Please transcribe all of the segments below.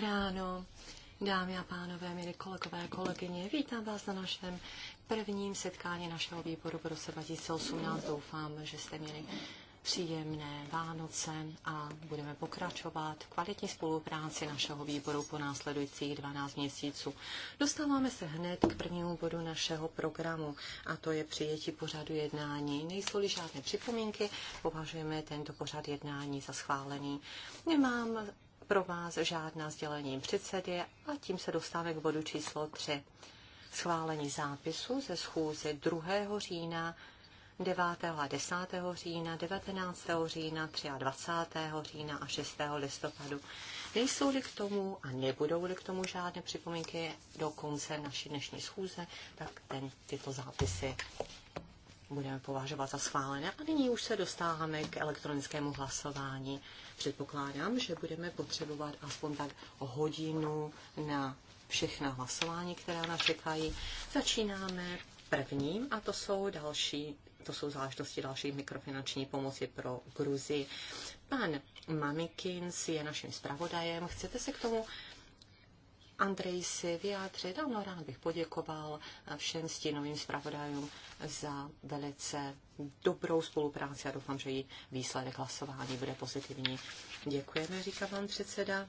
ráno, dámy a pánové, milí kolegové, kolegyně. Vítám vás na našem prvním setkání našeho výboru v roce 2018. Doufám, že jste měli příjemné Vánoce a budeme pokračovat v kvalitní spolupráci našeho výboru po následujících 12 měsíců. Dostáváme se hned k prvnímu bodu našeho programu a to je přijetí pořadu jednání. Nejsou-li žádné připomínky, považujeme tento pořad jednání za schválený. Nemám pro vás žádná sdělení předsedy a tím se dostáváme k bodu číslo 3. Schválení zápisu ze schůze 2. října, 9. a 10. října, 19. října, 23. října a 6. listopadu. Nejsou-li k tomu a nebudou-li k tomu žádné připomínky do konce naší dnešní schůze, tak ten, tyto zápisy budeme považovat za schválené. A nyní už se dostáváme k elektronickému hlasování. Předpokládám, že budeme potřebovat aspoň tak hodinu na všechna hlasování, která nás čekají. Začínáme prvním a to jsou další to jsou záležitosti další mikrofinanční pomoci pro Gruzi. Pan Mamikins je naším zpravodajem. Chcete se k tomu Andrej si vyjádřit. Ano, rád bych poděkoval všem stínovým zpravodajům za velice dobrou spolupráci a doufám, že její výsledek hlasování bude pozitivní. Děkujeme, říká vám předseda.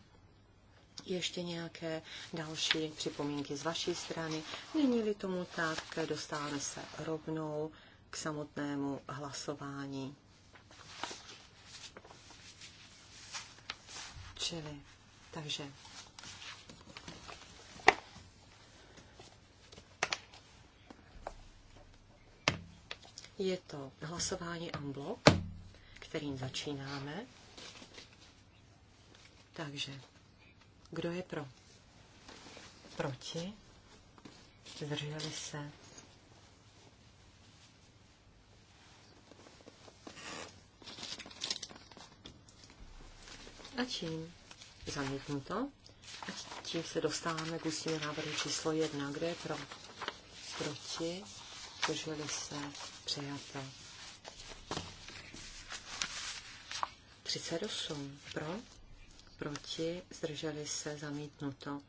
Ještě nějaké další připomínky z vaší strany. Není-li tomu tak, dostáváme se rovnou k samotnému hlasování. Čili, takže Je to hlasování unblock, kterým začínáme. Takže, kdo je pro? Proti? Zdrželi se? A čím? Zamítnuto. A tím se dostáváme k ústnímu návrhu číslo jedna. Kdo je pro? Proti? Zdrželi se? přijato. 38 pro, proti, zdrželi se, zamítnuto.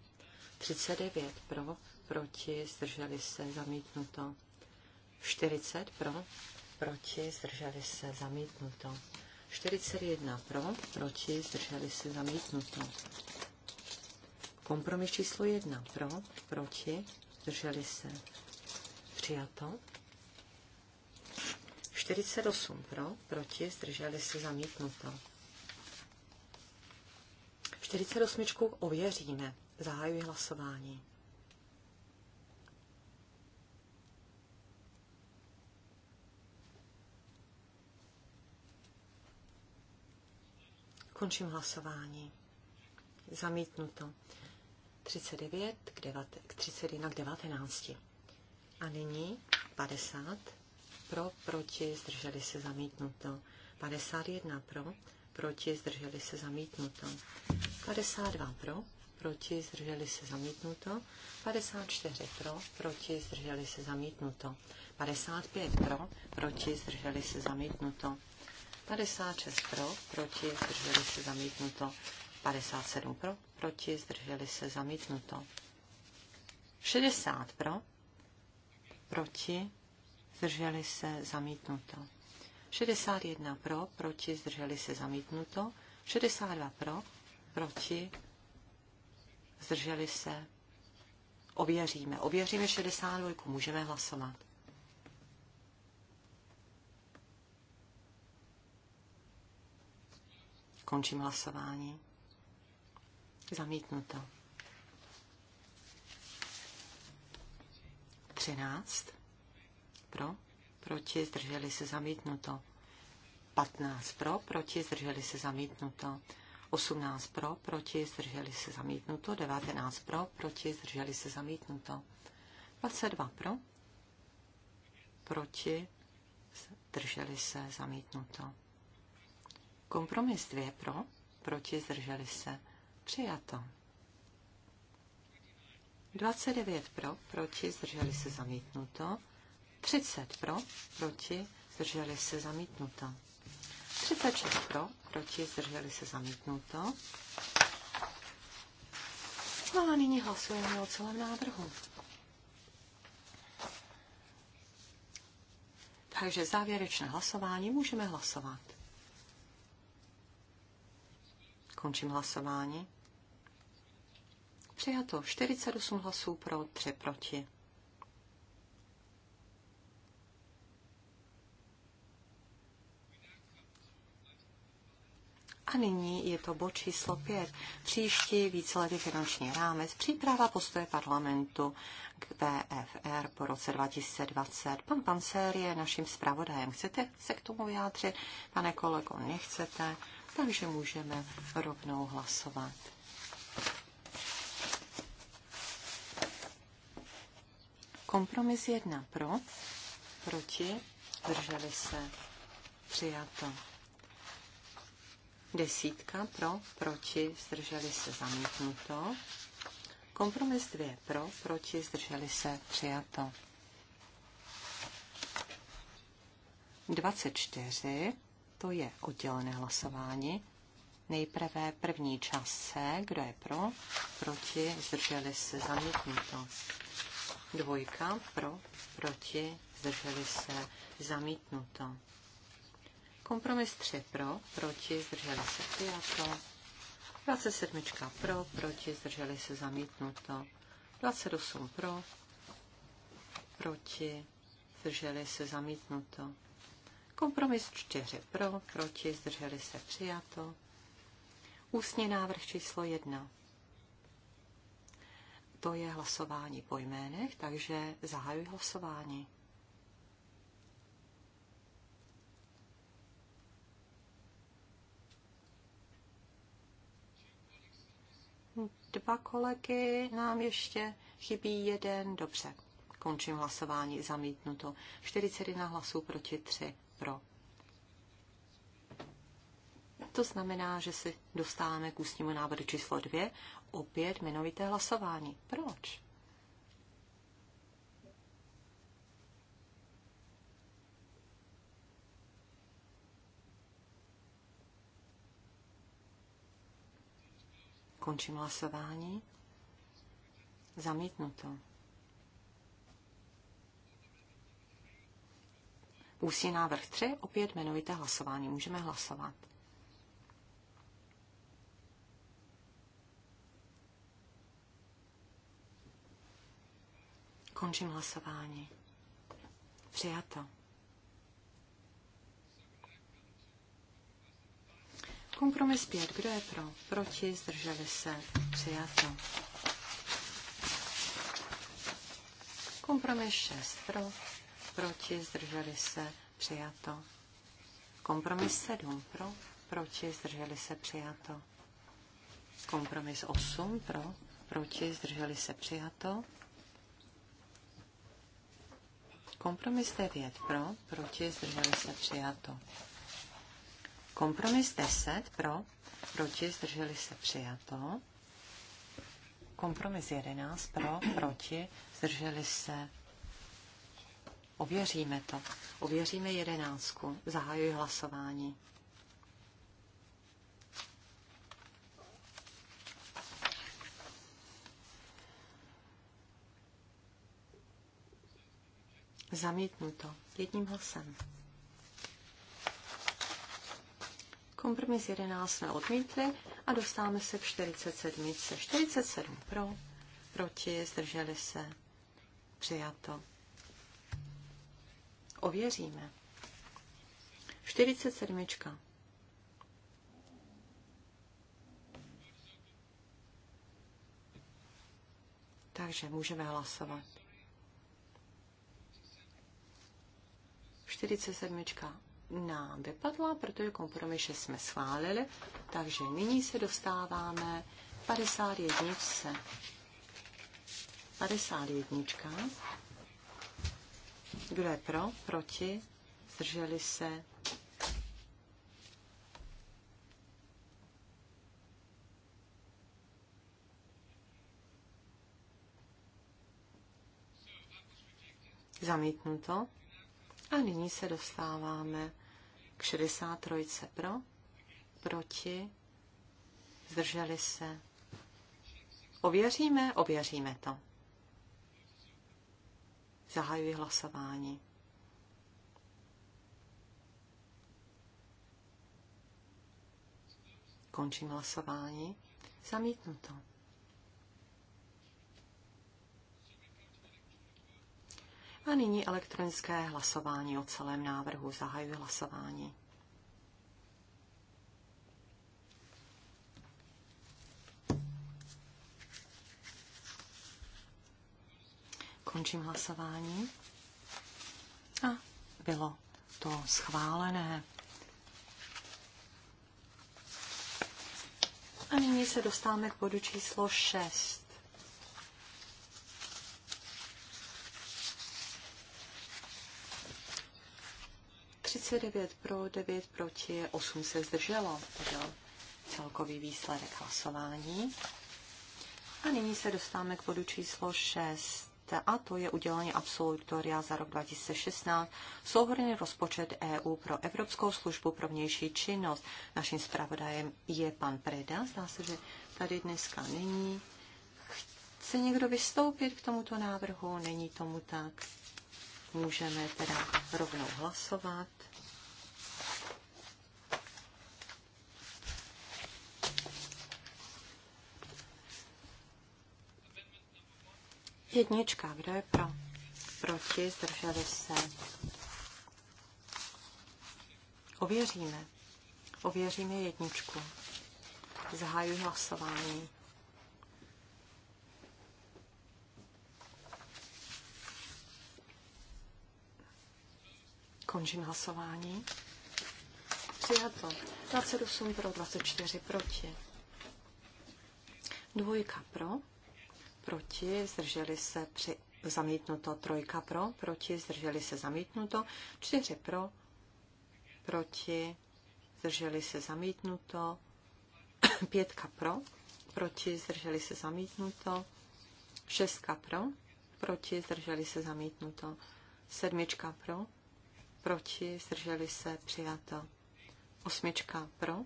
39 pro, proti, zdrželi se, zamítnuto. 40 pro, proti, zdrželi se, zamítnuto. 41 pro, proti, zdrželi se, zamítnuto. Kompromis číslo 1 pro, proti, zdrželi se, přijato. 48 pro, proti, zdrželi se zamítnuto. 48 ověříme. Zahajuji hlasování. Končím hlasování. Zamítnuto. 39 k, 9, k 31 k 19. A nyní 50 pro, proti, zdrželi se zamítnuto. 51 pro, proti, zdrželi se zamítnuto. 52 pro, proti, zdrželi se zamítnuto. 54 pro, proti, zdrželi se zamítnuto. 55 pro, proti, zdrželi se zamítnuto. 56 pro, proti, zdrželi se zamítnuto. 57 pro, proti, zdrželi se zamítnuto. 60 pro, proti, zdrželi se, zamítnuto. 61 pro, proti, zdrželi se, zamítnuto. 62 pro, proti, zdrželi se, ověříme. Ověříme 62, můžeme hlasovat. Končím hlasování. Zamítnuto. 13 pro, proti, zdrželi se zamítnuto. 15 pro, proti, zdrželi se zamítnuto. 18 pro, proti, zdrželi se zamítnuto. 19 pro, proti, zdrželi se zamítnuto. 22 pro, proti, zdrželi se zamítnuto. Kompromis 2 pro, proti, zdrželi se přijato. 29 pro, proti, zdrželi se zamítnuto. 30 pro, proti, zdrželi se zamítnuto. 36 pro, proti, zdrželi se zamítnuto. No a nyní hlasujeme o celém návrhu. Takže závěrečné hlasování můžeme hlasovat. Končím hlasování. Přijato 48 hlasů pro, 3 proti. A nyní je to bod číslo 5. Příští víceletý finanční rámec, příprava postoje parlamentu k VFR po roce 2020. Pan Pancer je naším zpravodajem. Chcete se k tomu vyjádřit? Pane kolego, nechcete, takže můžeme rovnou hlasovat. Kompromis jedna pro, proti, drželi se, přijato. Desítka pro, proti, zdrželi se zamítnuto. Kompromis dvě pro, proti, zdrželi se přijato. 24, to je oddělené hlasování. Nejprve první část C, kdo je pro, proti, zdrželi se zamítnuto. Dvojka pro, proti, zdrželi se zamítnuto. Kompromis 3 pro, proti, zdrželi se přijato. 27 pro, proti, zdrželi se zamítnuto. 28 pro, proti, zdrželi se zamítnuto. Kompromis 4 pro, proti, zdrželi se přijato. Ústní návrh číslo 1. To je hlasování po jménech, takže zahajuji hlasování. Dva kolegy nám ještě chybí jeden. Dobře, končím hlasování, zamítnuto. 41 hlasů proti 3 pro. To znamená, že si dostáváme k ústnímu návrhu číslo 2, opět jmenovité hlasování. Proč? Končím hlasování. Zamítnuto. Ústní návrh 3, opět jmenovité hlasování. Můžeme hlasovat. Končím hlasování. Přijato. Kompromis 5. Kdo je pro? Proti? Zdrželi se? Přijato. Kompromis 6. Pro? Proti? Zdrželi se? Přijato. Kompromis 7. Pro? Proti? Zdrželi se? Přijato. Kompromis 8. Pro? Proti? Zdrželi se? Přijato. Kompromis 9. Pro? Proti? Zdrželi se? Přijato. Kompromis 10 pro, proti, zdrželi se přijato. Kompromis 11 pro, proti, zdrželi se. Ověříme to. Ověříme jedenáctku. Zahajuji hlasování. to jedním hlasem. Kompromis 11 jsme odmítli a dostáváme se k 47. 47 pro, proti, zdrželi se, přijato. Ověříme. 47. Takže můžeme hlasovat. 47 nám vypadla, protože kompromise jsme schválili, takže nyní se dostáváme 51. 51. Kdo je pro, proti, zdrželi se, zamítnuto. A nyní se dostáváme k 63. pro, proti, zdrželi se. Ověříme, ověříme to. Zahajuji hlasování. Končím hlasování. Zamítnuto. A nyní elektronické hlasování o celém návrhu. Zahajuji hlasování. Končím hlasování. A bylo to schválené. A nyní se dostáváme k bodu číslo 6. 39 pro, 9 proti, 8 se zdrželo. To byl celkový výsledek hlasování. A nyní se dostáváme k bodu číslo 6 a to je udělení absolutoria za rok 2016, souhrný rozpočet EU pro Evropskou službu pro vnější činnost. Naším zpravodajem je pan Preda, zdá se, že tady dneska není. Chce někdo vystoupit k tomuto návrhu? Není tomu tak. Můžeme teda rovnou hlasovat. Jednička, kdo je pro? Proti, zdrželi se. Ověříme. Ověříme jedničku. Zahájí hlasování. Končím hlasování. Přijato. 28 pro, 24 proti. Dvojka pro, proti, zdrželi se při zamítnuto. Trojka pro, proti, zdrželi se zamítnuto. Čtyři pro, proti, zdrželi se zamítnuto. Pětka pro, proti, zdrželi se zamítnuto. Šestka pro, proti, zdrželi se zamítnuto. Sedmička pro, proti, zdrželi se, přijato. Osmička pro,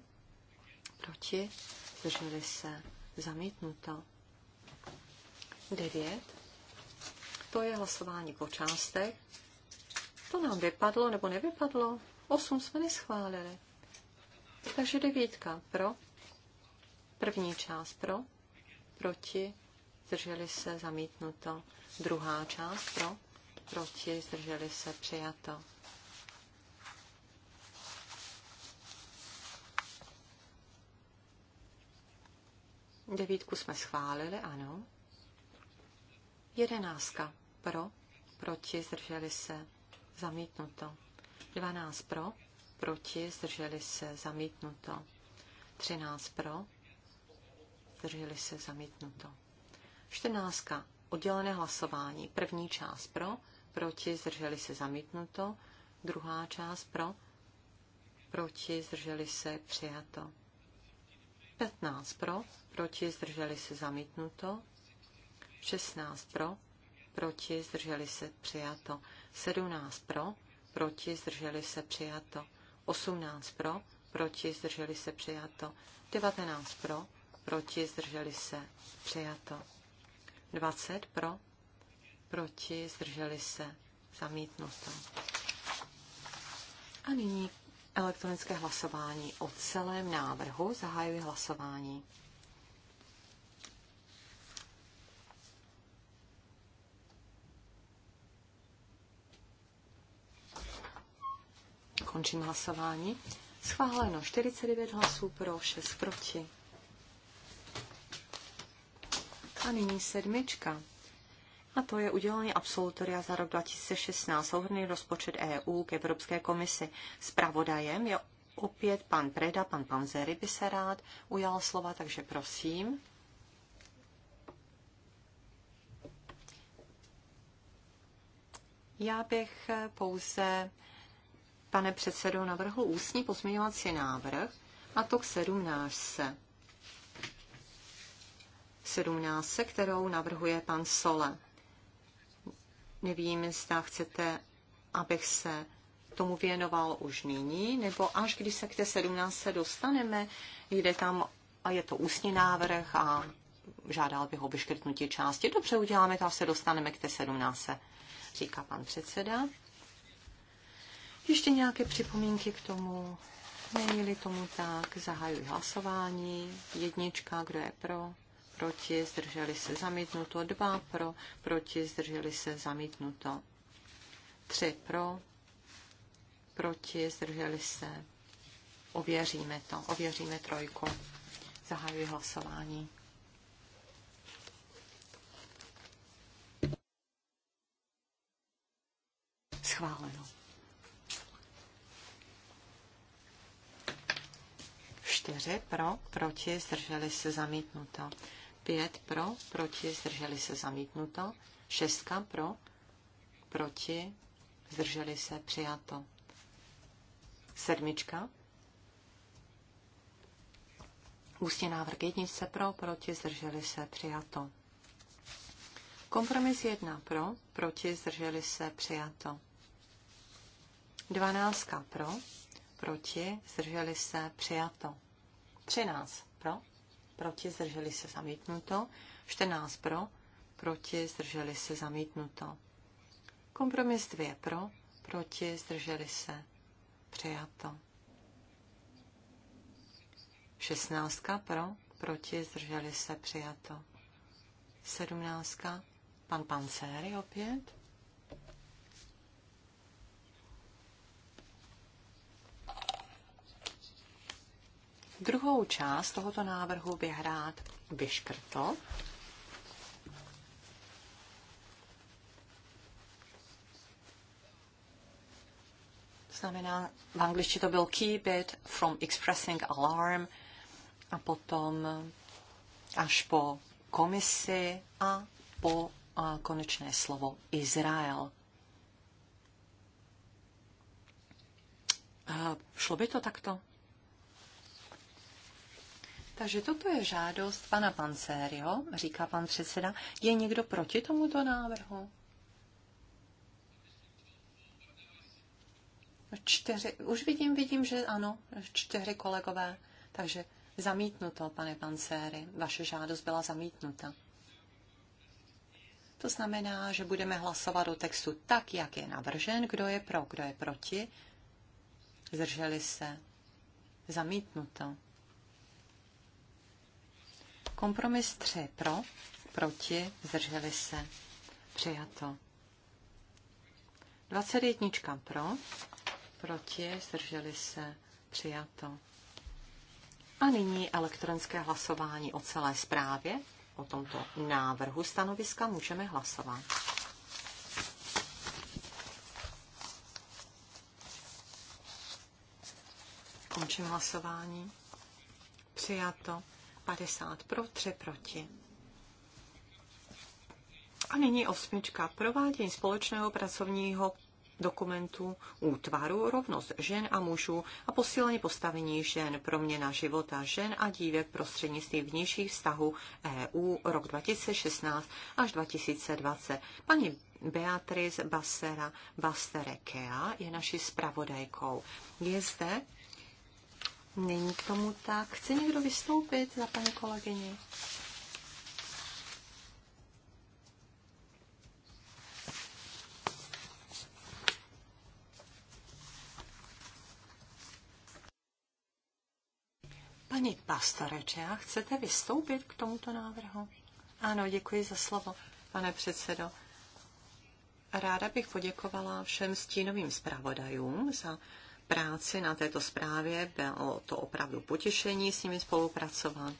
proti, zdrželi se, zamítnuto. Devět. To je hlasování po částech. To nám vypadlo nebo nevypadlo. Osm jsme neschválili. Takže devítka pro, první část pro, proti, zdrželi se, zamítnuto. Druhá část pro, proti, zdrželi se, přijato. Devítku jsme schválili, ano. Jedenáctka pro, proti, zdrželi se, zamítnuto. Dvanáct pro, proti, zdrželi se, zamítnuto. Třináct pro, zdrželi se, zamítnuto. Čtrnáctka, oddělené hlasování. První část pro, proti, zdrželi se, zamítnuto. Druhá část pro, proti, zdrželi se, přijato. 15 pro, proti, zdrželi se zamítnuto. 16 pro, proti, zdrželi se přijato. 17 pro, proti, zdrželi se přijato. 18 pro, proti, zdrželi se přijato. 19 pro, proti, zdrželi se přijato. 20 pro, proti, zdrželi se zamítnuto. A nyní Elektronické hlasování o celém návrhu. Zahajuji hlasování. Končím hlasování. Schváleno 49 hlasů pro, 6 proti. A nyní sedmička a to je udělení absolutoria za rok 2016, souhrný rozpočet EU k Evropské komisi. Spravodajem je opět pan Preda, pan Panzery by se rád ujal slova, takže prosím. Já bych pouze, pane předsedo, navrhl ústní pozměňovací návrh, a to k sedmnáctce. Sedmnáctce, kterou navrhuje pan Sole. Nevím, zda chcete, abych se tomu věnoval už nyní, nebo až když se k té 17 dostaneme, jde tam a je to ústní návrh a žádal bych o vyškrtnutí části. Dobře, uděláme to až se dostaneme k té 17, říká pan předseda. Ještě nějaké připomínky k tomu? Není-li tomu tak, zahajuji hlasování. Jednička, kdo je pro? proti, zdrželi se zamítnuto, Dva pro, proti, zdrželi se zamítnuto, Tři pro, proti, zdrželi se, ověříme to, ověříme trojku, zahajuji hlasování. Schváleno. Čtyři pro, proti, zdrželi se zamítnuto. 5 pro, proti, zdrželi se zamítnuto. 6 pro, proti, zdrželi se přijato. Sedmička. Ústní návrh jednice pro, proti, zdrželi se přijato. Kompromis 1 pro, proti, zdrželi se přijato. Dvanáctka pro, proti, zdrželi se přijato. 13 pro, proti, zdrželi se zamítnuto. 14 pro, proti, zdrželi se zamítnuto. Kompromis 2 pro, proti, zdrželi se přijato. 16 pro, proti, zdrželi se přijato. 17 pan Pancéry opět. Druhou část tohoto návrhu bych rád vyškrtl. Znamená, v angličtině to byl keep it from expressing alarm a potom až po komisi a po a konečné slovo Izrael. A eh, šlo by to takto? Takže toto je žádost pana Pancério, říká pan předseda. Je někdo proti tomuto návrhu? Čtyři, už vidím, vidím, že ano, čtyři kolegové. Takže zamítnuto, pane Pancéry. Vaše žádost byla zamítnuta. To znamená, že budeme hlasovat o textu tak, jak je navržen, kdo je pro, kdo je proti. Zrželi se. Zamítnuto. Kompromis 3 pro, proti, zdrželi se. Přijato. 21 pro, proti, zdrželi se. Přijato. A nyní elektronické hlasování o celé zprávě. O tomto návrhu stanoviska můžeme hlasovat. Končím hlasování. Přijato. 50 pro, 3 proti. A nyní osmička. Provádění společného pracovního dokumentu útvaru rovnost žen a mužů a posílení postavení žen, pro na života žen a dívek prostřednictvím vnějších vztahů EU rok 2016 až 2020. Paní Beatriz Basera Basterekea je naší spravodajkou. Je zde Není k tomu tak. Chce někdo vystoupit za paní kolegyni? Paní Pastoreče, a chcete vystoupit k tomuto návrhu? Ano, děkuji za slovo, pane předsedo. Ráda bych poděkovala všem stínovým zpravodajům za práci na této zprávě. Bylo to opravdu potěšení s nimi spolupracovat.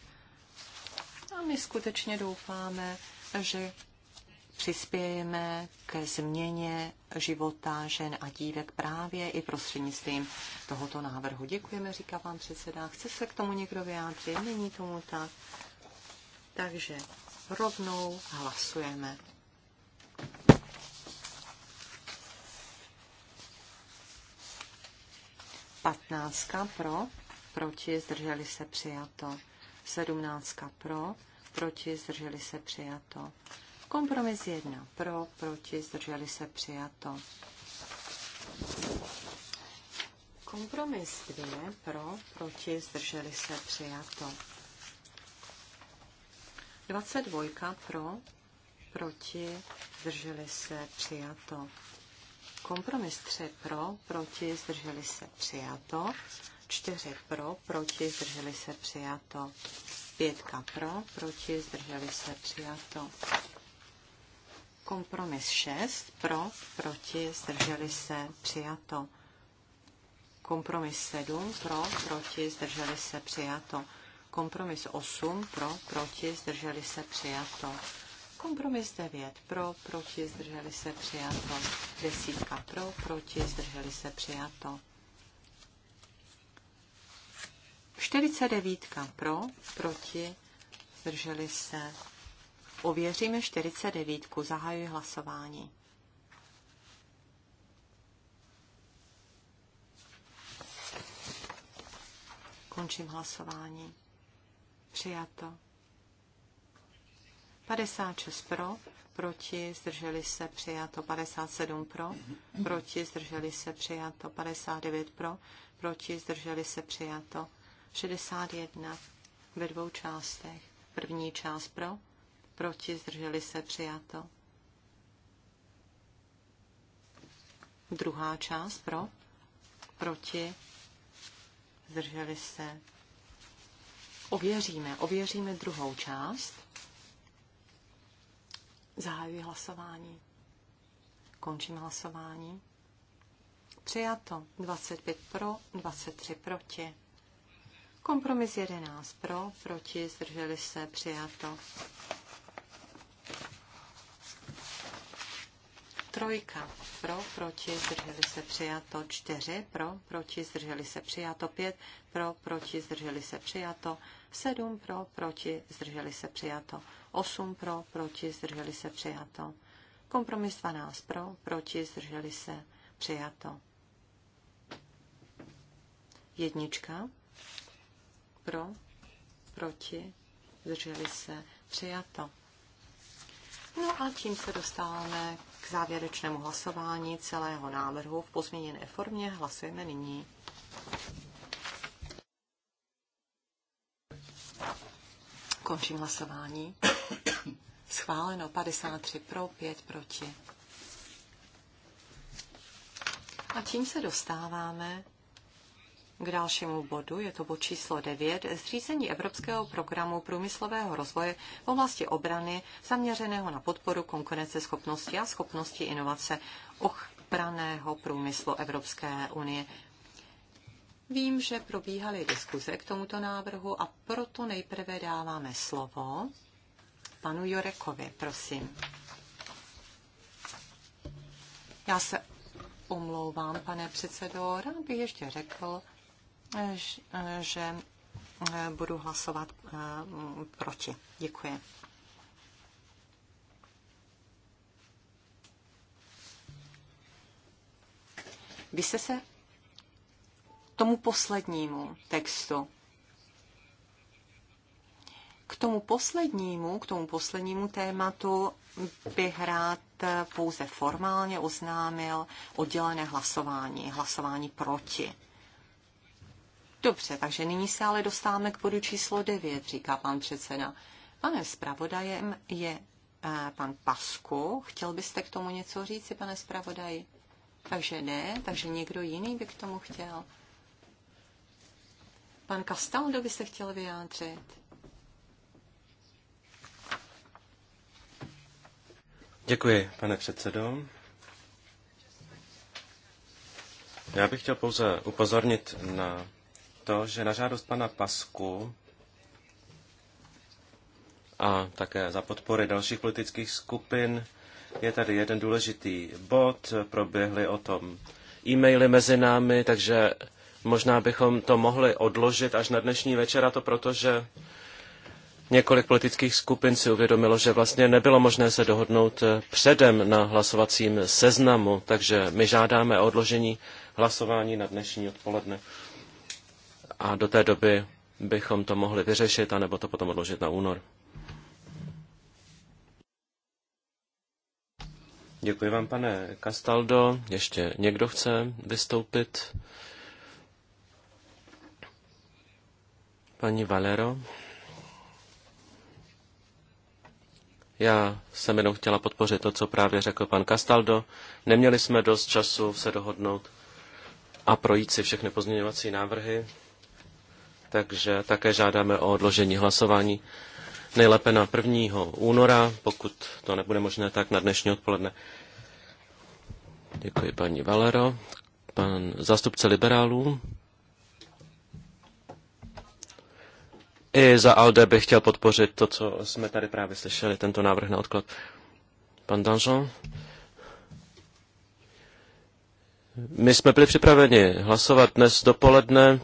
A my skutečně doufáme, že přispějeme ke změně života žen a dívek právě i prostřednictvím tohoto návrhu. Děkujeme, říká vám předseda. Chce se k tomu někdo vyjádřit? Není tomu tak. Takže rovnou hlasujeme. 15 pro, proti, zdrželi se přijato. 17 pro, proti, zdrželi se přijato. Kompromis 1 pro, proti, zdrželi se přijato. Kompromis 2 pro, proti, zdrželi se přijato. 22 pro, proti, zdrželi se přijato. Kompromis 3 pro, proti, zdrželi se přijato. 4 pro, proti, zdrželi se přijato. 5 pro, proti, zdrželi se přijato. Kompromis 6 pro, proti, zdrželi se přijato. Kompromis 7 pro, proti, zdrželi se přijato. Kompromis 8 pro, proti, zdrželi se přijato. Kompromis 9 pro, proti, zdrželi se přijato. Desítka pro, proti, zdrželi se přijato. 49 pro, proti, zdrželi se. Ověříme 49. Zahajuji hlasování. Končím hlasování. Přijato. 56 pro, proti, zdrželi se přijato 57 pro, proti, zdrželi se přijato 59 pro, proti, zdrželi se přijato 61 ve dvou částech. První část pro, proti, zdrželi se přijato. Druhá část pro, proti, zdrželi se. Ověříme, ověříme druhou část. Zahajuji hlasování. Končím hlasování. Přijato 25 pro, 23 proti. Kompromis 11 pro, proti, zdrželi se, přijato. Trojka pro, proti, zdrželi se, přijato. Čtyři pro, proti, zdrželi se, přijato. Pět pro, proti, zdrželi se, přijato. 7 pro, proti, zdrželi se přijato. 8 pro, proti, zdrželi se přijato. Kompromis 12 pro, proti, zdrželi se přijato. Jednička pro, proti, zdrželi se přijato. No a tím se dostáváme k závěrečnému hlasování celého návrhu v pozměněné formě. Hlasujeme nyní. Končím hlasování. Schváleno 53 pro, 5 proti. A tím se dostáváme k dalšímu bodu, je to bod číslo 9, zřízení Evropského programu průmyslového rozvoje v oblasti obrany zaměřeného na podporu konkurenceschopnosti a schopnosti inovace ochranného průmyslu Evropské unie. Vím, že probíhaly diskuze k tomuto návrhu a proto nejprve dáváme slovo panu Jurekovi, prosím. Já se omlouvám, pane předsedo. Rád bych ještě řekl, že eh, budu hlasovat eh, proti. Děkuji. Vy jste se tomu poslednímu textu. K tomu poslednímu, k tomu poslednímu tématu bych rád pouze formálně oznámil oddělené hlasování, hlasování proti. Dobře, takže nyní se ale dostáváme k bodu číslo 9, říká pan předseda. Pane zpravodajem je eh, pan Pasku. Chtěl byste k tomu něco říci, pane zpravodaji? Takže ne, takže někdo jiný by k tomu chtěl. Pan Castaldo by se chtěl vyjádřit. Děkuji, pane předsedo. Já bych chtěl pouze upozornit na to, že na žádost pana Pasku a také za podpory dalších politických skupin je tady jeden důležitý bod. Proběhly o tom e-maily mezi námi, takže Možná bychom to mohli odložit až na dnešní večer, a to proto, že několik politických skupin si uvědomilo, že vlastně nebylo možné se dohodnout eh, předem na hlasovacím seznamu, takže my žádáme o odložení hlasování na dnešní odpoledne. A do té doby bychom to mohli vyřešit, anebo to potom odložit na únor. Děkuji vám, pane Castaldo. Ještě někdo chce vystoupit Paní Valero, já jsem jenom chtěla podpořit to, co právě řekl pan Castaldo. Neměli jsme dost času se dohodnout a projít si všechny pozměňovací návrhy, takže také žádáme o odložení hlasování nejlépe na 1. února, pokud to nebude možné, tak na dnešní odpoledne. Děkuji paní Valero. Pan zástupce liberálů. I za ALDE bych chtěl podpořit to, co jsme tady právě slyšeli, tento návrh na odklad. Pan Danjon? My jsme byli připraveni hlasovat dnes dopoledne.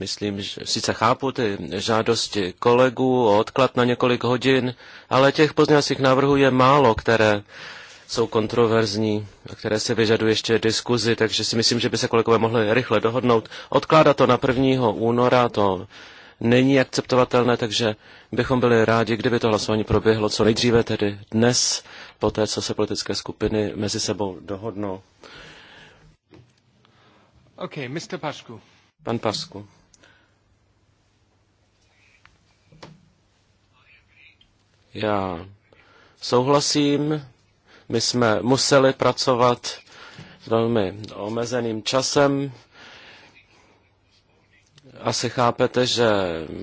Myslím, že sice chápu ty žádosti kolegů o odklad na několik hodin, ale těch pozdějacích návrhů je málo, které jsou kontroverzní a které si vyžadují ještě diskuzi, takže si myslím, že by se kolegové mohli rychle dohodnout. Odkládat to na 1. února, to není akceptovatelné, takže bychom byli rádi, kdyby to hlasování proběhlo co nejdříve, tedy dnes, po té, co se politické skupiny mezi sebou dohodnou. OK, Mr. Pašku. Pan Pasku. Já souhlasím. My jsme museli pracovat s velmi omezeným časem. Asi chápete, že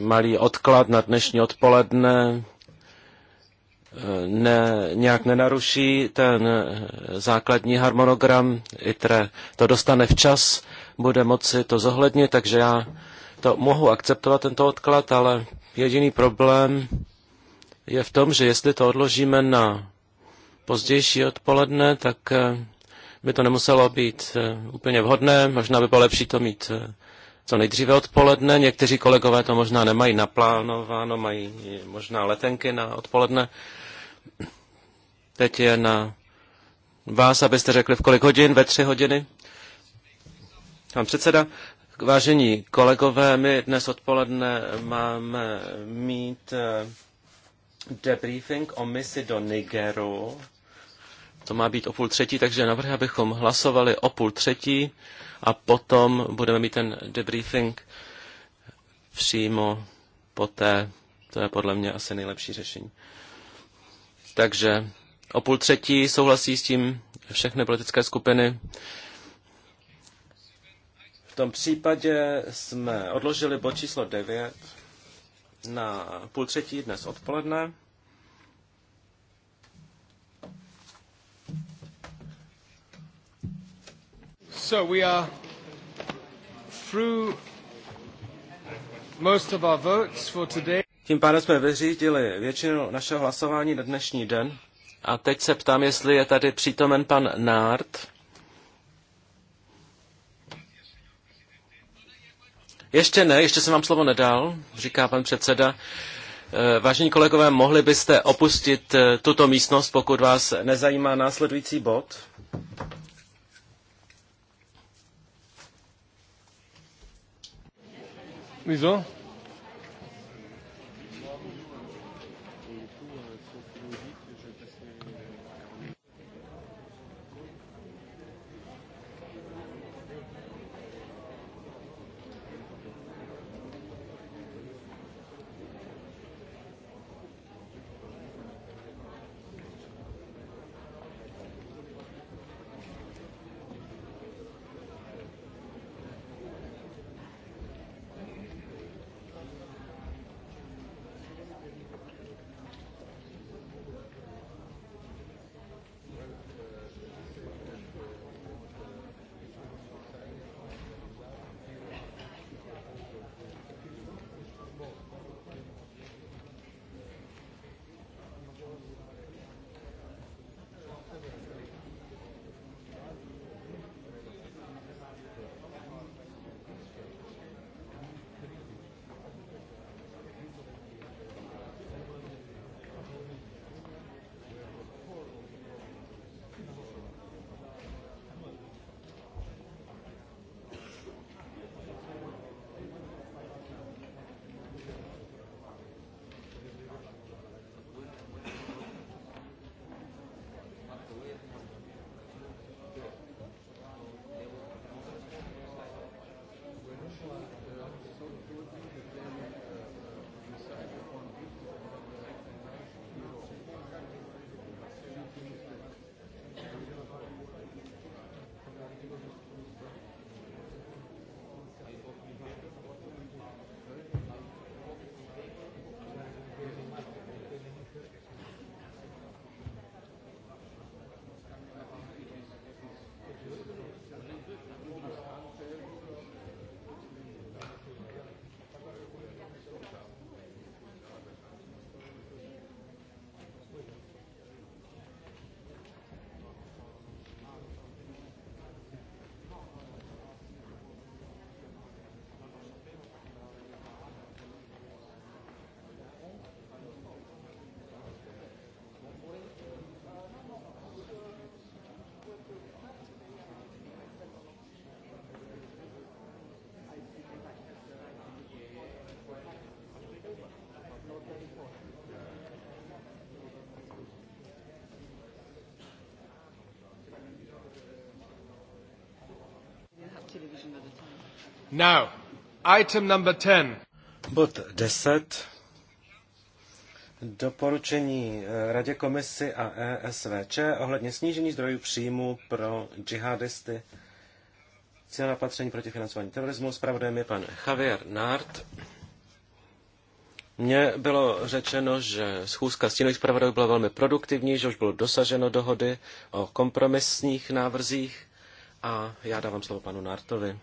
malý odklad na dnešní odpoledne eh, ne, nějak nenaruší ten eh, základní harmonogram. ITRE to dostane včas, bude moci to zohlednit, takže já to mohu akceptovat tento odklad, ale jediný problém je v tom, že jestli to odložíme na pozdější odpoledne, tak eh, by to nemuselo být úplně vhodné. Možná by bylo lepší to mít co nejdříve odpoledne. Někteří kolegové to možná nemají naplánováno, mají možná letenky na odpoledne. Teď je na vás, abyste řekli, v kolik hodin, ve tři hodiny. Pan předseda, vážení kolegové, my dnes odpoledne máme mít eh, debriefing o misi do Nigeru. To má být o půl třetí, takže navrhuji, abychom hlasovali o půl třetí a potom budeme mít ten debriefing přímo poté. To je podle mě asi nejlepší řešení. Takže o půl třetí souhlasí s tím všechny politické skupiny. V tom případě jsme odložili bod číslo 9 na půl třetí dnes odpoledne. So we are through most of our votes for today. Tím pádem jsme vyřídili většinu našeho hlasování na dnešní den. A teď se ptám, jestli je tady přítomen pan Nárt. Ještě ne, ještě jsem vám slovo nedal, říká pan předseda. Eh, vážení kolegové, mohli byste opustit eh, tuto místnost, pokud vás nezajímá následující bod? Wieso? Now, item number 10. Bod 10. Doporučení eh, Radě komisy a ESVČ ohledně snížení zdrojů příjmu pro džihadisty. Cílená opatření proti financování terorismu. Spravodajem je pan Javier Nart. Mně bylo řečeno, že schůzka stínových zpravodajů byla velmi produktivní, že už bylo dosaženo dohody o kompromisních návrzích a já dávám slovo panu Nartovi.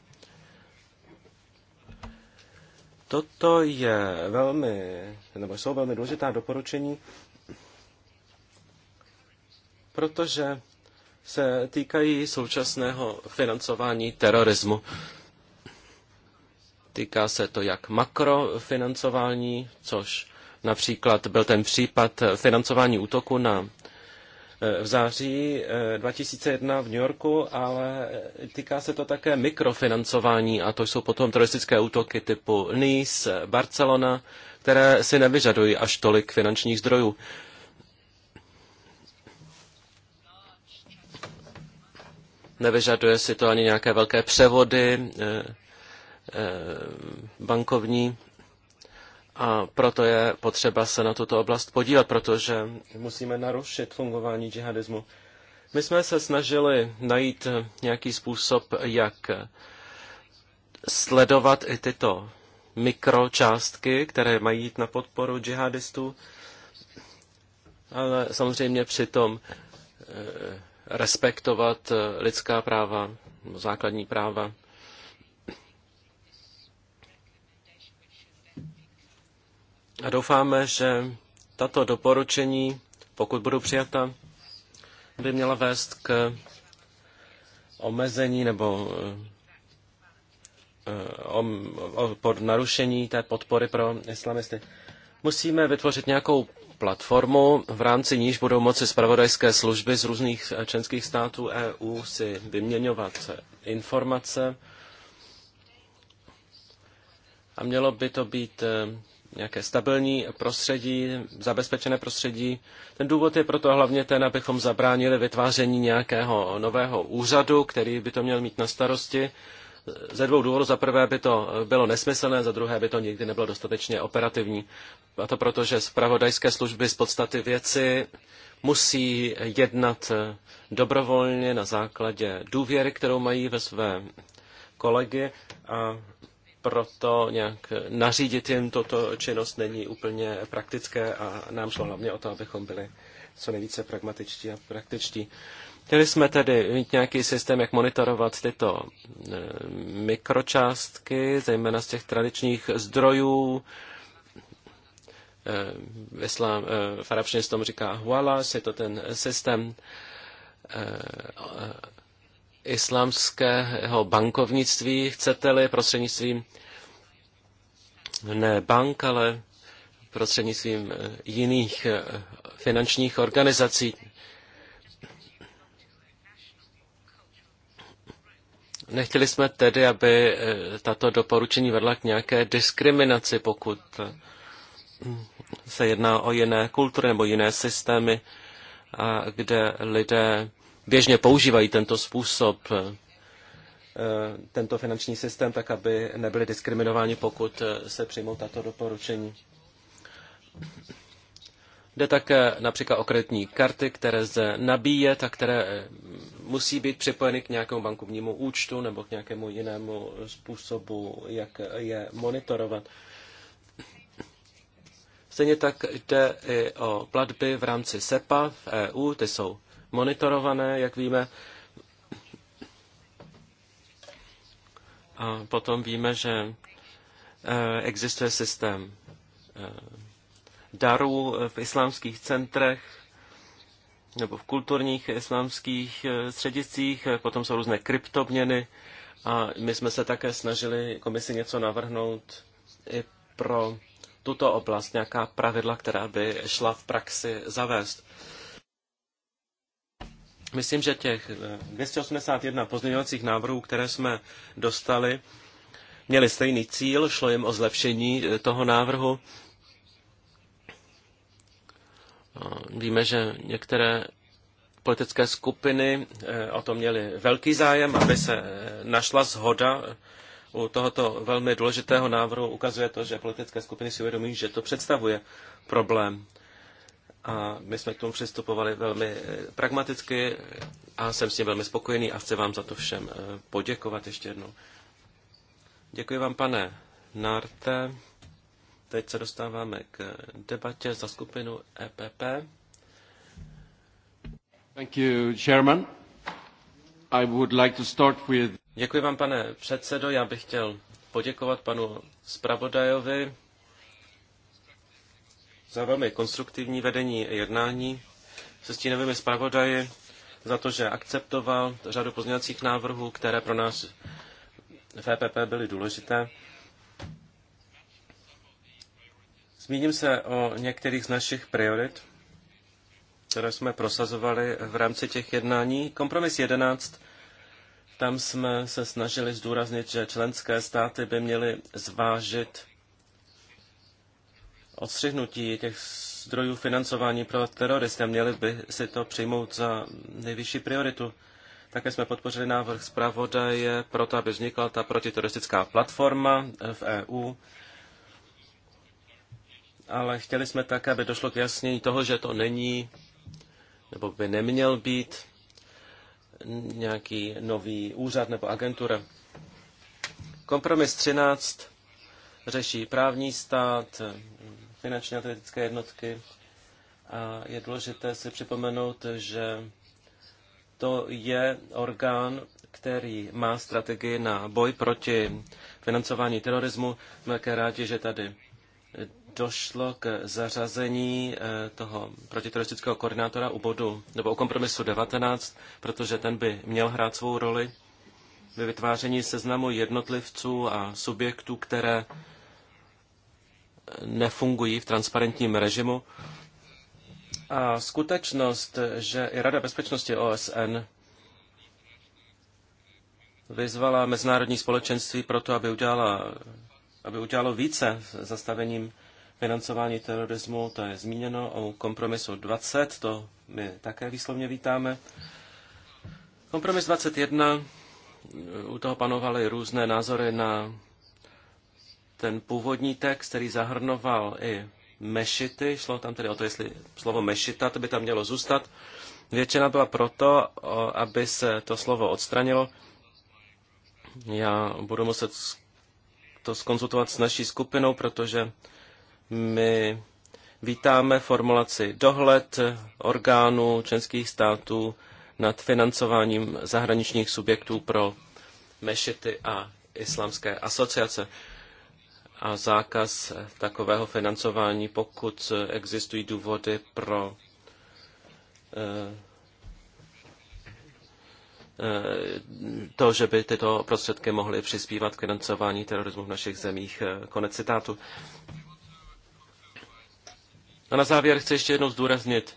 Toto je velmi, nebo jsou velmi důležitá doporučení, protože se týkají současného financování terorismu. Týká se to jak makrofinancování, což například byl ten případ financování útoku na v září 2001 eh, v New Yorku, ale eh, týká se to také mikrofinancování a to jsou potom teroristické útoky typu Nice, Barcelona, které si nevyžadují až tolik finančních zdrojů. Nevyžaduje si to ani nějaké velké převody eh, bankovní a proto je potřeba se na tuto oblast podívat, protože musíme narušit fungování džihadismu. My jsme se snažili najít nějaký způsob, jak sledovat i tyto mikročástky, které mají jít na podporu džihadistů, ale samozřejmě přitom eh, respektovat lidská práva, základní práva A doufáme, že tato doporučení, pokud budou přijata, by měla vést k omezení nebo eh, pod narušení té podpory pro islamisty. Musíme vytvořit nějakou platformu, v rámci níž budou moci spravodajské služby z různých eh, členských států EU si vyměňovat informace. A mělo by to být eh, nějaké stabilní prostředí, zabezpečené prostředí. Ten důvod je proto hlavně ten, abychom zabránili vytváření nějakého nového úřadu, který by to měl mít na starosti. Ze dvou důvodů. Za prvé by to bylo nesmyslné, za druhé by to nikdy nebylo dostatečně operativní. A to proto, že zpravodajské služby z podstaty věci musí jednat dobrovolně na základě důvěry, kterou mají ve své kolegy a proto nějak nařídit jim toto činnost není úplně praktické a nám šlo hlavně o to, abychom byli co nejvíce pragmatičtí a praktičtí. Chtěli jsme tedy mít nějaký systém, jak monitorovat tyto eh, mikročástky, zejména z těch tradičních zdrojů. V, eh, islám, eh, v arabštině se tomu říká huala, je to ten systém islámského bankovnictví, chcete-li prostřednictvím ne bank, ale prostřednictvím eh, jiných eh, finančních organizací. Nechtěli jsme tedy, aby eh, tato doporučení vedla k nějaké diskriminaci, pokud se jedná o jiné kultury nebo jiné systémy, kde lidé běžně používají tento způsob Eh, tento finanční systém, tak aby nebyli diskriminováni, pokud eh, se přijmou tato doporučení. Jde také například o kreditní karty, které zde nabíje a které eh, musí být připojeny k nějakému bankovnímu účtu nebo k nějakému jinému způsobu, jak je monitorovat. Stejně tak jde i o platby v rámci SEPA v EU, ty jsou monitorované, jak víme. A potom víme, že eh, existuje systém eh, darů v islámských centrech nebo v kulturních islámských eh, střediscích, potom jsou různé kryptoměny a my jsme se také snažili komisi něco navrhnout i pro tuto oblast, nějaká pravidla, která by šla v praxi zavést. Myslím, že těch 281 eh, pozměňovacích návrhů, které jsme dostali, měli stejný cíl, šlo jim o zlepšení eh, toho návrhu. Eh, víme, že některé politické skupiny o to měly velký zájem, aby se našla zhoda u tohoto velmi důležitého návrhu. Ukazuje to, že politické skupiny si uvědomují, že to představuje problém. A my jsme k tomu přistupovali velmi eh, pragmaticky a jsem s tím velmi spokojený a chci vám za to všem eh, poděkovat ještě jednou. Děkuji vám, pane Narte. Teď se dostáváme k eh, debatě za skupinu EPP. Thank you, Chairman. I would like to start with... Děkuji vám, pane předsedo. Já bych chtěl poděkovat panu zpravodajovi za velmi konstruktivní vedení jednání se stínovými zpravodaji, za to, že akceptoval řadu pozměňovacích návrhů, které pro nás v EPP byly důležité. Zmíním se o některých z našich priorit, které jsme prosazovali v rámci těch jednání. Kompromis 11. Tam jsme se snažili zdůraznit, že členské státy by měly zvážit odstřihnutí těch zdrojů financování pro teroristy. Měli by si to přijmout za nejvyšší prioritu. Také jsme podpořili návrh zpravodaje pro to, aby vznikla ta protiteroristická platforma eh, v EU. Ale chtěli jsme také, aby došlo k jasnění toho, že to není, nebo by neměl být nějaký nový úřad nebo agentura. Kompromis 13 řeší právní stát, finanční atletické jednotky. A je důležité si připomenout, že to je orgán, který má strategii na boj proti financování terorismu. Jsme také rádi, že tady došlo k zařazení eh, toho protiteroristického koordinátora u bodu nebo u kompromisu 19, protože ten by měl hrát svou roli ve vytváření seznamu jednotlivců a subjektů, které nefungují v transparentním režimu. A skutečnost, že i Rada bezpečnosti OSN vyzvala mezinárodní společenství pro to, aby, udělala, aby udělalo více s zastavením financování terorismu, to je zmíněno o kompromisu 20, to my také výslovně vítáme. Kompromis 21, u toho panovaly různé názory na ten původní text, který zahrnoval i mešity, šlo tam tedy o to, jestli slovo mešita, to by tam mělo zůstat. Většina byla proto, aby se to slovo odstranilo. Já budu muset to skonzultovat s naší skupinou, protože my vítáme formulaci dohled orgánů členských států nad financováním zahraničních subjektů pro mešity a islámské asociace a zákaz takového financování, pokud existují důvody pro eh, eh, to, že by tyto prostředky mohly přispívat k financování terorismu v našich zemích. Eh, konec citátu. A na závěr chci ještě jednou zdůraznit,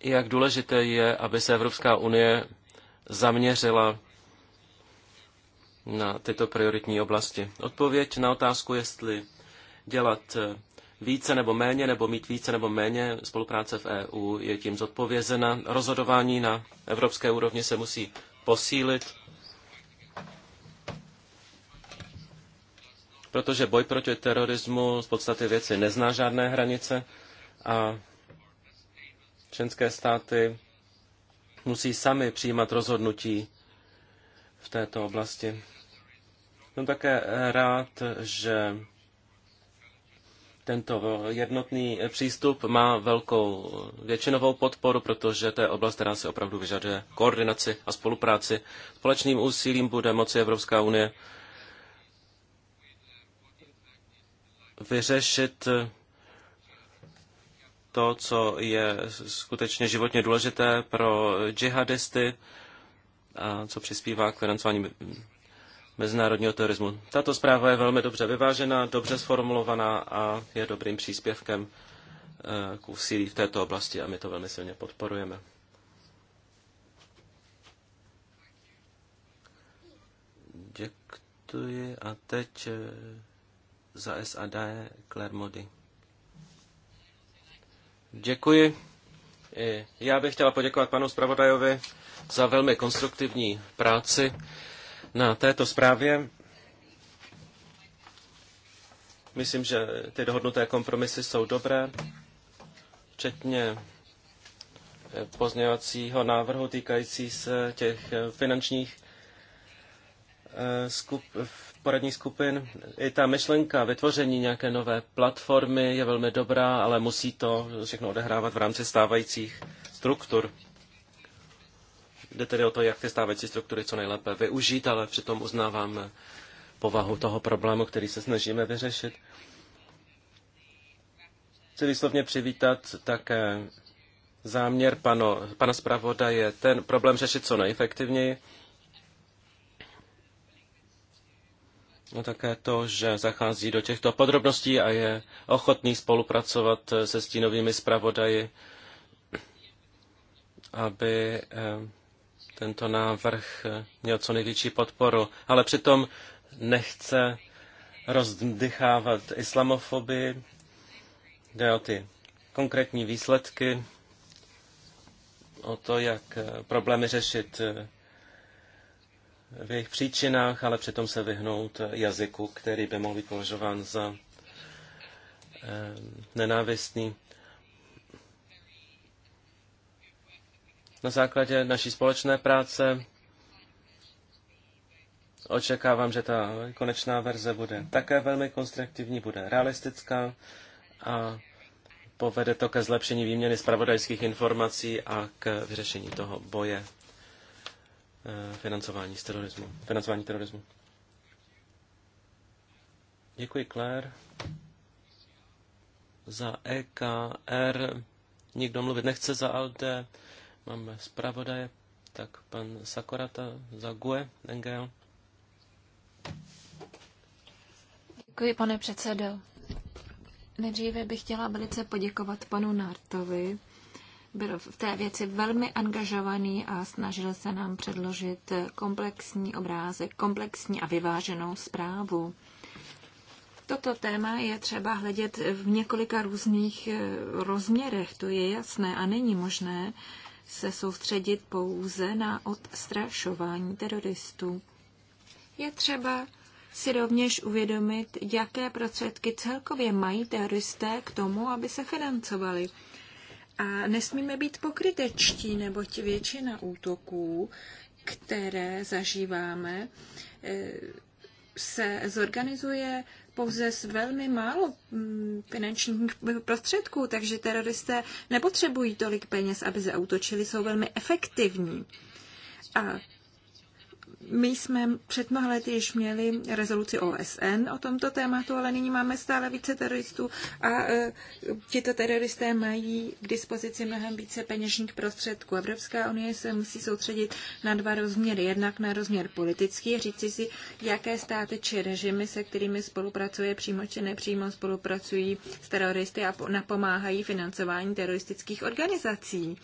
jak důležité je, aby se Evropská unie zaměřila na tyto prioritní oblasti. Odpověď na otázku, jestli dělat eh, více nebo méně, nebo mít více nebo méně spolupráce v EU je tím zodpovězena. Rozhodování na evropské úrovni se musí posílit, protože boj proti terorismu z podstaty věci nezná žádné hranice a členské státy musí sami přijímat rozhodnutí v této oblasti. Jsem také rád, že tento jednotný přístup má velkou většinovou podporu, protože to je oblast, která si opravdu vyžaduje koordinaci a spolupráci. Společným úsilím bude moci Evropská unie vyřešit to, co je skutečně životně důležité pro džihadisty, a co přispívá k financování mezinárodního terorismu. Tato zpráva je velmi dobře vyvážená, dobře sformulovaná a je dobrým příspěvkem eh, k úsilí v této oblasti a my to velmi silně podporujeme. Děkuji a teď eh, za SAD Claire Modi. Děkuji. Já bych chtěla poděkovat panu zpravodajovi za velmi konstruktivní práci na této zprávě. Myslím, že ty dohodnuté kompromisy jsou dobré, včetně eh, pozněvacího návrhu týkající se těch eh, finančních eh, skup, poradních skupin. I ta myšlenka vytvoření nějaké nové platformy je velmi dobrá, ale musí to všechno odehrávat v rámci stávajících struktur. Jde tedy o to, jak ty stávající struktury co nejlépe využít, ale přitom uznáváme povahu toho problému, který se snažíme vyřešit. Chci výslovně přivítat také záměr pano, pana je ten problém řešit co nejefektivněji. No také to, že zachází do těchto podrobností a je ochotný spolupracovat se stínovými zpravodaji, aby eh, tento návrh měl co největší podporu, ale přitom nechce rozdychávat islamofobii, jde o ty konkrétní výsledky, o to, jak problémy řešit v jejich příčinách, ale přitom se vyhnout jazyku, který by mohl být považován za eh, nenávistný. na základě naší společné práce. Očekávám, že ta konečná verze bude také velmi konstruktivní, bude realistická a povede to ke zlepšení výměny zpravodajských informací a k vyřešení toho boje eh, financování terorismu. Financování terorismu. Děkuji, Claire. Za EKR nikdo mluvit nechce, za ALDE máme zpravodaje, tak pan Sakorata za GUE, NGL. Děkuji, pane předsedo. Nejdříve bych chtěla velice poděkovat panu Nartovi. Byl v té věci velmi angažovaný a snažil se nám předložit komplexní obrázek, komplexní a vyváženou zprávu. Toto téma je třeba hledět v několika různých eh, rozměrech, to je jasné a není možné, se soustředit pouze na odstrašování teroristů. Je třeba si rovněž uvědomit, jaké prostředky celkově mají teroristé k tomu, aby se financovali. A nesmíme být pokrytečtí, neboť většina útoků, které zažíváme, eh, se zorganizuje pouze s velmi málo mm, finančních prostředků, takže teroristé nepotřebují tolik peněz, aby zautočili, jsou velmi efektivní. A my jsme před mnoha lety již měli rezoluci OSN o tomto tématu, ale nyní máme stále více teroristů a e, tito teroristé mají k dispozici mnohem více peněžních prostředků. Evropská unie se musí soustředit na dva rozměry. Jednak na rozměr politický, říci si, jaké státy či režimy, se kterými spolupracuje přímo či nepřímo, spolupracují s teroristy a napomáhají financování teroristických organizací. E,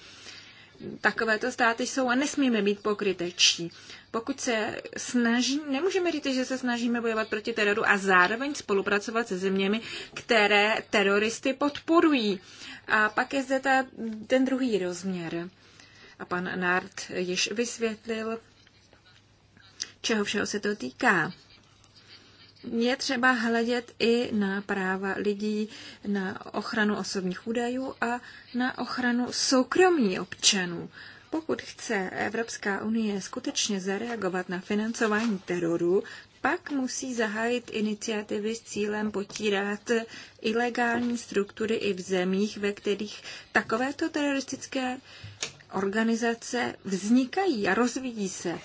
takovéto státy jsou a nesmíme být pokrytečtí. Pokud se snaží, nemůžeme říct, že se snažíme bojovat proti teroru a zároveň spolupracovat se zeměmi, které teroristy podporují. A pak je zde ta, ten druhý rozměr. A pan Nard již vysvětlil, čeho všeho se to týká je třeba hledět i na práva lidí, na ochranu osobních údajů a na ochranu soukromí občanů. Pokud chce Evropská unie skutečně zareagovat na financování teroru, pak musí zahájit iniciativy s cílem potírat ilegální struktury i v zemích, ve kterých takovéto teroristické organizace vznikají a rozvíjí se.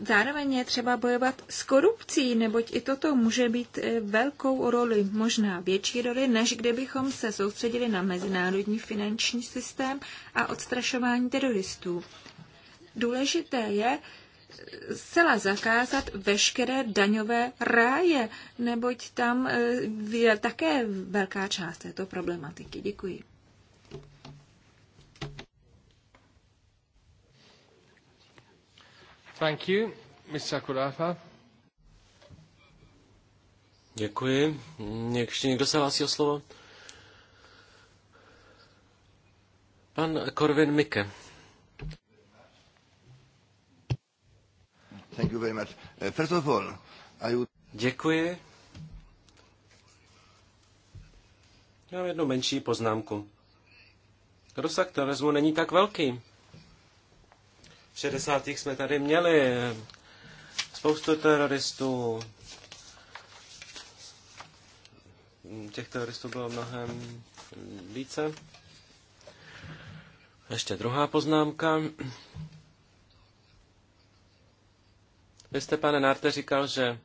Zároveň je třeba bojovat s korupcí, neboť i toto může být eh, velkou roli, možná větší roli, než kdybychom se soustředili na mezinárodní finanční systém a odstrašování teroristů. Důležité je eh, zcela zakázat veškeré daňové ráje, neboť tam eh, je také velká část této problematiky. Děkuji. Thank you. Ms. Sakurafa. Děkuji. Ještě někdo se hlásí o slovo? Pan Korvin Mike. Thank you very much. Uh, first of all, I would... Děkuji. Já mám jednu menší poznámku. Rozsah terorismu není tak velký. V 60. jsme tady měli eh, spoustu teroristů. Těch teroristů bylo mnohem více. Ještě druhá poznámka. Vy jste, pane Narte, říkal, že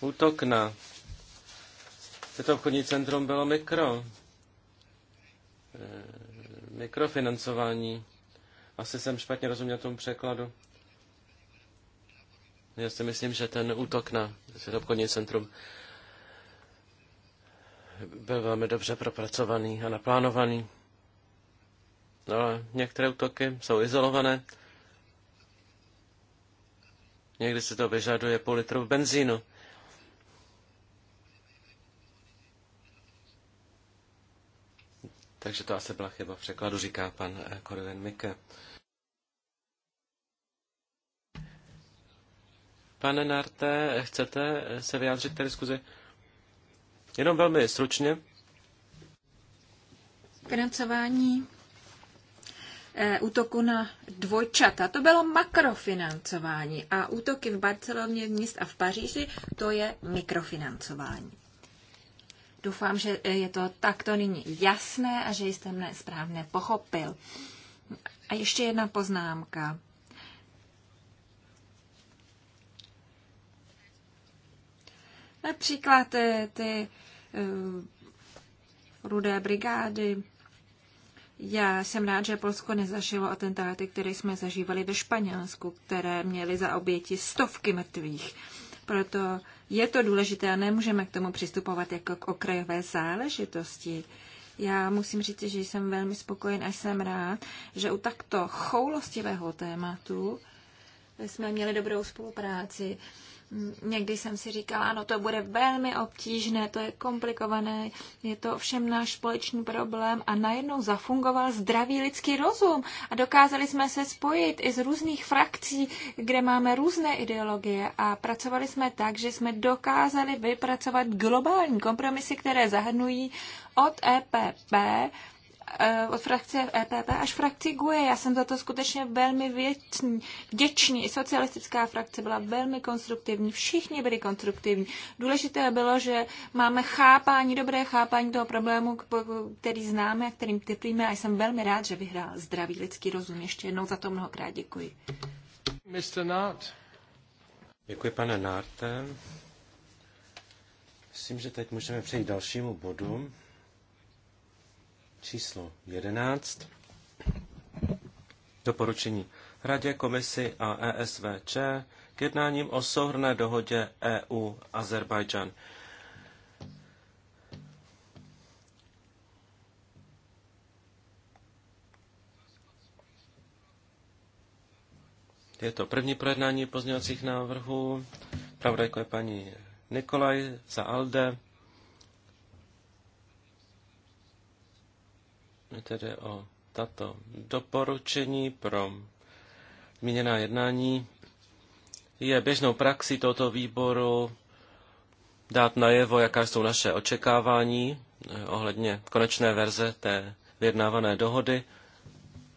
útok na toto obchodní centrum bylo mikro, eh, mikrofinancování. Asi jsem špatně rozuměl tomu překladu. Já si myslím, že ten útok na obchodní centrum byl velmi dobře propracovaný a naplánovaný. No, ale některé útoky jsou izolované. Někdy se to vyžaduje půl litru benzínu. Takže to asi byla chyba v překladu, říká pan Korven Mike. Pane Narte, chcete se vyjádřit k té diskuzi? Jenom velmi stručně. Financování eh, útoku na dvojčata. To bylo makrofinancování a útoky v Barceloně, v měst a v Paříži, to je mikrofinancování. Doufám, že eh, je to takto nyní jasné a že jste mne správně pochopil. A ještě jedna poznámka. Například eh, ty, ty uh, eh, rudé brigády. Já jsem rád, že Polsko nezažilo atentáty, které jsme zažívali ve Španělsku, které měly za oběti stovky mrtvých. Proto je to důležité a nemůžeme k tomu přistupovat jako k okrajové záležitosti. Já musím říct, že jsem velmi spokojen a jsem rád, že u takto choulostivého tématu jsme měli dobrou spolupráci Někdy jsem si říkala, ano, to bude velmi obtížné, to je komplikované, je to všem náš společný problém a najednou zafungoval zdravý lidský rozum a dokázali jsme se spojit i z různých frakcí, kde máme různé ideologie a pracovali jsme tak, že jsme dokázali vypracovat globální kompromisy, které zahrnují od EPP Eh, od frakce EPP až frakci GUE. Já jsem za to skutečně velmi věcný, vděčný. I socialistická frakce byla velmi konstruktivní. Všichni byli konstruktivní. Důležité bylo, že máme chápání, dobré chápání toho problému, který známe a kterým typlíme. A jsem velmi rád, že vyhrál zdravý lidský rozum. Ještě jednou za to mnohokrát děkuji. Mr. Nart. Děkuji, pane Nárte. Myslím, že teď můžeme přejít dalšímu bodu číslo 11. Doporučení Radě, Komisi a ESVČ k jednáním o souhrné dohodě EU Azerbajdžan. Je to první projednání pozměňovacích návrhů. jako je paní Nikolaj za ALDE. tedy o tato doporučení pro zmíněná jednání. Je běžnou praxí tohoto výboru dát najevo, jaká jsou naše očekávání eh, ohledně konečné verze té vyjednávané dohody,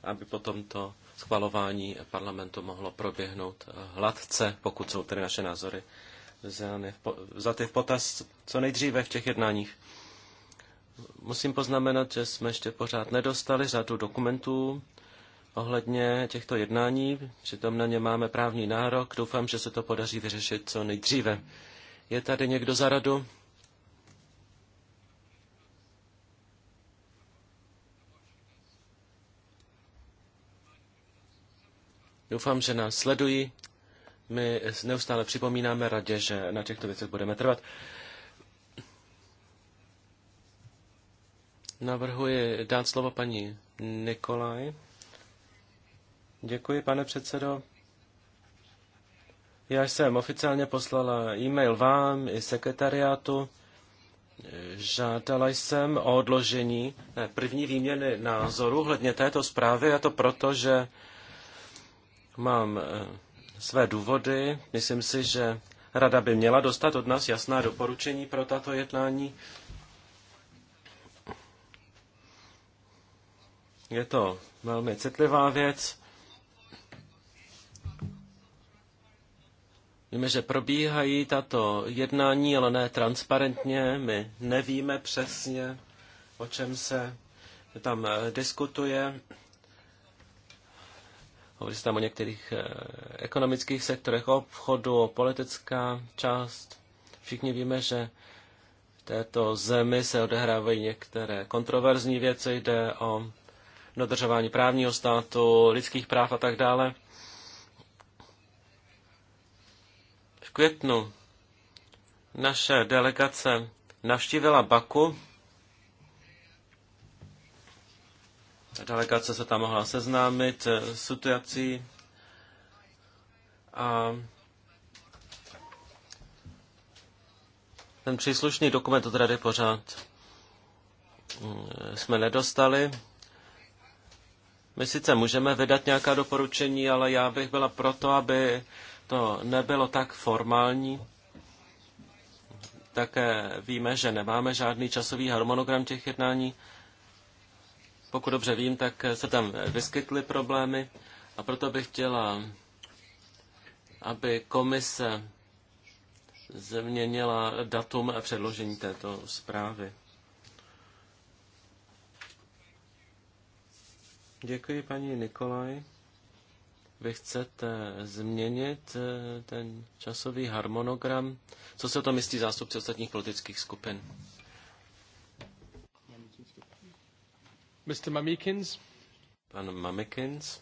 aby potom to schvalování parlamentu mohlo proběhnout eh, hladce, pokud jsou tedy naše názory vzaty v potaz co nejdříve v těch jednáních. Musím poznamenat, že jsme ještě pořád nedostali řadu dokumentů ohledně těchto jednání. Přitom na ně máme právní nárok. Doufám, že se to podaří vyřešit co nejdříve. Je tady někdo za radu? Doufám, že nás sledují. My neustále připomínáme radě, že na těchto věcech budeme trvat. Navrhuji dát slovo paní Nikolaj. Děkuji, pane předsedo. Já jsem oficiálně poslala e-mail vám i sekretariátu. Žádala jsem o odložení eh, první výměny názoru hledně této zprávy a to proto, že mám eh, své důvody. Myslím si, že rada by měla dostat od nás jasná doporučení pro tato jednání. Je to velmi citlivá věc. Víme, že probíhají tato jednání, ale ne transparentně. My nevíme přesně, o čem se tam eh, diskutuje. Hovoří se tam o některých eh, ekonomických sektorech obchodu, o politická část. Všichni víme, že v této zemi se odehrávají některé kontroverzní věci. Jde o dodržování právního státu, lidských práv a tak dále. V květnu naše delegace navštívila Baku. delegace se tam mohla seznámit s situací a ten příslušný dokument od rady pořád mm, jsme nedostali. My sice můžeme vydat nějaká doporučení, ale já bych byla proto, aby to nebylo tak formální. Také víme, že nemáme žádný časový harmonogram těch jednání. Pokud dobře vím, tak se tam vyskytly problémy a proto bych chtěla, aby komise změnila datum předložení této zprávy. Děkuji, paní Nikolaj. Vy chcete změnit eh, ten časový harmonogram. Co se to myslí zástupci ostatních politických skupin? Mr. Mamikins. Pan Mamikins.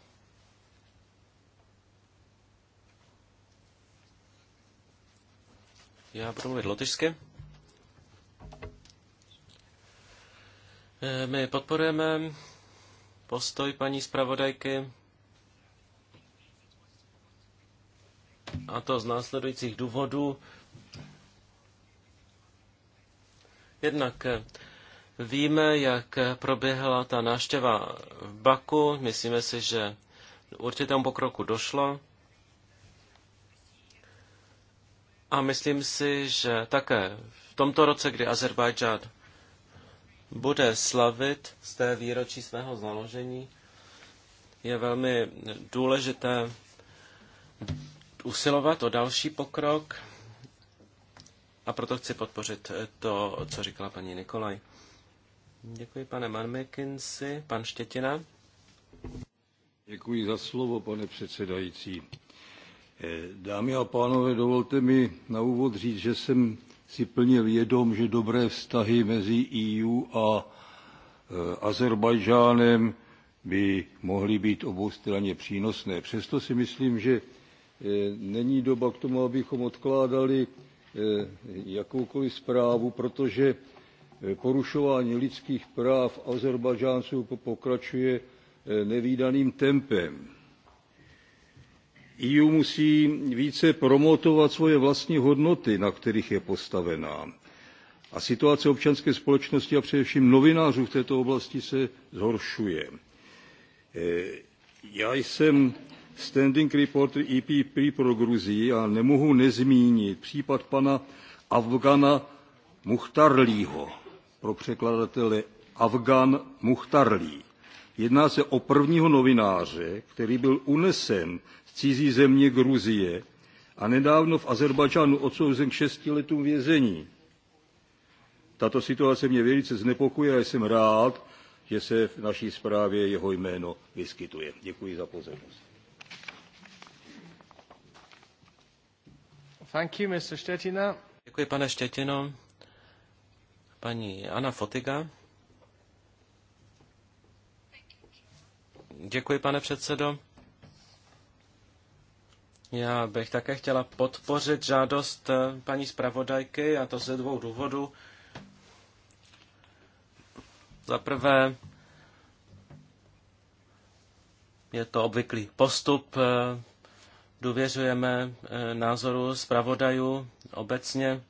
Já budu mluvit lotyšsky. Eh, my podporujeme postoj paní zpravodajky. A to z následujících důvodů. Jednak víme, jak proběhla ta návštěva v Baku. Myslíme si, že určitému pokroku došlo. A myslím si, že také v tomto roce, kdy Azerbajdžán bude slavit z té výročí svého založení, je velmi důležité usilovat o další pokrok a proto chci podpořit to, co říkala paní Nikolaj. Děkuji, pane Marmekinsi. Pan Štětina. Děkuji za slovo, pane předsedající. Eh, dámy a pánové, dovolte mi na úvod říct, že jsem si plně vědom, že dobré vztahy mezi EU a eh, Azerbajdžánem by mohly být oboustranně přínosné. Přesto si myslím, že eh, není doba k tomu, abychom odkládali eh, jakoukoliv zprávu, protože porušování lidských práv Azerbajdžánců pokračuje nevýdaným tempem. EU musí více promotovat svoje vlastní hodnoty, na kterých je postavená. A situace občanské společnosti a především novinářů v této oblasti se zhoršuje. E, já jsem standing reporter EPP pro Gruzii a nemohu nezmínit případ pana Afgana Muhtarlího, pro překladatele Afgan Muhtarlí. Jedná se o prvního novináře, který byl unesen v cizí země Gruzie a nedávno v Azerbajdžánu odsouzen k šesti letům vězení. Tato situace mě velice znepokuje a jsem rád, že se v naší zprávě jeho jméno vyskytuje. Děkuji za pozornost. Thank you, Mr. Štětina. Děkuji, pane Štětino. Paní Anna Fotiga. Děkuji, pane předsedo. Já bych také chtěla podpořit žádost eh, paní zpravodajky, a to ze dvou důvodů. Za prvé, je to obvyklý postup. Eh, důvěřujeme eh, názoru zpravodajů obecně.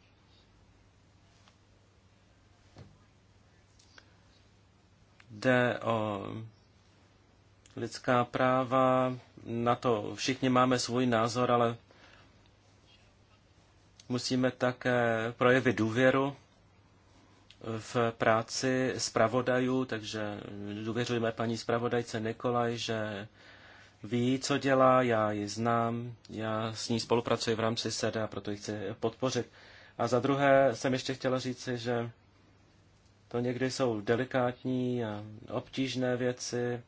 Jde o lidská práva, na to všichni máme svůj názor, ale musíme také projevit důvěru v práci zpravodajů, takže důvěřujeme paní zpravodajce Nikolaj, že ví, co dělá, já ji znám, já s ní spolupracuji v rámci SEDA, a proto ji chci podpořit. A za druhé jsem ještě chtěla říci, že to někdy jsou delikátní a obtížné věci,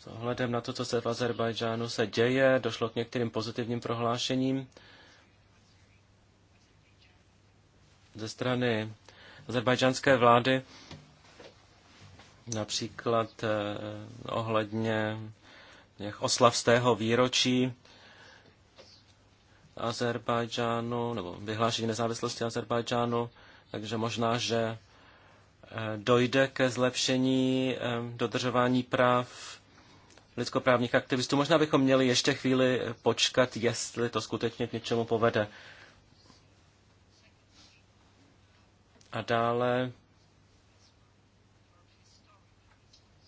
s ohledem na to, co se v Azerbajdžánu se děje, došlo k některým pozitivním prohlášením ze strany azerbajdžánské vlády, například eh, ohledně oslav oslavstého výročí Azerbajdžánu, nebo vyhlášení nezávislosti Azerbajdžánu, takže možná, že eh, dojde ke zlepšení eh, dodržování práv lidskoprávních aktivistů. Možná bychom měli ještě chvíli počkat, jestli to skutečně k něčemu povede. A dále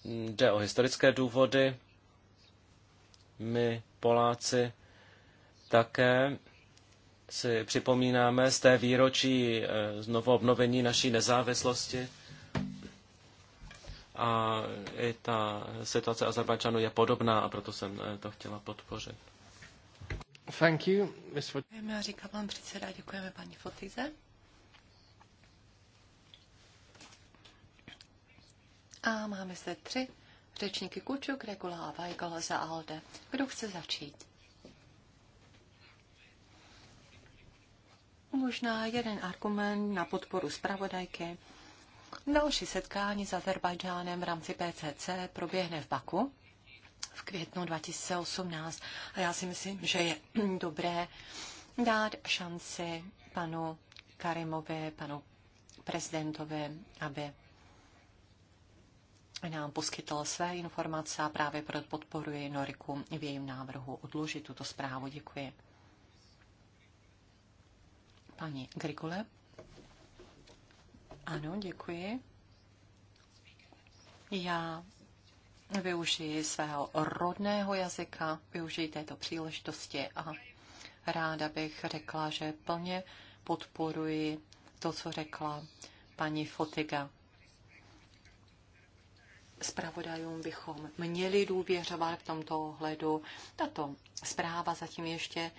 jde o historické důvody. My, Poláci, také si připomínáme z té výročí eh, znovu obnovení naší nezávislosti a i ta situace Azerbajdžánu je podobná a proto jsem eh, to chtěla podpořit. Thank you, Ms. Fot- děkujeme, říká pan předseda, děkujeme paní Fotize. A máme se tři řečníky Kučuk, Regula a Weigl za Alde. Kdo chce začít? Možná jeden argument na podporu zpravodajky Další setkání s Azerbajdžánem v rámci PCC proběhne v Baku v květnu 2018 a já si myslím, že je dobré dát šanci panu Karimovi, panu prezidentovi, aby nám poskytl své informace a právě pro podporuji Noriku v jejím návrhu odložit tuto zprávu. Děkuji. Paní Grigule. Ano, děkuji. Já využiji svého rodného jazyka, využiji této příležitosti a ráda bych řekla, že plně podporuji to, co řekla paní Fotiga. Spravodajům bychom měli důvěřovat v tomto ohledu. Tato zpráva zatím ještě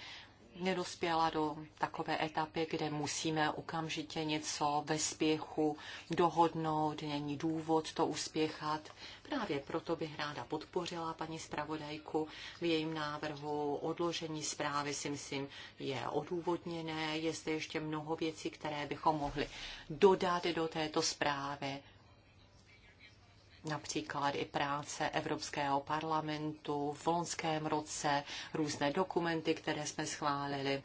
nedospěla do takové etapy, kde musíme okamžitě něco ve spěchu dohodnout, není důvod to uspěchat. Právě proto bych ráda podpořila paní zpravodajku v jejím návrhu. Odložení zprávy si myslím je odůvodněné. Je zde ještě mnoho věcí, které bychom mohli dodat do této zprávy například i práce Evropského parlamentu v loňském roce, různé dokumenty, které jsme schválili.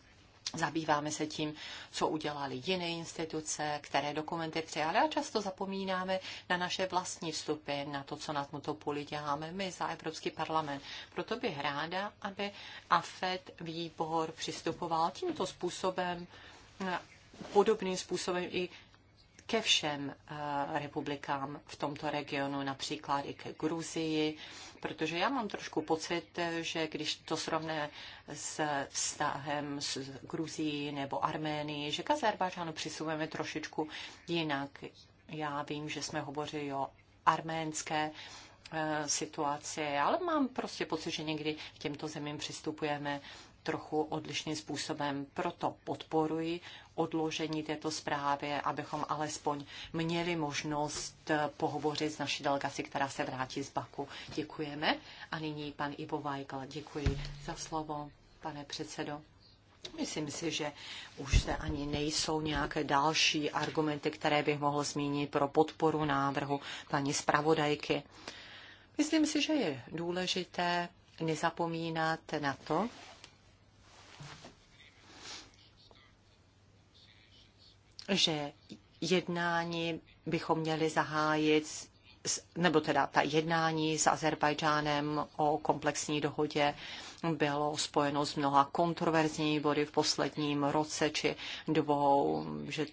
Zabýváme se tím, co udělali jiné instituce, které dokumenty přijali a často zapomínáme na naše vlastní vstupy, na to, co na tomto poli děláme my za Evropský parlament. Proto bych ráda, aby AFED výbor přistupoval tímto způsobem podobným způsobem i ke všem eh, republikám v tomto regionu, například i ke Gruzii, protože já mám trošku pocit, že když to srovné s vztahem s Gruzií nebo Arménií, že k Azerbajdžánu přistupujeme trošičku jinak. Já vím, že jsme hovořili o arménské eh, situaci, ale mám prostě pocit, že někdy k těmto zemím přistupujeme trochu odlišným způsobem. Proto podporuji odložení této zprávy, abychom alespoň měli možnost pohovořit s naší delegací, která se vrátí z Baku. Děkujeme. A nyní pan Ivo Weigl. Děkuji za slovo, pane předsedo. Myslím si, že už se ani nejsou nějaké další argumenty, které bych mohl zmínit pro podporu návrhu paní zpravodajky. Myslím si, že je důležité nezapomínat na to, že jednání bychom měli zahájit, nebo teda ta jednání s Azerbajdžánem o komplexní dohodě bylo spojeno s mnoha kontroverzními body v posledním roce či dvou, že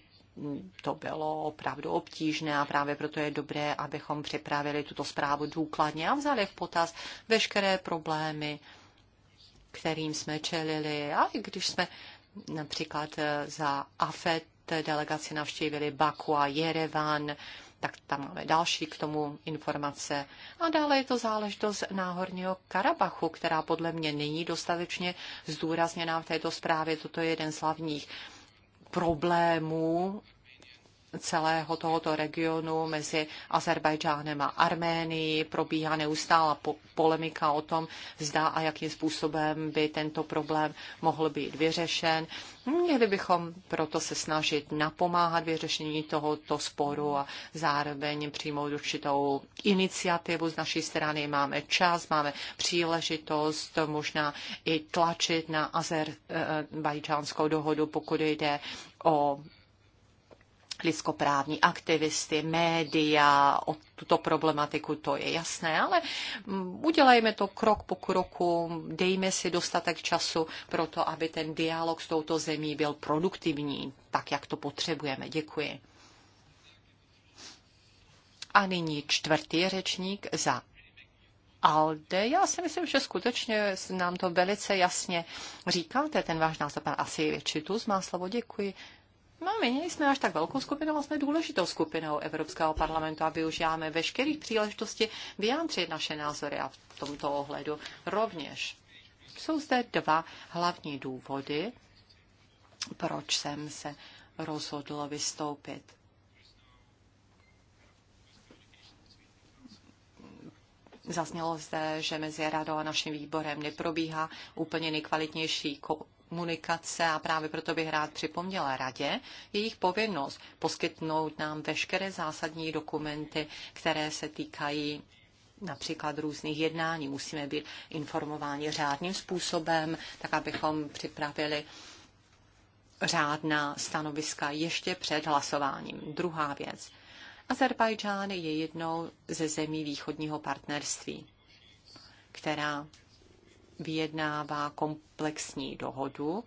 to bylo opravdu obtížné a právě proto je dobré, abychom připravili tuto zprávu důkladně a vzali v potaz veškeré problémy, kterým jsme čelili. A i když jsme například za AFET delegace navštívili Baku a Jerevan, tak tam máme další k tomu informace. A dále je to záležitost náhorního Karabachu, která podle mě není dostatečně zdůrazněná v této zprávě. Toto je jeden z hlavních problémů celého tohoto regionu mezi Azerbajdžánem a Arménií. Probíhá neustála po- polemika o tom, zda a jakým způsobem by tento problém mohl být vyřešen. Měli bychom proto se snažit napomáhat vyřešení tohoto sporu a zároveň přijmout určitou iniciativu z naší strany. Máme čas, máme příležitost možná i tlačit na azerbajdžánskou eh, dohodu, pokud jde o lidskoprávní aktivisty, média, o tuto problematiku, to je jasné, ale udělejme to krok po kroku, dejme si dostatek času pro to, aby ten dialog s touto zemí byl produktivní, tak jak to potřebujeme. Děkuji. A nyní čtvrtý řečník za Alde, já si myslím, že skutečně nám to velice jasně říkáte, ten váš názor, pan asi Čitus má slovo, děkuji. No, my nejsme až tak velkou skupinou, ale vlastně jsme důležitou skupinou Evropského parlamentu a využíváme veškerých příležitostí vyjádřit naše názory a v tomto ohledu rovněž. Jsou zde dva hlavní důvody, proč jsem se rozhodl vystoupit. Zaznělo zde, že mezi radou a naším výborem neprobíhá úplně nejkvalitnější komunikace a právě proto bych rád připomněla radě jejich povinnost poskytnout nám veškeré zásadní dokumenty, které se týkají například různých jednání. Musíme být informováni řádným způsobem, tak abychom připravili řádná stanoviska ještě před hlasováním. Druhá věc. Azerbajdžán je jednou ze zemí východního partnerství, která vyjednává komplexní dohodu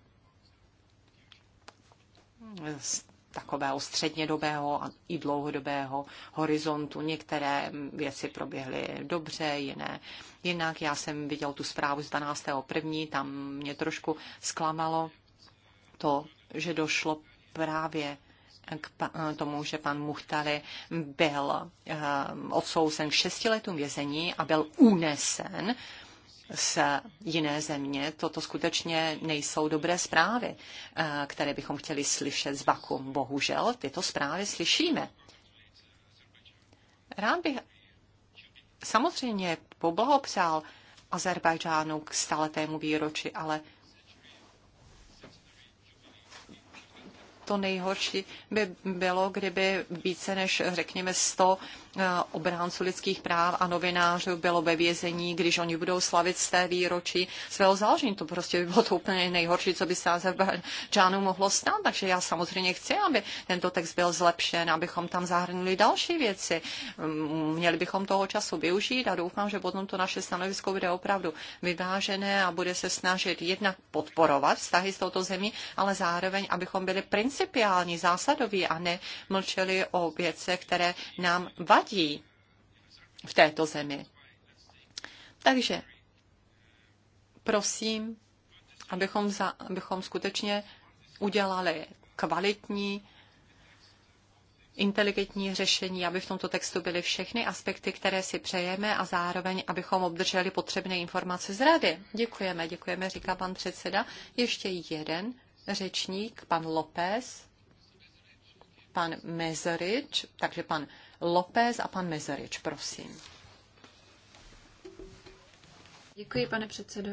z takového střednědobého a i dlouhodobého horizontu. Některé věci proběhly dobře, jiné jinak. Já jsem viděl tu zprávu z 12.1., tam mě trošku zklamalo to, že došlo právě k tomu, že pan Muchtary byl eh, odsouzen k šesti letům vězení a byl unesen z jiné země. Toto skutečně nejsou dobré zprávy, eh, které bychom chtěli slyšet z Baku. Bohužel tyto zprávy slyšíme. Rád bych samozřejmě poblahopřál Azerbajdžánu k staletému výroči, ale to nejhorší by bylo, kdyby více než, řekněme, 100 Eh, obránců lidských práv a novinářů bylo ve vězení, když oni budou slavit z té výročí svého založení. To prostě by bylo to úplně nejhorší, co by se Azerbajdžánu mohlo stát. Takže já samozřejmě chci, aby tento text byl zlepšen, abychom tam zahrnuli další věci. Mm, měli bychom toho času využít a doufám, že potom to naše stanovisko bude opravdu vyvážené a bude se snažit jednak podporovat vztahy s touto zemí, ale zároveň, abychom byli principiální, zásadoví a ne mlčeli o věcech, které nám vadí platí v této zemi. Takže prosím, abychom, za, abychom skutečně udělali kvalitní, inteligentní řešení, aby v tomto textu byly všechny aspekty, které si přejeme a zároveň, abychom obdrželi potřebné informace z rady. Děkujeme, děkujeme, říká pan předseda. Ještě jeden řečník, pan López, pan Mezerič, takže pan López a pan Mezerič, prosím. Děkuji, pane předsedo.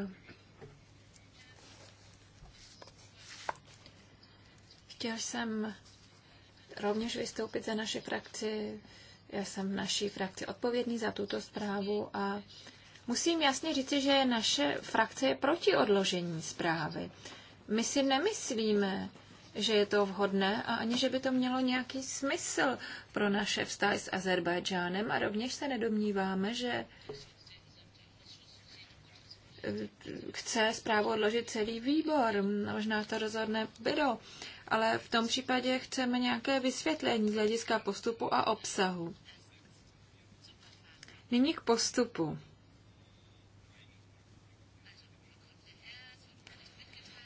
Chtěl jsem rovněž vystoupit za naši frakci. Já jsem v naší frakci odpovědný za tuto zprávu a musím jasně říci, že naše frakce je proti odložení zprávy. My si nemyslíme, že je to vhodné a ani, že by to mělo nějaký smysl pro naše vztahy s Azerbajdžánem a rovněž se nedomníváme, že eh, chce zprávu odložit celý výbor, možná to rozhodne byro, ale v tom případě chceme nějaké vysvětlení z hlediska postupu a obsahu. Nyní k postupu.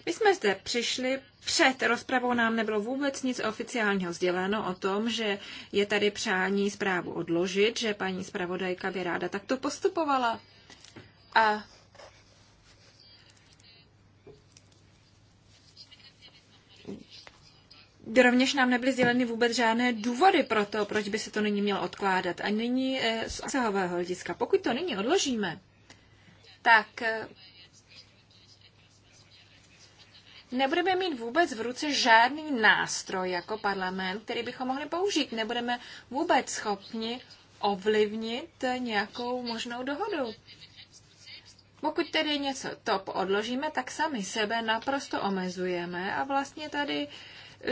My jsme zde přišli před rozpravou nám nebylo vůbec nic oficiálního sděleno o tom, že je tady přání zprávu odložit, že paní zpravodajka by ráda takto postupovala. A Rovněž nám nebyly sděleny vůbec žádné důvody pro to, proč by se to nyní mělo odkládat. A nyní eh, z obsahového hlediska. Pokud to nyní odložíme, tak eh, nebudeme mít vůbec v ruce žádný nástroj jako parlament, který bychom mohli použít. Nebudeme vůbec schopni ovlivnit nějakou možnou dohodu. Pokud tedy něco to odložíme, tak sami sebe naprosto omezujeme a vlastně tady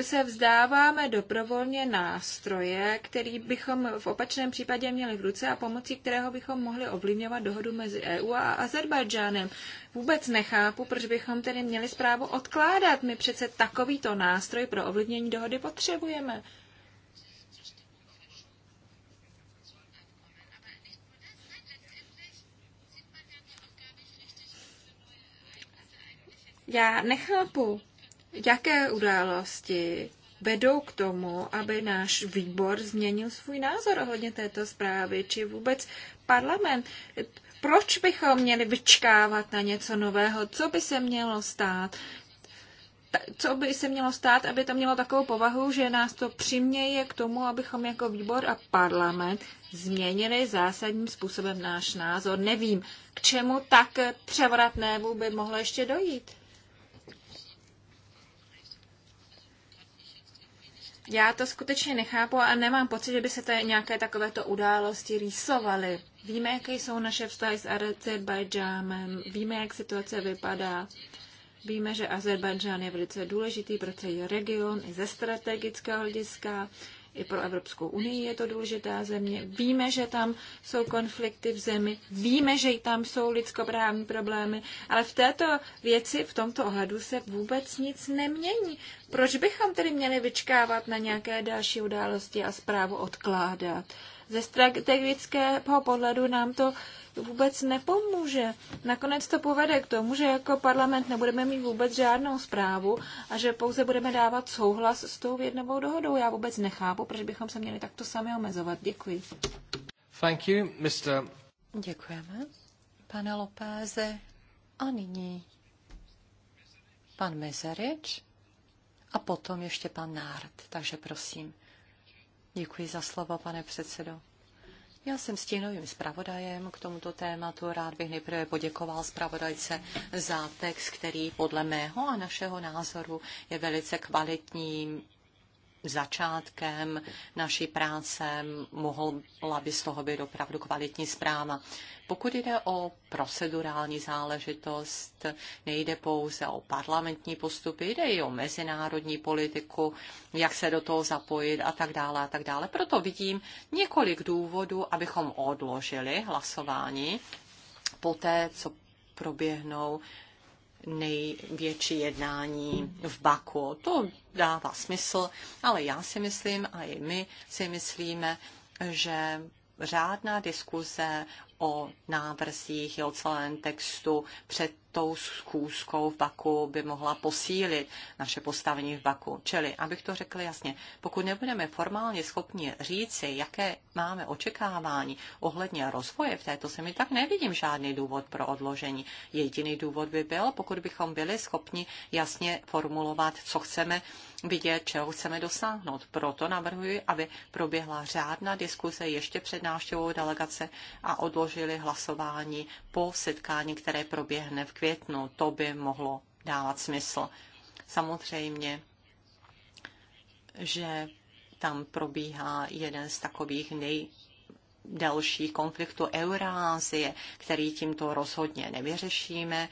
se vzdáváme dobrovolně nástroje, který bychom v opačném případě měli v ruce a pomocí kterého bychom mohli ovlivňovat dohodu mezi EU a Azerbajdžánem. Vůbec nechápu, proč bychom tedy měli zprávu odkládat. My přece takovýto nástroj pro ovlivnění dohody potřebujeme. Já nechápu, jaké události vedou k tomu, aby náš výbor změnil svůj názor ohledně této zprávy, či vůbec parlament. Proč bychom měli vyčkávat na něco nového? Co by se mělo stát? co by se mělo stát, aby to mělo takovou povahu, že nás to přiměje k tomu, abychom jako výbor a parlament změnili zásadním způsobem náš názor. Nevím, k čemu tak převratnému by mohlo ještě dojít. Já to skutečně nechápu a nemám pocit, že by se tady nějaké takovéto události rýsovaly. Víme, jaké jsou naše vztahy s Azerbajdžánem, víme, jak situace vypadá. Víme, že Azerbajdžán je velice důležitý pro celý region i ze strategického hlediska. I pro Evropskou unii je to důležitá země. Víme, že tam jsou konflikty v zemi, víme, že tam jsou lidskoprávní problémy, ale v této věci, v tomto ohledu se vůbec nic nemění. Proč bychom tedy měli vyčkávat na nějaké další události a zprávu odkládat? Ze strategického pohledu nám to to vůbec nepomůže. Nakonec to povede k tomu, že jako parlament nebudeme mít vůbec žádnou zprávu a že pouze budeme dávat souhlas s tou vědnovou dohodou. Já vůbec nechápu, proč bychom se měli takto sami omezovat. Děkuji. Thank you, Mr. Děkujeme, pane Lopéze. A nyní pan Mezerič a potom ještě pan Nárd. Takže prosím. Děkuji za slovo, pane předsedo. Já jsem stínovým zpravodajem k tomuto tématu. Rád bych nejprve poděkoval zpravodajce za text, který podle mého a našeho názoru je velice kvalitní, začátkem naší práce, mohla by z toho být opravdu kvalitní zpráva. Pokud jde o procedurální záležitost, nejde pouze o parlamentní postupy, jde i o mezinárodní politiku, jak se do toho zapojit a tak dále a tak dále. Proto vidím několik důvodů, abychom odložili hlasování poté, co proběhnou největší jednání v Baku. To dává smysl, ale já si myslím a i my si myslíme, že řádná diskuze o návrzích i o celém textu před tou schůzkou v Baku by mohla posílit naše postavení v Baku. Čili, abych to řekl jasně, pokud nebudeme formálně schopni říci, jaké máme očekávání ohledně rozvoje v této zemi, tak nevidím žádný důvod pro odložení. Jediný důvod by byl, pokud bychom byli schopni jasně formulovat, co chceme vidět, čeho chceme dosáhnout. Proto navrhuji, aby proběhla řádná diskuse ještě před návštěvou delegace a odložení odložili hlasování po setkání, které proběhne v květnu. To by mohlo dávat smysl. Samozřejmě, že tam probíhá jeden z takových nej, konfliktů Eurázie, který tímto rozhodně nevyřešíme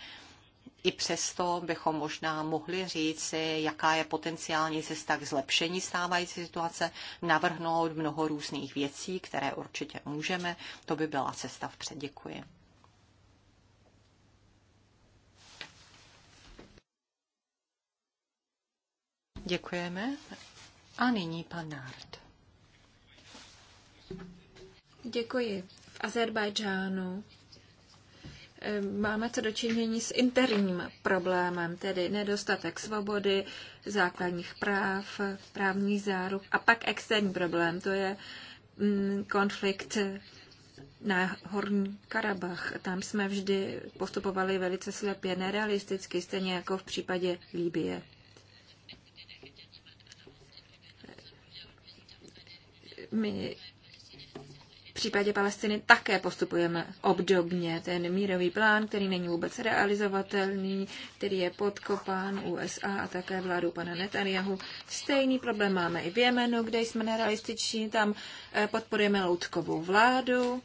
i přesto bychom možná mohli říci, jaká je potenciální cesta k zlepšení stávající situace, navrhnout mnoho různých věcí, které určitě můžeme. To by byla cesta vpřed. Děkuji. Děkujeme. A nyní pan Nárd. Děkuji. V Azerbajdžánu máme co dočinění s interním problémem, tedy nedostatek svobody, základních práv, právních záruk a pak externí problém, to je mm, konflikt na Horní Karabach. Tam jsme vždy postupovali velice slepě, nerealisticky, stejně jako v případě Líbie. My případě Palestiny také postupujeme obdobně. Ten mírový plán, který není vůbec realizovatelný, který je podkopán USA a také vládou pana Netanyahu. Stejný problém máme i v Jemenu, kde jsme nerealističní, tam eh, podporujeme loutkovou vládu.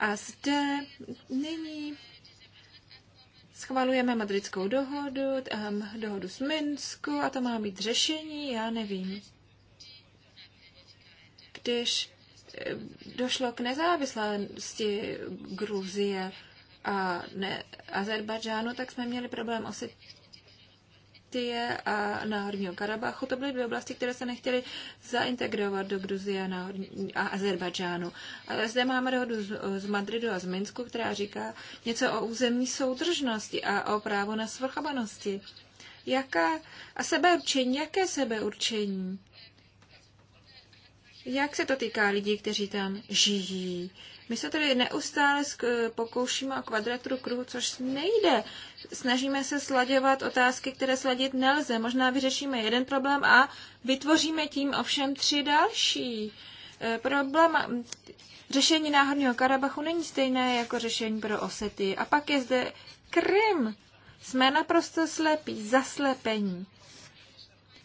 A zde nyní schvalujeme madridskou dohodu, tam dohodu s Minsku a to má být řešení, já nevím. Když došlo k nezávislosti Gruzie a ne, Azerbajdžánu, tak jsme měli problém asi Osetie a Náhorního Karabachu. To byly dvě oblasti, které se nechtěly zaintegrovat do Gruzie a, a Azerbajdžánu. Ale zde máme dohodu z, z Madridu a z Minsku, která říká něco o územní soudržnosti a o právo na svrchovanosti. Jaká, a sebeurčení, jaké sebeurčení? Jak se to týká lidí, kteří tam žijí? My se tady neustále pokoušíme o kvadraturu kruhu, což nejde. Snažíme se sladěvat otázky, které sladit nelze. Možná vyřešíme jeden problém a vytvoříme tím ovšem tři další. Eh, problém, řešení Náhorního Karabachu není stejné jako řešení pro Osety. A pak je zde Krym. Jsme naprosto slepí, zaslepení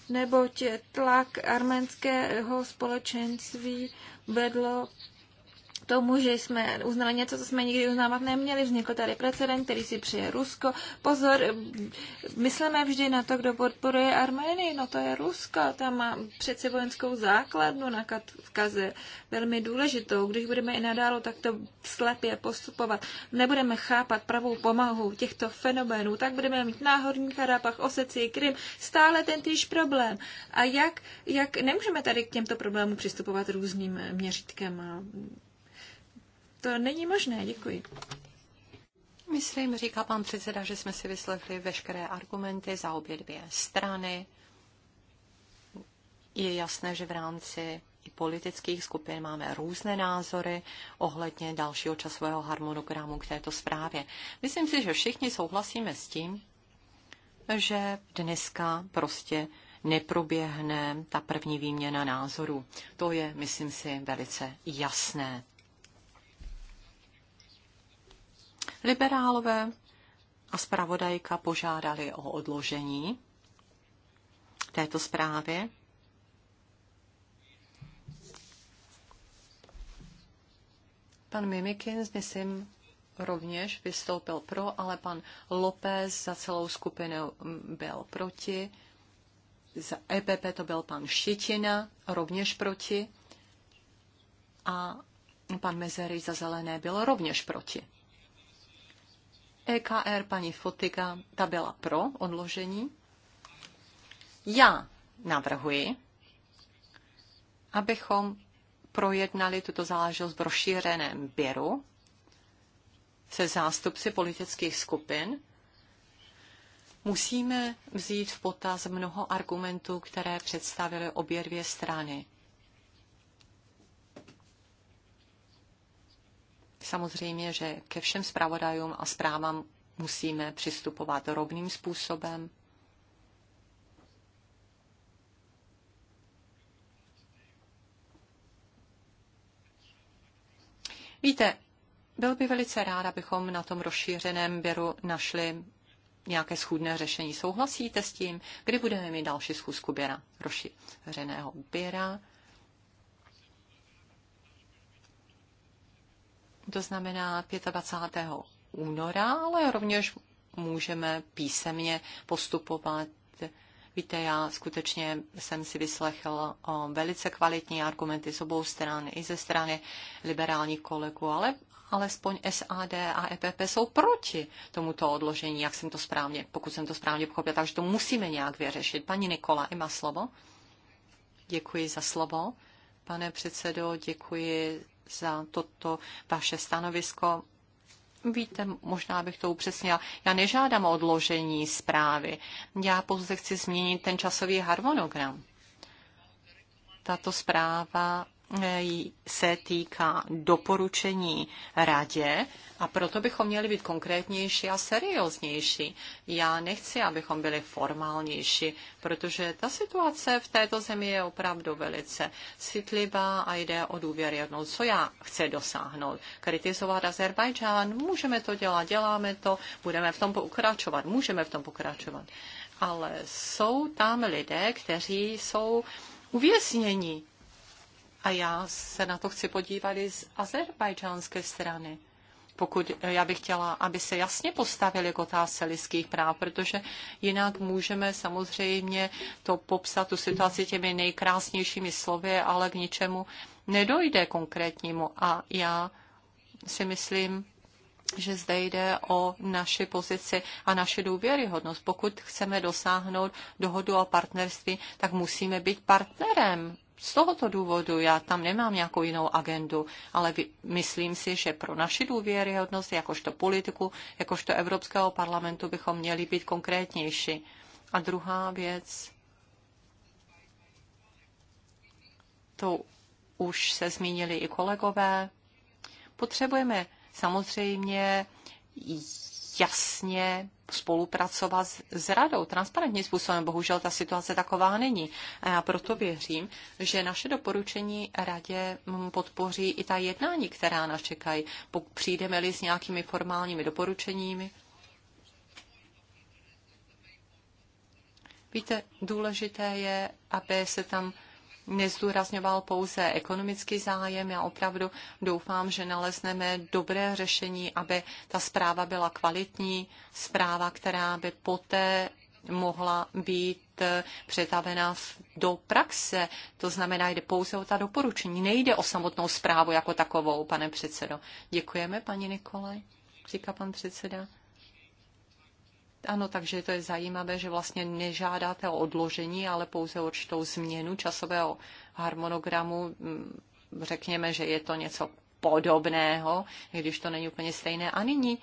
neboť tlak arménského společenství vedlo tomu, že jsme uznali něco, co jsme nikdy uznávat neměli. Vznikl tady precedent, který si přeje Rusko. Pozor, myslíme vždy na to, kdo podporuje Arménii. No to je Rusko, tam má přeci vojenskou základnu na Kavkaze velmi důležitou. Když budeme i nadálo takto slepě postupovat, nebudeme chápat pravou pomahu těchto fenoménů, tak budeme mít náhorní Karabach, Osecii, Krym, stále ten týž problém. A jak, jak nemůžeme tady k těmto problémům přistupovat různým měřítkem a to není možné, děkuji. Myslím, říká pan předseda, že jsme si vyslechli veškeré argumenty za obě dvě strany. Je jasné, že v rámci i politických skupin máme různé názory ohledně dalšího časového harmonogramu k této zprávě. Myslím si, že všichni souhlasíme s tím, že dneska prostě neproběhne ta první výměna názorů. To je, myslím si, velice jasné. Liberálové a zpravodajka požádali o odložení této zprávy. Pan Mimikins, myslím, rovněž vystoupil pro, ale pan López za celou skupinu byl proti. Za EPP to byl pan Štětina, rovněž proti. A pan Mezery za zelené byl rovněž proti. EKR paní Fotika, ta byla pro odložení. Já navrhuji, abychom projednali tuto záležitost v rozšířeném běru se zástupci politických skupin. Musíme vzít v potaz mnoho argumentů, které představily obě dvě strany. Samozřejmě, že ke všem zpravodajům a zprávám musíme přistupovat rovným způsobem. Víte, byl by velice rád, abychom na tom rozšířeném běru našli nějaké schůdné řešení. Souhlasíte s tím, kdy budeme mít další schůzku běra, rozšířeného běra? to znamená 25. února, ale rovněž můžeme písemně postupovat. Víte, já skutečně jsem si vyslechl eh, velice kvalitní argumenty z obou stran, i ze strany liberálních kolegů, ale alespoň SAD a EPP jsou proti tomuto odložení, jak jsem to správně, pokud jsem to správně pochopil. Takže to musíme nějak vyřešit. Paní Nikola, i má slovo. Děkuji za slovo. Pane předsedo, děkuji za toto vaše stanovisko. Víte, možná bych to upřesnila. Já nežádám odložení zprávy. Já pouze chci změnit ten časový harmonogram. Tato zpráva se týká doporučení radě a proto bychom měli být konkrétnější a serióznější. Já nechci, abychom byli formálnější, protože ta situace v této zemi je opravdu velice citlivá a jde o důvěryhodnost. Co já chci dosáhnout? Kritizovat Azerbajdžán? Můžeme to dělat, děláme to, budeme v tom pokračovat, můžeme v tom pokračovat. Ale jsou tam lidé, kteří jsou uvězněni a já se na to chci podívat i z azerbajdžánské strany. Pokud eh, já bych chtěla, aby se jasně postavili k otázce lidských práv, protože jinak můžeme samozřejmě to popsat, tu situaci těmi nejkrásnějšími slovy, ale k ničemu nedojde konkrétnímu. A já si myslím, že zde jde o naši pozici a naši důvěryhodnost. Pokud chceme dosáhnout dohodu o partnerství, tak musíme být partnerem z tohoto důvodu já tam nemám nějakou jinou agendu, ale myslím si, že pro naši důvěryhodnost, jakožto politiku, jakožto Evropského parlamentu, bychom měli být konkrétnější. A druhá věc, to už se zmínili i kolegové, potřebujeme samozřejmě jasně spolupracovat s, s radou transparentním způsobem. Bohužel ta situace taková není. A já proto věřím, že naše doporučení radě mm, podpoří i ta jednání, která nás čekají. Přijdeme-li s nějakými formálními doporučeními, Víte, důležité je, aby se tam nezdůrazňoval pouze ekonomický zájem. Já opravdu doufám, že nalezneme dobré řešení, aby ta zpráva byla kvalitní, zpráva, která by poté mohla být přetavena do praxe. To znamená, jde pouze o ta doporučení. Nejde o samotnou zprávu jako takovou, pane předsedo. Děkujeme, paní Nikolaj, říká pan předseda. Ano, takže to je zajímavé, že vlastně nežádáte o odložení, ale pouze určitou změnu časového harmonogramu. Mm, řekněme, že je to něco podobného, když to není úplně stejné. A nyní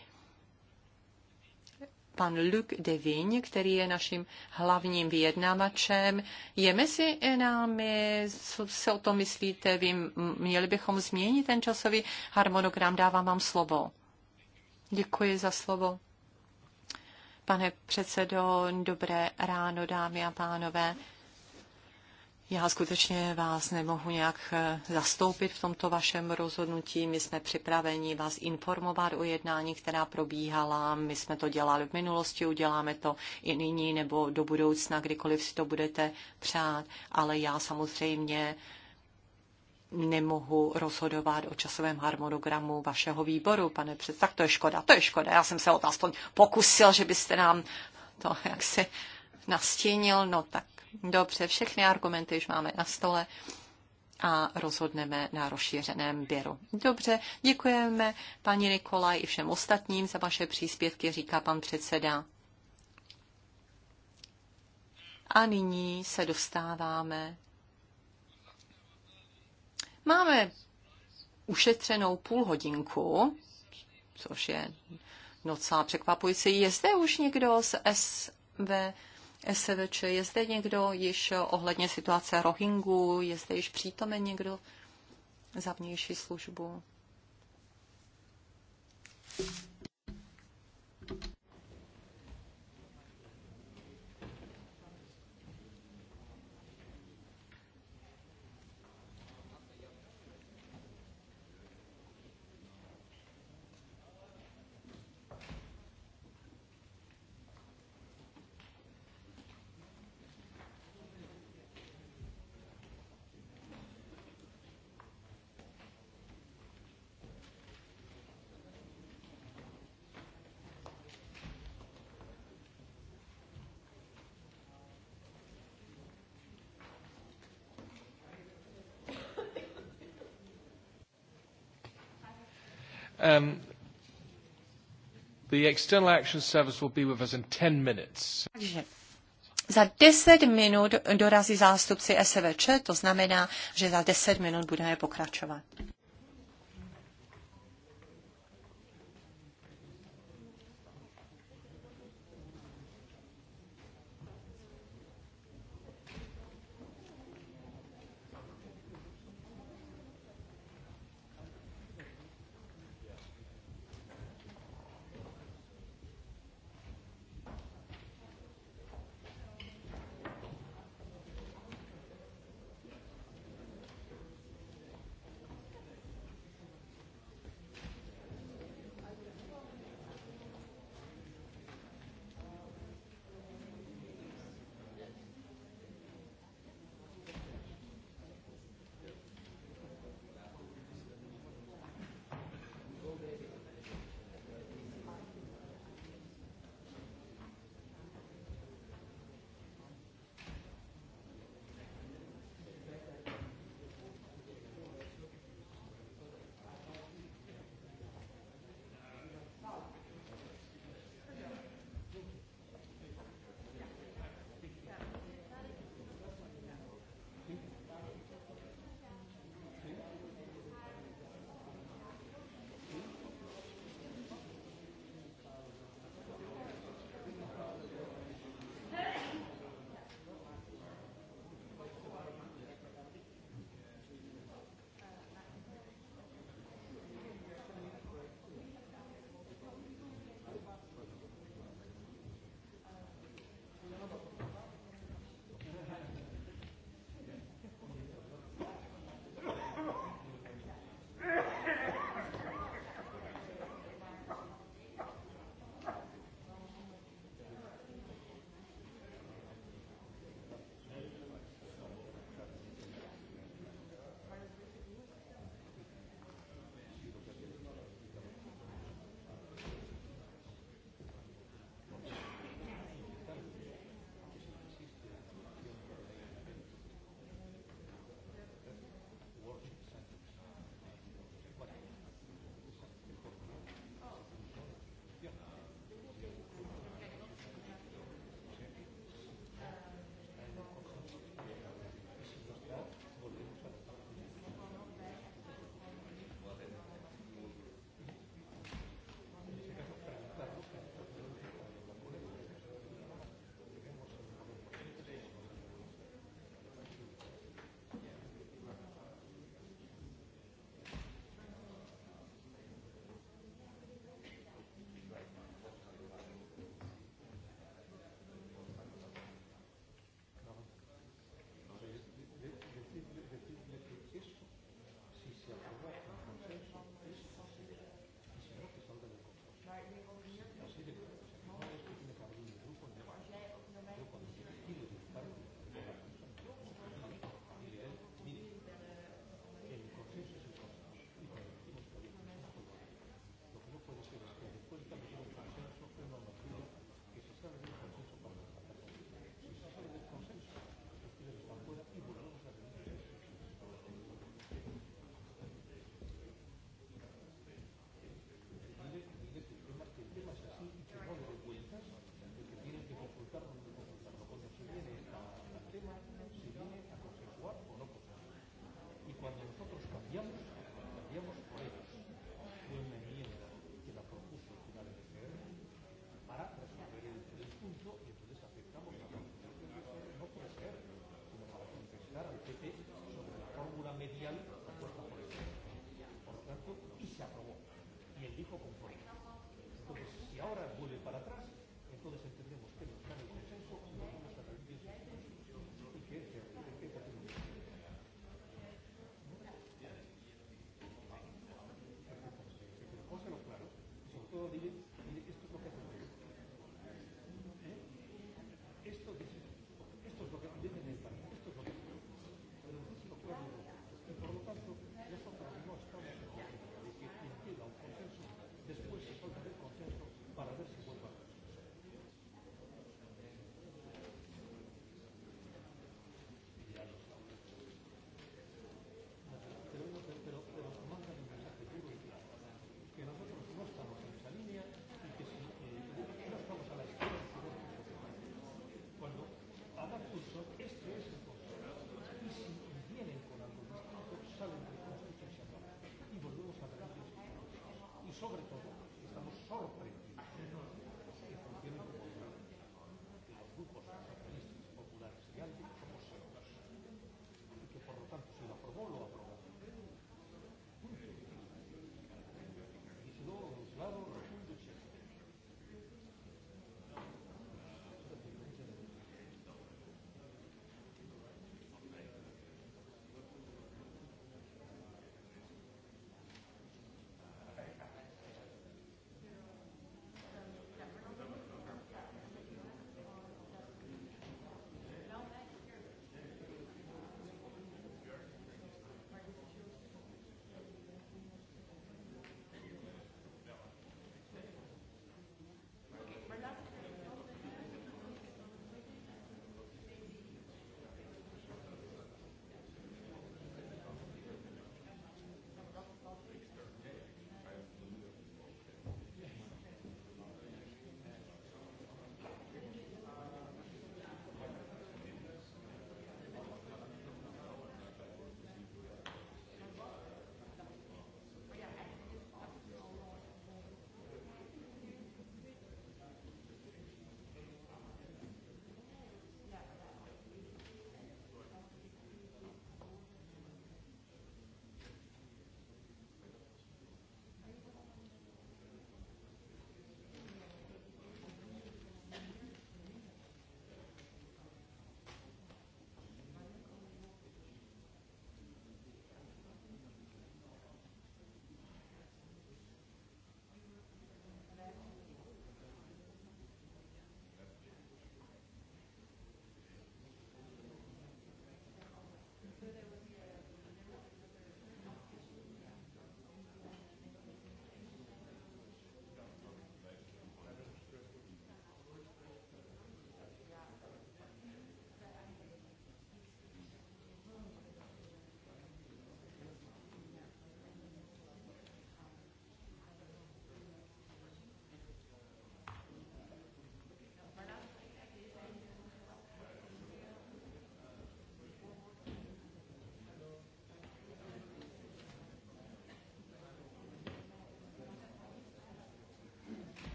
pan Luc Vigne, který je naším hlavním vyjednávačem. Je mezi námi, co se o tom myslíte, vy měli bychom změnit ten časový harmonogram, dávám vám slovo. Děkuji za slovo pane předsedo. Dobré ráno, dámy a pánové. Já skutečně vás nemohu nějak eh, zastoupit v tomto vašem rozhodnutí. My jsme připraveni vás informovat o jednání, která probíhala. My jsme to dělali v minulosti, uděláme to i nyní nebo do budoucna, kdykoliv si to budete přát. Ale já samozřejmě nemohu rozhodovat o časovém harmonogramu vašeho výboru, pane před. Tak to je škoda, to je škoda. Já jsem se o to aspoň pokusil, že byste nám to jak se nastínil. No tak dobře, všechny argumenty už máme na stole a rozhodneme na rozšířeném běru. Dobře, děkujeme paní Nikolaj i všem ostatním za vaše příspěvky, říká pan předseda. A nyní se dostáváme Máme ušetřenou půl hodinku, což je docela překvapující. Je zde už někdo z SV, SVČ, je zde někdo již ohledně situace Rohingu, je zde již přítomen někdo za vnější službu? Thank you. Um, the External Action Service will be with us in 10 minutes. za 10 minut dorazí zástupci SVČ, to znamená, že za 10 minut budeme pokračovat.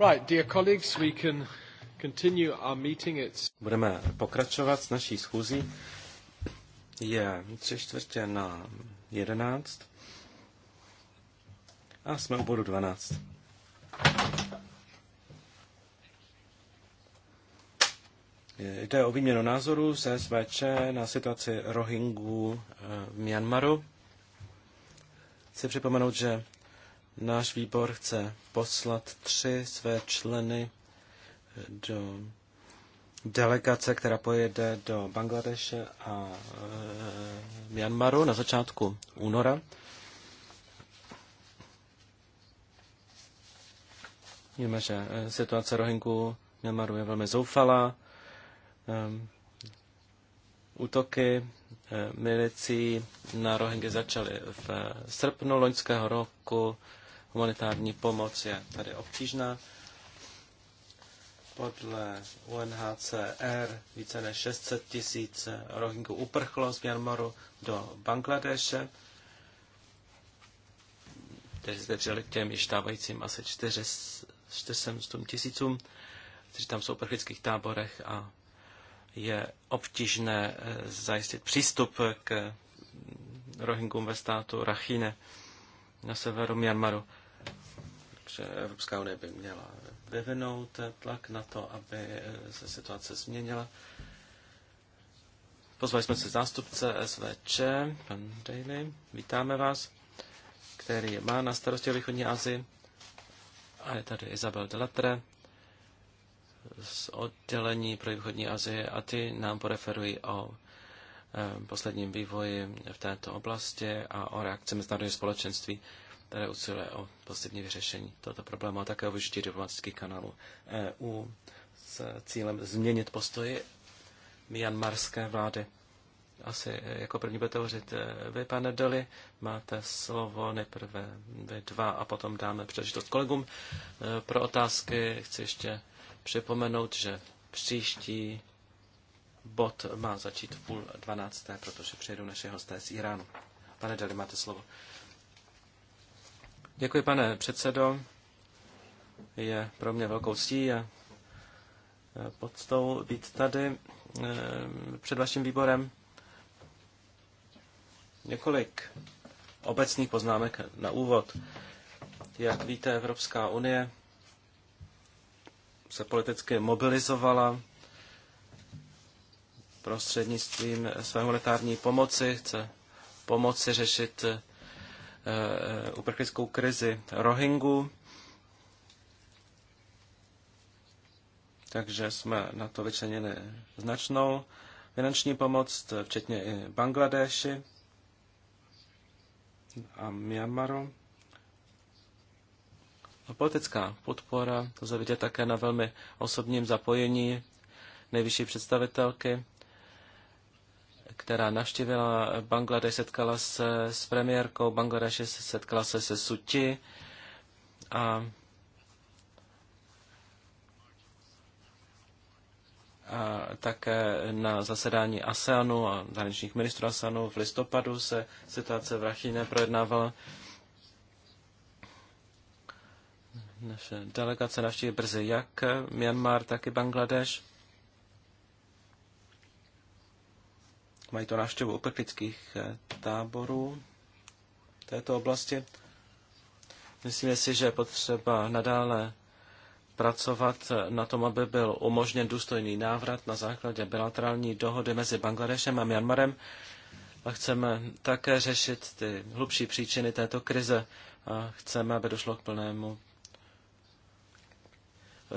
Right, dear colleagues, we can continue our meeting. It's... Budeme pokračovat s naší schůzí. Je tři čtvrtě na jedenáct a jsme u bodu 12. Jde o výměnu názorů se SVČ na situaci Rohingů eh, v Myanmaru. Chci připomenout, že Náš výbor chce poslat tři své členy eh, do delegace, která pojede do Bangladeše a e, Myanmaru na začátku února. Víme, že eh, situace Rohingů v Myanmaru je velmi zoufalá. E, útoky milicí na Rohingy začaly v srpnu loňského roku. Humanitární pomoc je tady obtížná. Podle UNHCR více než 600 tisíc rohingů uprchlo z Myanmaru do Bangladeše, Teď zde přijeli k těm již asi 400 tisícům, kteří tam jsou v uprchlických táborech a je obtížné eh, zajistit přístup k Rohingům ve státu Rakhine na severu Myanmaru že Evropská unie by měla vyvinout tlak na to, aby se situace změnila. Pozvali jsme se zástupce SVČ, pan Daly, vítáme vás, který má na starosti o východní Asii. A je tady Isabel Delatre z oddělení pro východní Asii a ty nám poreferují o eh, posledním vývoji v této oblasti a o reakci mezinárodního společenství které usiluje o pozitivní vyřešení tohoto problému a také o využití diplomatických kanálů EU s cílem změnit postoji myanmarské vlády. Asi eh, jako první budete hovořit eh, vy, pane Doli, máte slovo nejprve vy dva a potom dáme příležitost kolegům eh, pro otázky. Chci ještě připomenout, že příští bod má začít v půl dvanácté, protože přijedou naše hosté z Iránu. Pane Dali, máte slovo. Děkuji, pane předsedo. Je pro mě velkou ctí a podstou být tady e, před vaším výborem. Několik obecných poznámek na úvod. Jak víte, Evropská unie se politicky mobilizovala prostřednictvím své humanitární pomoci, chce pomoci řešit Eh, uprchlickou krizi Rohingu. Takže jsme na to vyčlenili značnou finanční pomoc, včetně i Bangladeši a Myanmaru. Politická podpora, to se vidět také na velmi osobním zapojení nejvyšší představitelky která navštívila Bangladeš, setkala se s premiérkou Bangladeše, setkala se se Suti a, a také na zasedání ASEANu a zahraničních ministrů ASEANu v listopadu se situace v Rachíně projednávala. Naše delegace navštíví brzy jak Myanmar, tak i Bangladeš. mají to návštěvu uprchlických eh, táborů v této oblasti. Myslíme si, že je potřeba nadále pracovat na tom, aby byl umožněn důstojný návrat na základě bilaterální dohody mezi Bangladešem a Myanmarem. A chceme také řešit ty hlubší příčiny této krize a chceme, aby došlo k plnému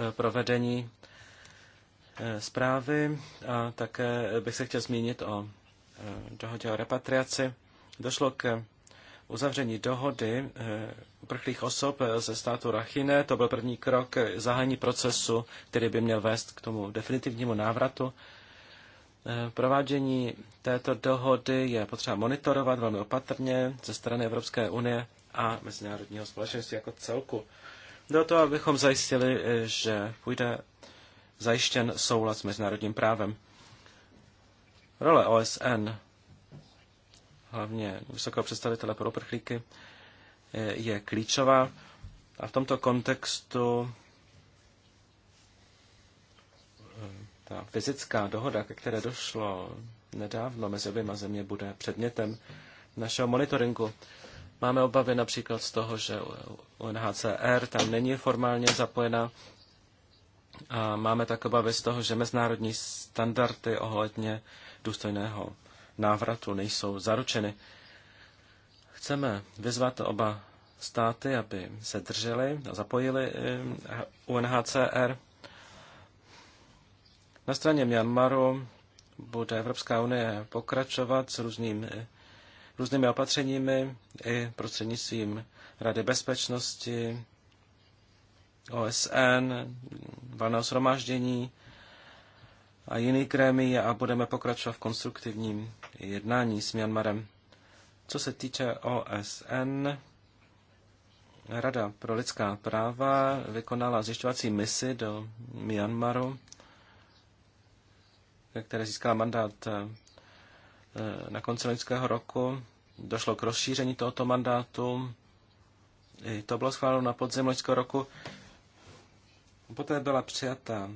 eh, provedení eh, zprávy. A také bych se chtěl zmínit o Eh, dohodě o repatriaci. Došlo k uzavření dohody eh, uprchlých osob eh, ze státu Rachine. To byl první krok zahájení procesu, který by měl vést k tomu definitivnímu návratu. Provádění této dohody je potřeba monitorovat velmi opatrně ze strany Evropské unie a mezinárodního společenství jako celku. Do toho, abychom zajistili, že půjde zajištěn soulad s mezinárodním právem. Role OSN, hlavně vysokého představitele pro uprchlíky, je klíčová a v tomto kontextu eh, ta fyzická dohoda, ke které došlo nedávno mezi oběma země, bude předmětem našeho monitoringu. Máme obavy například z toho, že UNHCR tam není formálně zapojena a máme tak obavy z toho, že mezinárodní standardy ohledně důstojného návratu nejsou zaručeny. Chceme vyzvat oba státy, aby se drželi a zapojili eh, UNHCR. Na straně Myanmaru bude Evropská unie pokračovat s různými, různými opatřeními i prostřednictvím Rady bezpečnosti, OSN, valného shromáždění, a jiný krémy a budeme pokračovat v konstruktivním jednání s Myanmarem. Co se týče OSN, Rada pro lidská práva vykonala zjišťovací misi do Myanmaru, které získala mandát eh, eh, na konci loňského roku. Došlo k rozšíření tohoto mandátu. I to bylo schváleno na podzim loňského roku. Poté byla přijata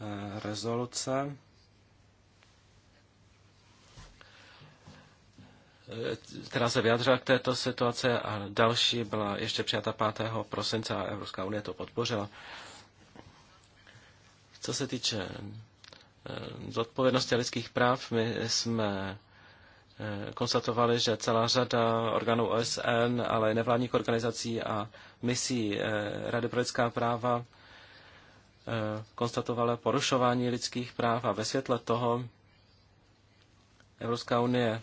Eh, rezoluce. Eh, která se vyjadřila k této situaci a další byla ještě přijata 5. prosince a Evropská unie to podpořila. Co se týče eh, zodpovědnosti lidských práv, my jsme konstatovali, že celá řada orgánů OSN, ale i nevládních organizací a misí Rady pro lidská práva Eh, konstatovala porušování lidských práv a ve světle toho Evropská unie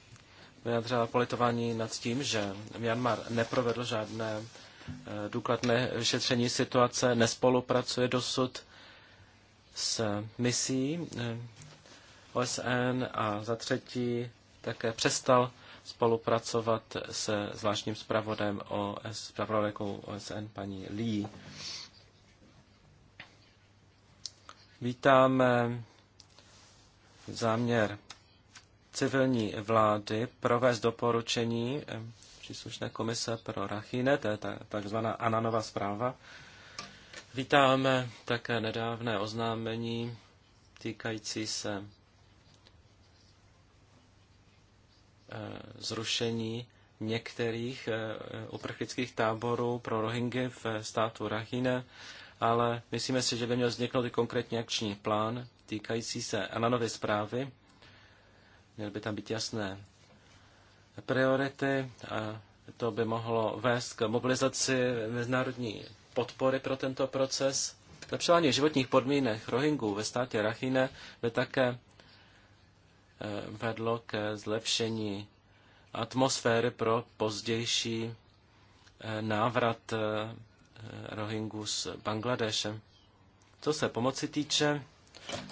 vyjadřila politování nad tím, že Myanmar neprovedl žádné eh, důkladné vyšetření situace, nespolupracuje dosud s misí eh, OSN a za třetí také přestal spolupracovat se zvláštním zpravodajem OS, OSN paní Lee. Vítáme záměr civilní vlády provést doporučení eh, příslušné komise pro Rachine, to je takzvaná Ananova zpráva. Vítáme také nedávné oznámení týkající se eh, zrušení některých eh, uprchlických táborů pro Rohingy v státu Rahine ale myslíme si, že by měl vzniknout i konkrétní akční plán týkající se Ananovy zprávy. Měly by tam být jasné priority a to by mohlo vést k mobilizaci mezinárodní podpory pro tento proces. Zlepšování životních podmínek Rohingů ve státě Rakhine by také eh, vedlo ke zlepšení atmosféry pro pozdější eh, návrat eh, Eh, Rohingů s Bangladešem. Co se pomoci týče,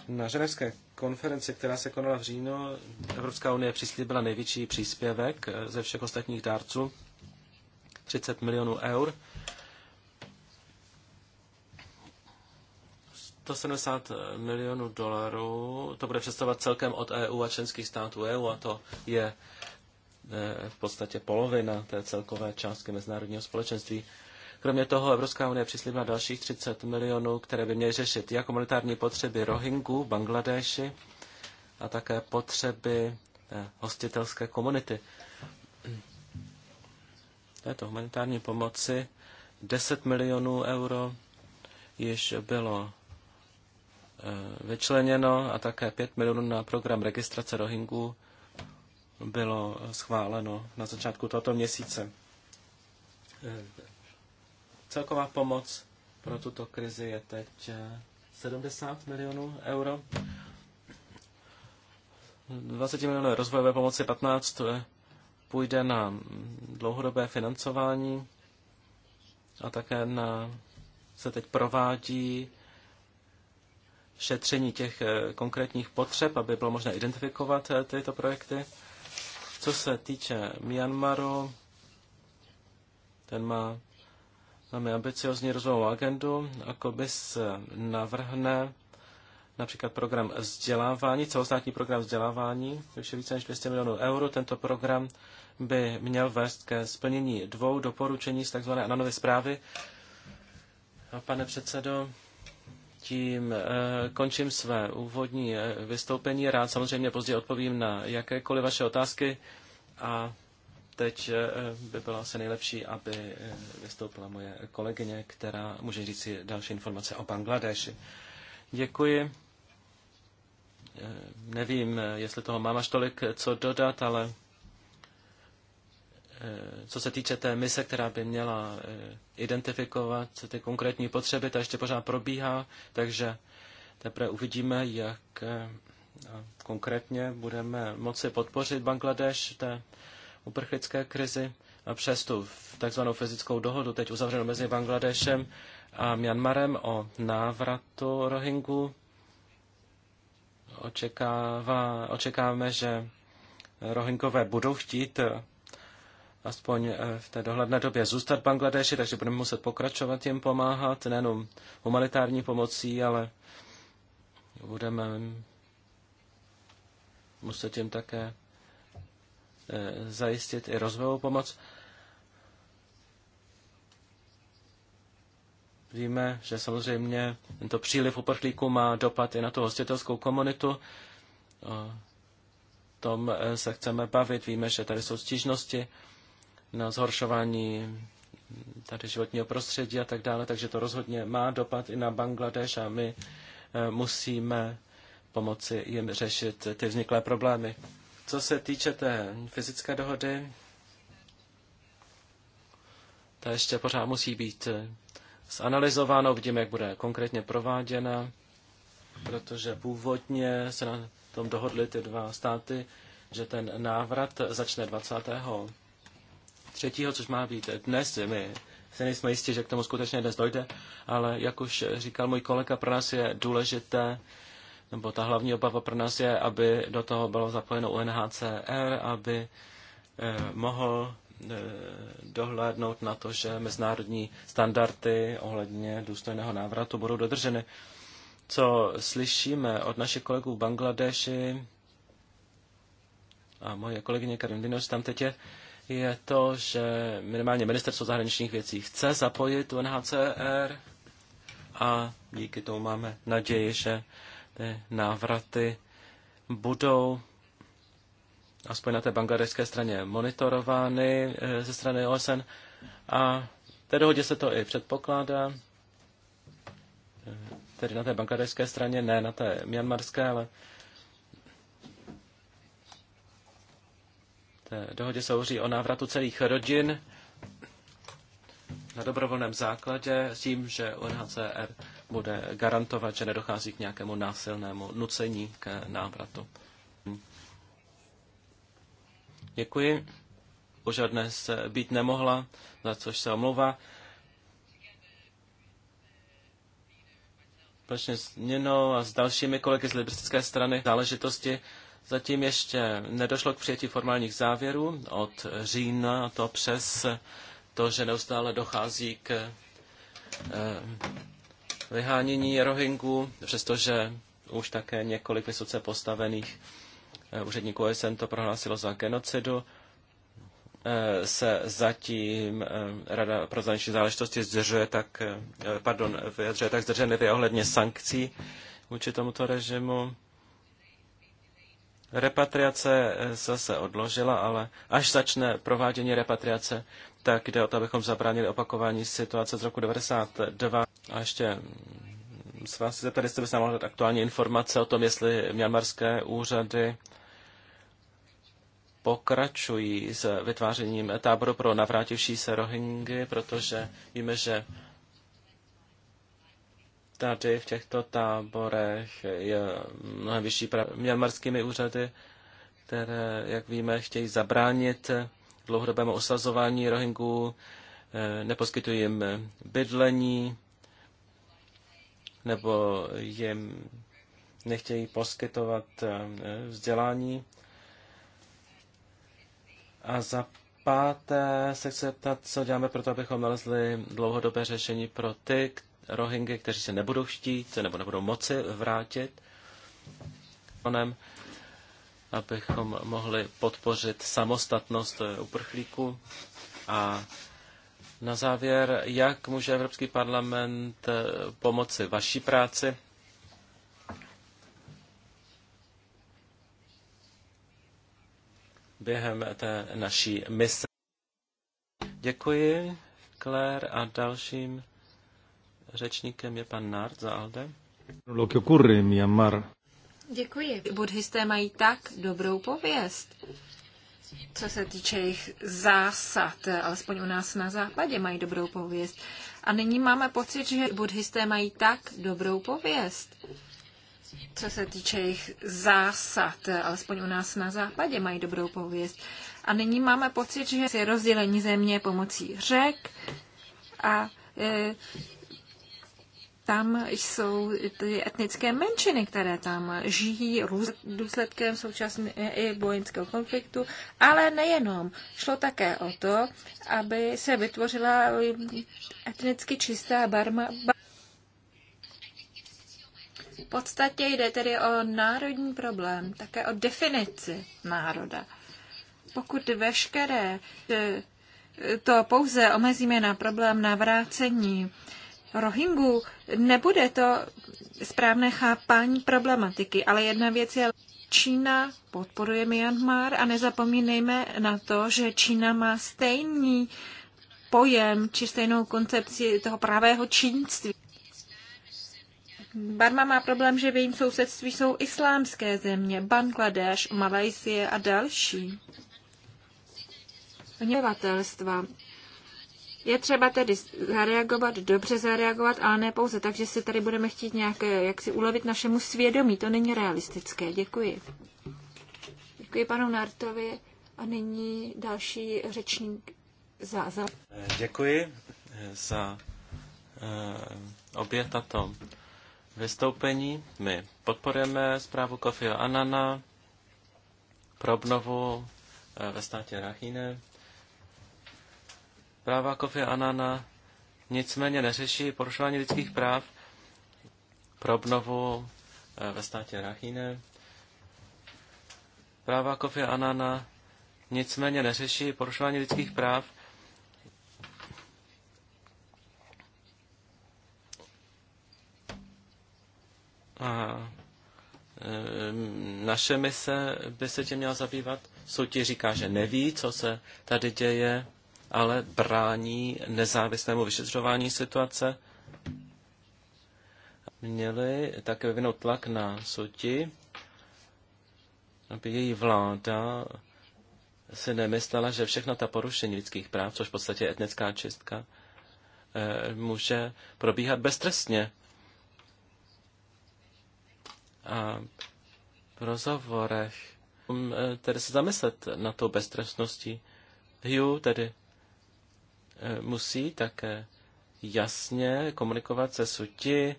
na ženevské konferenci, která se konala v říjnu, Evropská unie přislíbila největší příspěvek eh, ze všech ostatních dárců, 30 milionů eur. 170 eh, milionů dolarů, to bude představovat celkem od EU a členských států EU a to je v podstatě polovina té celkové částky mezinárodního společenství. Kromě toho Evropská unie přislíbila dalších 30 milionů, které by měly řešit jak komunitární potřeby Rohingů v Bangladeši a také potřeby eh, hostitelské komunity. Této humanitární pomoci 10 milionů euro již bylo eh, vyčleněno a také 5 milionů na program registrace Rohingů bylo schváleno na začátku tohoto měsíce. Eh, Celková pomoc pro tuto krizi je teď 70 eh, milionů euro. 20 milionů rozvojové pomoci, 15 eh, půjde na mm, dlouhodobé financování a také na, se teď provádí šetření těch eh, konkrétních potřeb, aby bylo možné identifikovat tyto projekty. Co se týče Myanmaru, ten má Máme ambiciozní rozvojovou agendu a komis eh, navrhne například program vzdělávání, celostátní program vzdělávání, což je více než 200 milionů eur. Tento program by měl vést ke splnění dvou doporučení z tzv. Ananovy zprávy. A pane předsedo, tím eh, končím své úvodní eh, vystoupení. Rád samozřejmě později odpovím na jakékoliv vaše otázky a teď eh, by bylo asi nejlepší, aby eh, vystoupila moje kolegyně, která může říct si další informace o Bangladeši. Děkuji. Eh, nevím, jestli toho mám až tolik co dodat, ale co se týče té mise, která by měla identifikovat ty konkrétní potřeby, ta ještě pořád probíhá, takže teprve uvidíme, jak konkrétně budeme moci podpořit Bangladeš v té uprchlické krizi a přes tu takzvanou fyzickou dohodu teď uzavřenou mezi Bangladešem a Myanmarem o návratu Rohingu očekává, očekáváme, že Rohingové budou chtít eh, aspoň eh, v té dohledné době zůstat v Bangladeši, takže budeme muset pokračovat jim pomáhat, nejenom humanitární pomocí, ale budeme muset jim také Eh, zajistit i rozvojovou pomoc. Víme, že samozřejmě tento příliv uprchlíků má dopad i na tu hostitelskou komunitu. O tom eh, se chceme bavit. Víme, že tady jsou stížnosti na zhoršování tady životního prostředí a tak dále, takže to rozhodně má dopad i na Bangladeš a my eh, musíme pomoci jim řešit ty vzniklé problémy. Co se týče té fyzické dohody, ta ještě pořád musí být eh, zanalizováno, Vidím, jak bude konkrétně prováděna, protože původně se na tom dohodly ty dva státy, že ten návrat začne 20. třetího. což má být dnes. My se nejsme jistí, že k tomu skutečně dnes dojde, ale jak už říkal můj kolega, pro nás je důležité nebo ta hlavní obava pro nás je, aby do toho bylo zapojeno UNHCR, aby eh, mohl eh, dohlédnout na to, že mezinárodní standardy ohledně důstojného návratu budou dodrženy. Co slyšíme od našich kolegů v Bangladeši a moje kolegyně Karin Vinoš tam teď je, je to, že minimálně ministerstvo zahraničních věcí chce zapojit UNHCR a díky tomu máme naději, že ty návraty budou aspoň na té bangladeské straně monitorovány eh, ze strany OSN a v té dohodě se to i předpokládá, eh, tedy na té bangladeské straně, ne na té myanmarské, ale v té dohodě se hovoří o návratu celých rodin na dobrovolném základě s tím, že UNHCR bude garantovat, že nedochází k nějakému násilnému nucení k návratu. Děkuji. Boža se být nemohla, za což se omlouvá. Společně s Ninou a s dalšími kolegy z Libristické strany záležitosti zatím ještě nedošlo k přijetí formálních závěrů od října, to přes to, že neustále dochází k eh, vyhánění Rohingů, přestože už také několik vysoce postavených eh, úředníků OSN to prohlásilo za genocidu, eh, se zatím eh, Rada pro zahraniční záležitosti zdržuje tak, pardon, vyjadřuje tak zdrženlivě ohledně sankcí vůči tomuto režimu. Repatriace eh, zase odložila, ale až začne provádění repatriace, tak jde o to, abychom zabránili opakování situace z roku 1992. A ještě mm, se vás zeptat, jestli se dát aktuální informace o tom, jestli mianmarské úřady pokračují s vytvářením táboru pro navrátivší se Rohingy, protože víme, že tady v těchto táborech je mnohem vyšší prav... měmarskými úřady, které, jak víme, chtějí zabránit dlouhodobému osazování Rohingů, eh, neposkytují jim bydlení, nebo jim nechtějí poskytovat eh, vzdělání. A za páté se chci ptat, co děláme pro to, abychom nalezli dlouhodobé řešení pro ty, Rohingy, kteří se nebudou chtít nebo nebudou moci vrátit onem, abychom mohli podpořit samostatnost eh, uprchlíků. A na závěr, jak může Evropský parlament eh, pomoci vaší práci? během té naší mise. Děkuji Claire a dalším Řečníkem je pan Nard za Alde. Myanmar Děkuji. Buddhisté mají tak dobrou pověst. Co se týče jejich zásad, alespoň u nás na západě mají dobrou pověst. A nyní máme pocit, že buddhisté mají tak dobrou pověst. Co se týče jejich zásad, alespoň u nás na západě mají dobrou pověst. A nyní máme pocit, že je rozdělení země pomocí řek a e, tam jsou ty etnické menšiny, které tam žijí růz, důsledkem současné i vojenského konfliktu, ale nejenom. Šlo také o to, aby se vytvořila etnicky čistá barma. V podstatě jde tedy o národní problém, také o definici národa. Pokud veškeré e, to pouze omezíme na problém navrácení, Rohingů. Nebude to správné chápání problematiky, ale jedna věc je Čína podporuje Myanmar a nezapomínejme na to, že Čína má stejný pojem či stejnou koncepci toho pravého čínství. Barma má problém, že v jejím sousedství jsou islámské země, Bangladeš, Malajsie a další. Obyvatelstva. Je třeba tedy zareagovat, dobře zareagovat, ale ne pouze tak, že si tady budeme chtít nějak jak si ulevit našemu svědomí. To není realistické. Děkuji. Děkuji panu Nartovi a nyní další řečník za. za... Děkuji eh, za eh, obě tato vystoupení. My podporujeme zprávu Kofio Anana pro obnovu eh, ve státě Rahine práva Kofi Anana nicméně neřeší porušování lidských práv pro obnovu eh, ve státě Rahine. Práva Kofi Anana nicméně neřeší porušování lidských práv A eh, naše mise by se tím měla zabývat. Soutěž říká, že neví, co se tady děje ale brání nezávislému vyšetřování situace. Měli také vyvinout tlak na soti, aby její vláda se nemyslela, že všechna ta porušení lidských práv, což v podstatě je etnická čistka, eh, může probíhat beztrestně. A v rozhovorech eh, tedy se zamyslet na tou beztrestností. Hugh tedy musí také jasně komunikovat se suti,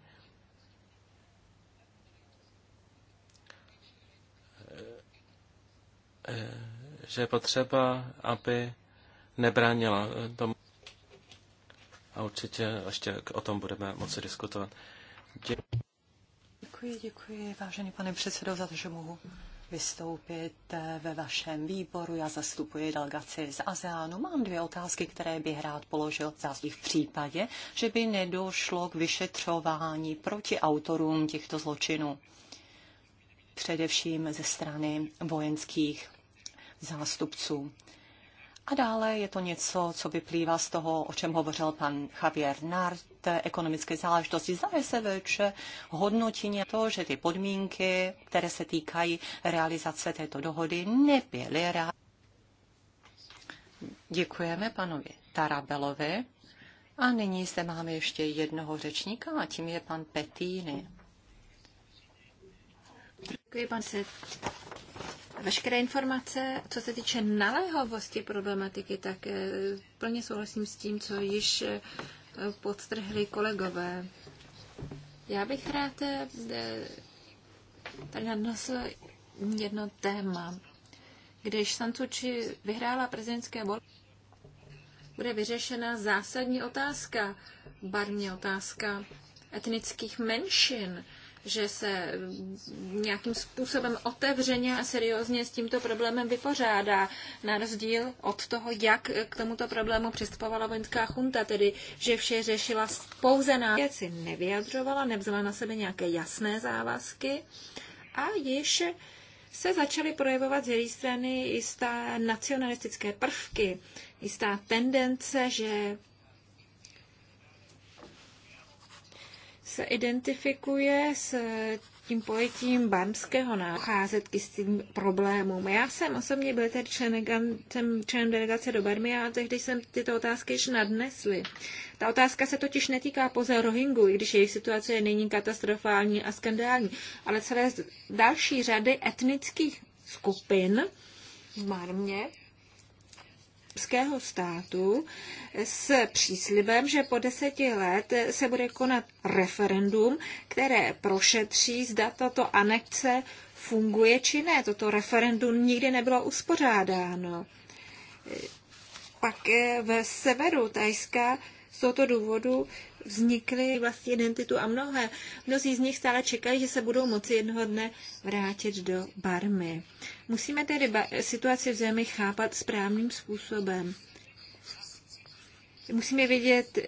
že je potřeba, aby nebránila tomu. A určitě ještě o tom budeme moci diskutovat. Děkuji, děkuji, vážený pane předsedo, za to, že mohu vystoupit eh, ve vašem výboru. Já zastupuji delegaci z ASEANu. Mám dvě otázky, které bych rád položil zázdí v případě, že by nedošlo k vyšetřování proti autorům těchto zločinů. Především ze strany vojenských zástupců. A dále je to něco, co vyplývá z toho, o čem hovořil pan Javier Nart, ekonomické záležitosti. Zdá se večer hodnotí to, že ty podmínky, které se týkají realizace této dohody, nebyly rád. Děkujeme panovi Tarabelovi. A nyní zde máme ještě jednoho řečníka a tím je pan Petýny. Děkuji, pan veškeré informace, co se týče naléhavosti problematiky, tak eh, plně souhlasím s tím, co již eh, podtrhli kolegové. Já bych rád eh, tady nadnesl jedno téma. Když Sancuči vyhrála prezidentské volby, bude vyřešena zásadní otázka, barní otázka etnických menšin že se nějakým způsobem otevřeně a seriózně s tímto problémem vypořádá, na rozdíl od toho, jak k tomuto problému přistupovala vojenská chunta, tedy že vše řešila pouze na věci, nevyjadřovala, nevzala na sebe nějaké jasné závazky a již se začaly projevovat z její strany jisté nacionalistické prvky, jistá tendence, že se identifikuje s tím pojetím barmského nacházetky s tím problémům. Já jsem osobně byl tedy členem, jsem členem delegace do Barmy a tehdy jsem tyto otázky již nadnesly. Ta otázka se totiž netýká pouze Rohingu, i když jejich situace je nyní katastrofální a skandální, ale celé další řady etnických skupin v Barmě, srbského státu s příslibem, že po deseti let se bude konat referendum, které prošetří, zda tato anekce funguje či ne. Toto referendum nikdy nebylo uspořádáno. Pak v severu Tajska z tohoto důvodu vznikly vlastní identitu a mnohé. Mnozí z nich stále čekají, že se budou moci jednoho dne vrátit do Barmy. Musíme tedy situaci v zemi chápat správným způsobem. Musíme vědět,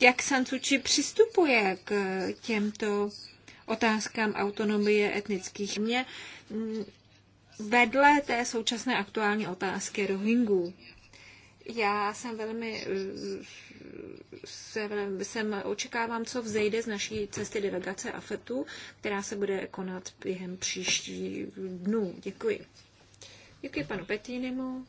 jak Sancuči přistupuje k těmto otázkám autonomie etnických mě mm, vedle té současné aktuální otázky Rohingů. Já jsem velmi se, se očekávám, co vzejde z naší cesty delegace AFETu, která se bude konat během příští dnů. Děkuji. Děkuji panu Petínimu.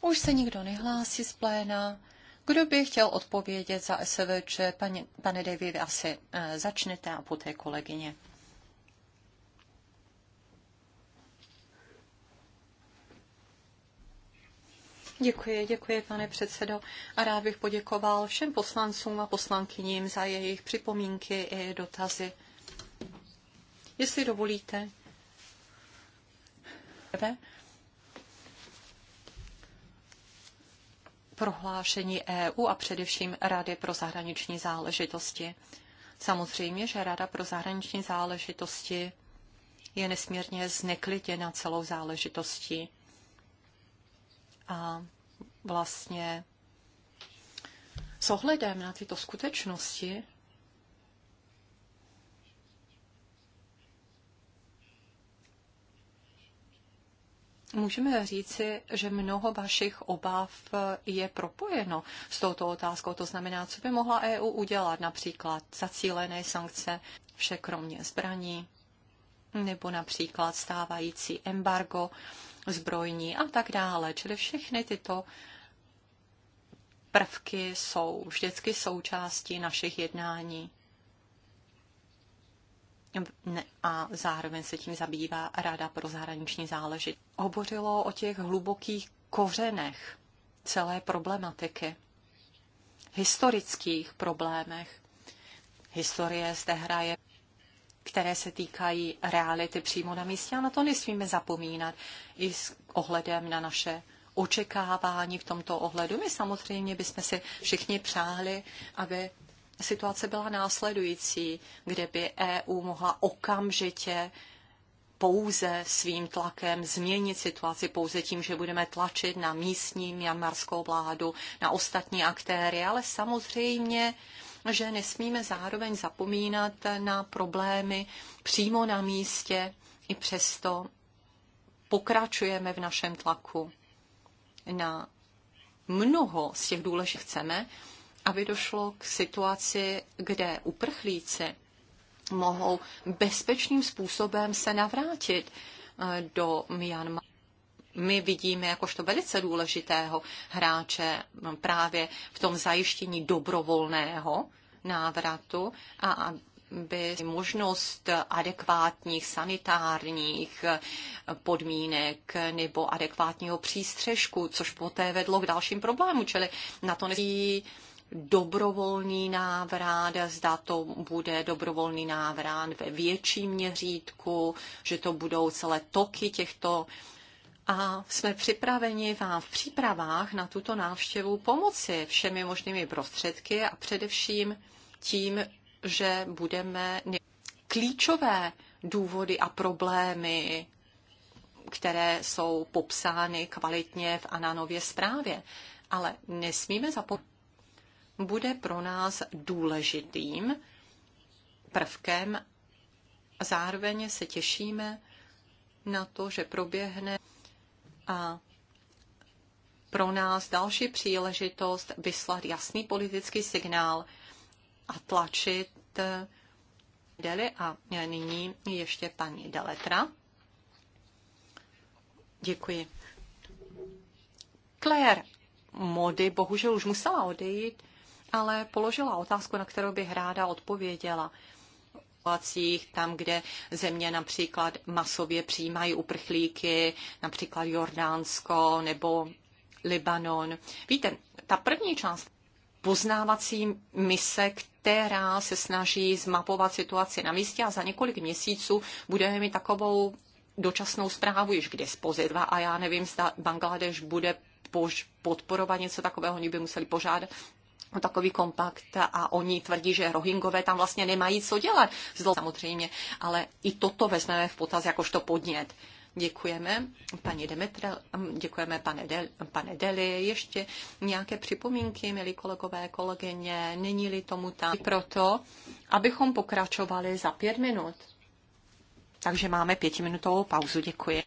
Už se nikdo nehlásí z pléna. Kdo by chtěl odpovědět za SVČ? Pane, pane David, asi eh, začnete a poté kolegyně. Děkuji, děkuji, pane předsedo. A rád bych poděkoval všem poslancům a poslankyním za jejich připomínky i dotazy. Jestli dovolíte. Prohlášení EU a především Rady pro zahraniční záležitosti. Samozřejmě, že Rada pro zahraniční záležitosti je nesmírně zneklitěna celou záležitostí a vlastně s ohledem na tyto skutečnosti Můžeme říci, že mnoho vašich obav je propojeno s touto otázkou. To znamená, co by mohla EU udělat, například zacílené sankce, vše kromě zbraní, nebo například stávající embargo zbrojní a tak dále. Čili všechny tyto prvky jsou vždycky součástí našich jednání. A zároveň se tím zabývá Rada pro zahraniční záležitosti. Hovořilo o těch hlubokých kořenech celé problematiky, historických problémech. Historie zde hraje které se týkají reality přímo na místě a na to nesmíme zapomínat i s ohledem na naše očekávání v tomto ohledu. My samozřejmě bychom si všichni přáhli, aby situace byla následující, kde by EU mohla okamžitě pouze svým tlakem změnit situaci, pouze tím, že budeme tlačit na místní mjanmarskou vládu, na ostatní aktéry, ale samozřejmě že nesmíme zároveň zapomínat na problémy přímo na místě, i přesto pokračujeme v našem tlaku na mnoho z těch důležitých chceme, aby došlo k situaci, kde uprchlíci mohou bezpečným způsobem se navrátit eh, do Myanmaru my vidíme jakožto velice důležitého hráče právě v tom zajištění dobrovolného návratu a aby možnost adekvátních sanitárních podmínek nebo adekvátního přístřežku, což poté vedlo k dalším problémům, čili na to nesmí dobrovolný návrat, zda to bude dobrovolný návrat ve větším měřítku, že to budou celé toky těchto a jsme připraveni vám v přípravách na tuto návštěvu pomoci všemi možnými prostředky a především tím, že budeme klíčové důvody a problémy, které jsou popsány kvalitně v Ananově zprávě. Ale nesmíme zapomenout, bude pro nás důležitým prvkem. Zároveň se těšíme na to, že proběhne a pro nás další příležitost vyslat jasný politický signál a tlačit eh, Deli a nyní ještě paní Deletra. Děkuji. Claire Mody bohužel už musela odejít, ale položila otázku, na kterou bych ráda odpověděla situacích, tam, kde země například masově přijímají uprchlíky, například Jordánsko nebo Libanon. Víte, ta první část poznávací mise, která se snaží zmapovat situaci na místě a za několik měsíců budeme mít takovou dočasnou zprávu již k dispozitva A já nevím, zda Bangladeš bude podporovat něco takového, oni by museli požádat takový kompakt a oni tvrdí, že Rohingové tam vlastně nemají co dělat. Zlo samozřejmě, ale i toto vezmeme v potaz jakožto podnět. Děkujeme, paní Demetra, mm, děkujeme, pane, De, pane Deli. Ještě nějaké připomínky, milí kolegové, kolegyně, není-li tomu tam. Proto, abychom pokračovali za pět minut. Takže máme pětiminutovou pauzu. Děkuji.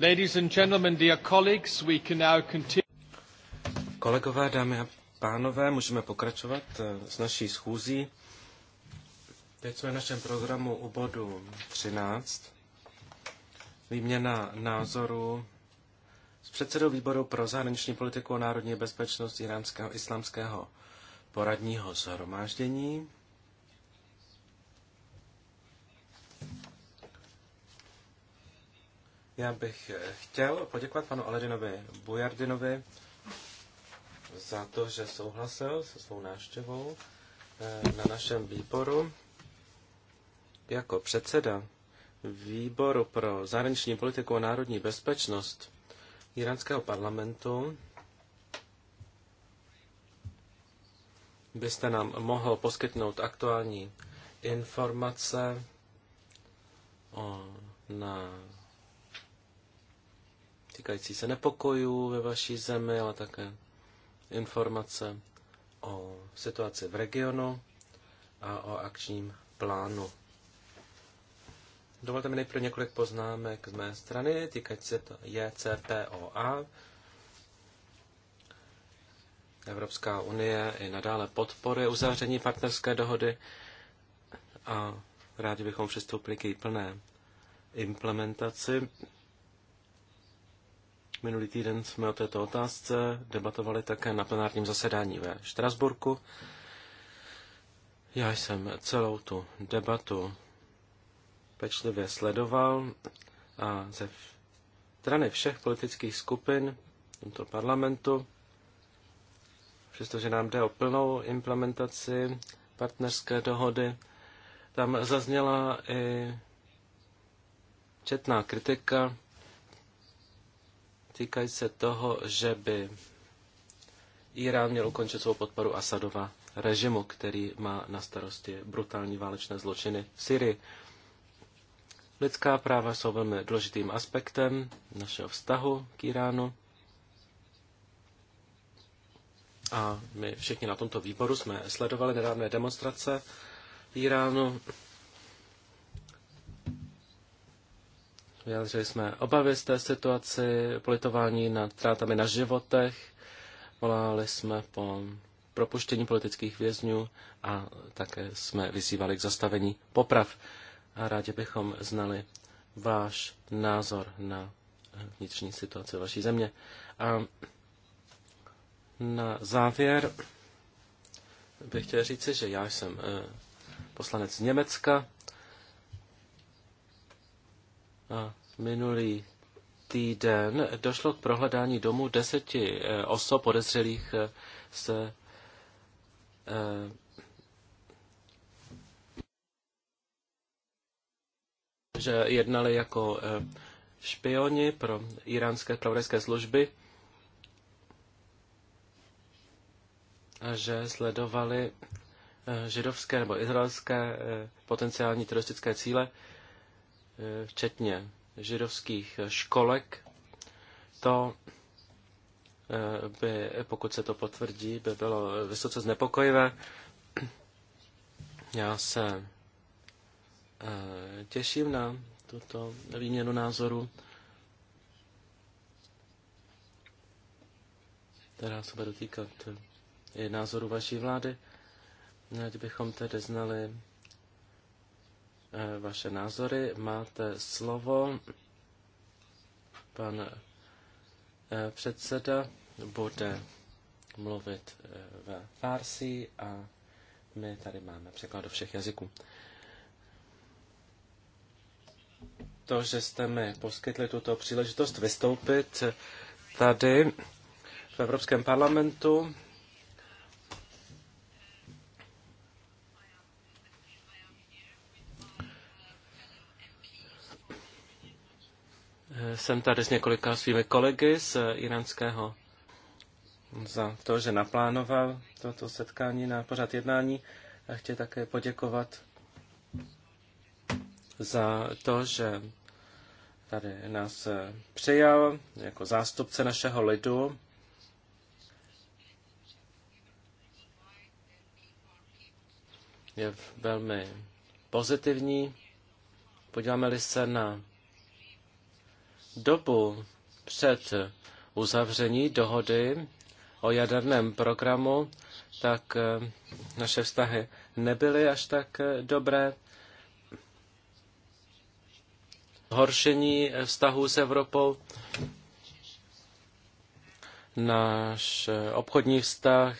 Ladies and gentlemen, dear colleagues, we can now continue. Kolegové, dámy a pánové, můžeme pokračovat eh, s naší schůzí. Teď jsme v našem programu u bodu 13. Výměna názoru s předsedou výboru pro zahraniční politiku a národní bezpečnost iránského islamského poradního zhromáždění. Já bych eh, chtěl poděkovat panu Aledinovi Bujardinovi za to, že souhlasil se svou návštěvou eh, na našem výboru. Jako předseda výboru pro zahraniční politiku a národní bezpečnost iránského parlamentu byste nám mohl poskytnout aktuální informace o, na týkající se nepokojů ve vaší zemi, ale také informace o situaci v regionu a o akčním plánu. Dovolte mi nejprve několik poznámek z mé strany týkající se to JCPOA. Evropská unie i nadále podporuje uzavření partnerské dohody a rádi bychom přistoupili k její plné implementaci Minulý týden jsme o této otázce debatovali také na plenárním zasedání ve Štrasburku. Já jsem celou tu debatu pečlivě sledoval a ze strany všech politických skupin v tomto parlamentu, přestože nám jde o plnou implementaci partnerské dohody, tam zazněla i četná kritika Týkají se toho, že by Irán měl ukončit svou podporu Asadova režimu, který má na starosti brutální válečné zločiny v Syrii. Lidská práva jsou velmi důležitým aspektem našeho vztahu k Iránu. A my všichni na tomto výboru jsme sledovali nedávné demonstrace v Iránu. Vyjádřili jsme obavy z té situaci, politování nad trátami na životech, volali jsme po propuštění politických vězňů a také jsme vyzývali k zastavení poprav. A rádi bychom znali váš názor na vnitřní situaci vaší země. A na závěr bych chtěl říci, že já jsem eh, poslanec z Německa, a minulý týden došlo k prohledání domů deseti eh, osob podezřelých eh, z eh, že jednali jako špioni pro iránské pravodajské služby a že sledovali židovské nebo izraelské potenciální teroristické cíle včetně židovských školek. To eh, by, pokud se to potvrdí, by bylo vysoce znepokojivé. Já se eh, těším na tuto výměnu názoru, která se bude týkat i názoru vaší vlády. Ať bychom tedy znali Eh, vaše názory. Máte slovo. Pan eh, předseda bude mluvit eh, ve Farsi a my tady máme překlad do všech jazyků. To, že jste mi poskytli tuto příležitost vystoupit tady v Evropském parlamentu, Jsem tady s několika svými kolegy z iránského za to, že naplánoval toto setkání na pořad jednání. A chtěl také poděkovat za to, že tady nás přijal jako zástupce našeho lidu. Je velmi pozitivní. Podíváme-li se na dobu před uzavření dohody o jaderném programu, tak eh, naše vztahy nebyly až tak eh, dobré. Horšení vztahů s Evropou náš eh, obchodní vztah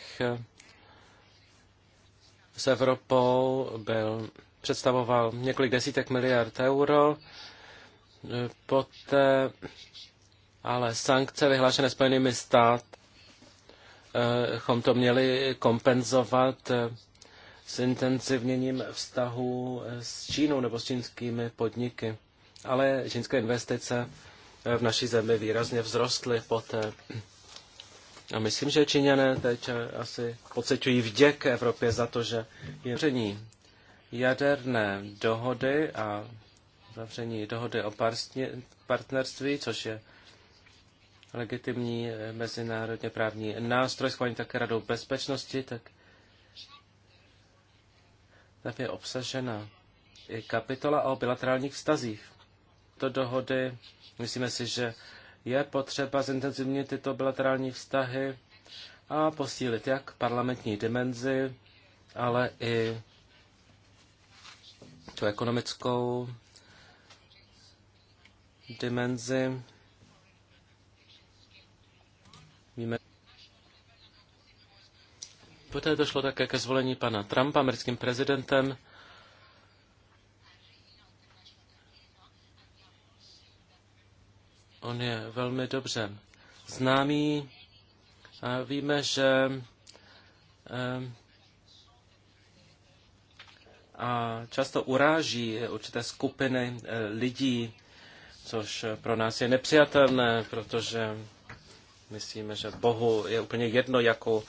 s Evropou byl, představoval několik desítek miliard euro Poté ale sankce vyhlášené Spojenými stát, eh, chom to měli kompenzovat eh, s intenzivněním vztahu eh, s Čínou nebo s čínskými podniky. Ale čínské investice v naší zemi výrazně vzrostly poté. A myslím, že Číňané teď asi pocitují vděk Evropě za to, že je jaderné dohody a uzavření dohody o partnerství, což je legitimní eh, mezinárodně právní nástroj, schválený také Radou bezpečnosti, tak tam je obsažena i kapitola o bilaterálních vztazích. To dohody, myslíme si, že je potřeba zintenzivnit tyto bilaterální vztahy a posílit jak parlamentní dimenzi, ale i tu ekonomickou dimenzi. Víme, Poté došlo také ke zvolení pana Trumpa americkým prezidentem. On je velmi dobře známý a víme, že eh, a často uráží určité skupiny eh, lidí, což pro nás je nepřijatelné, protože myslíme, že Bohu je úplně jedno, jakou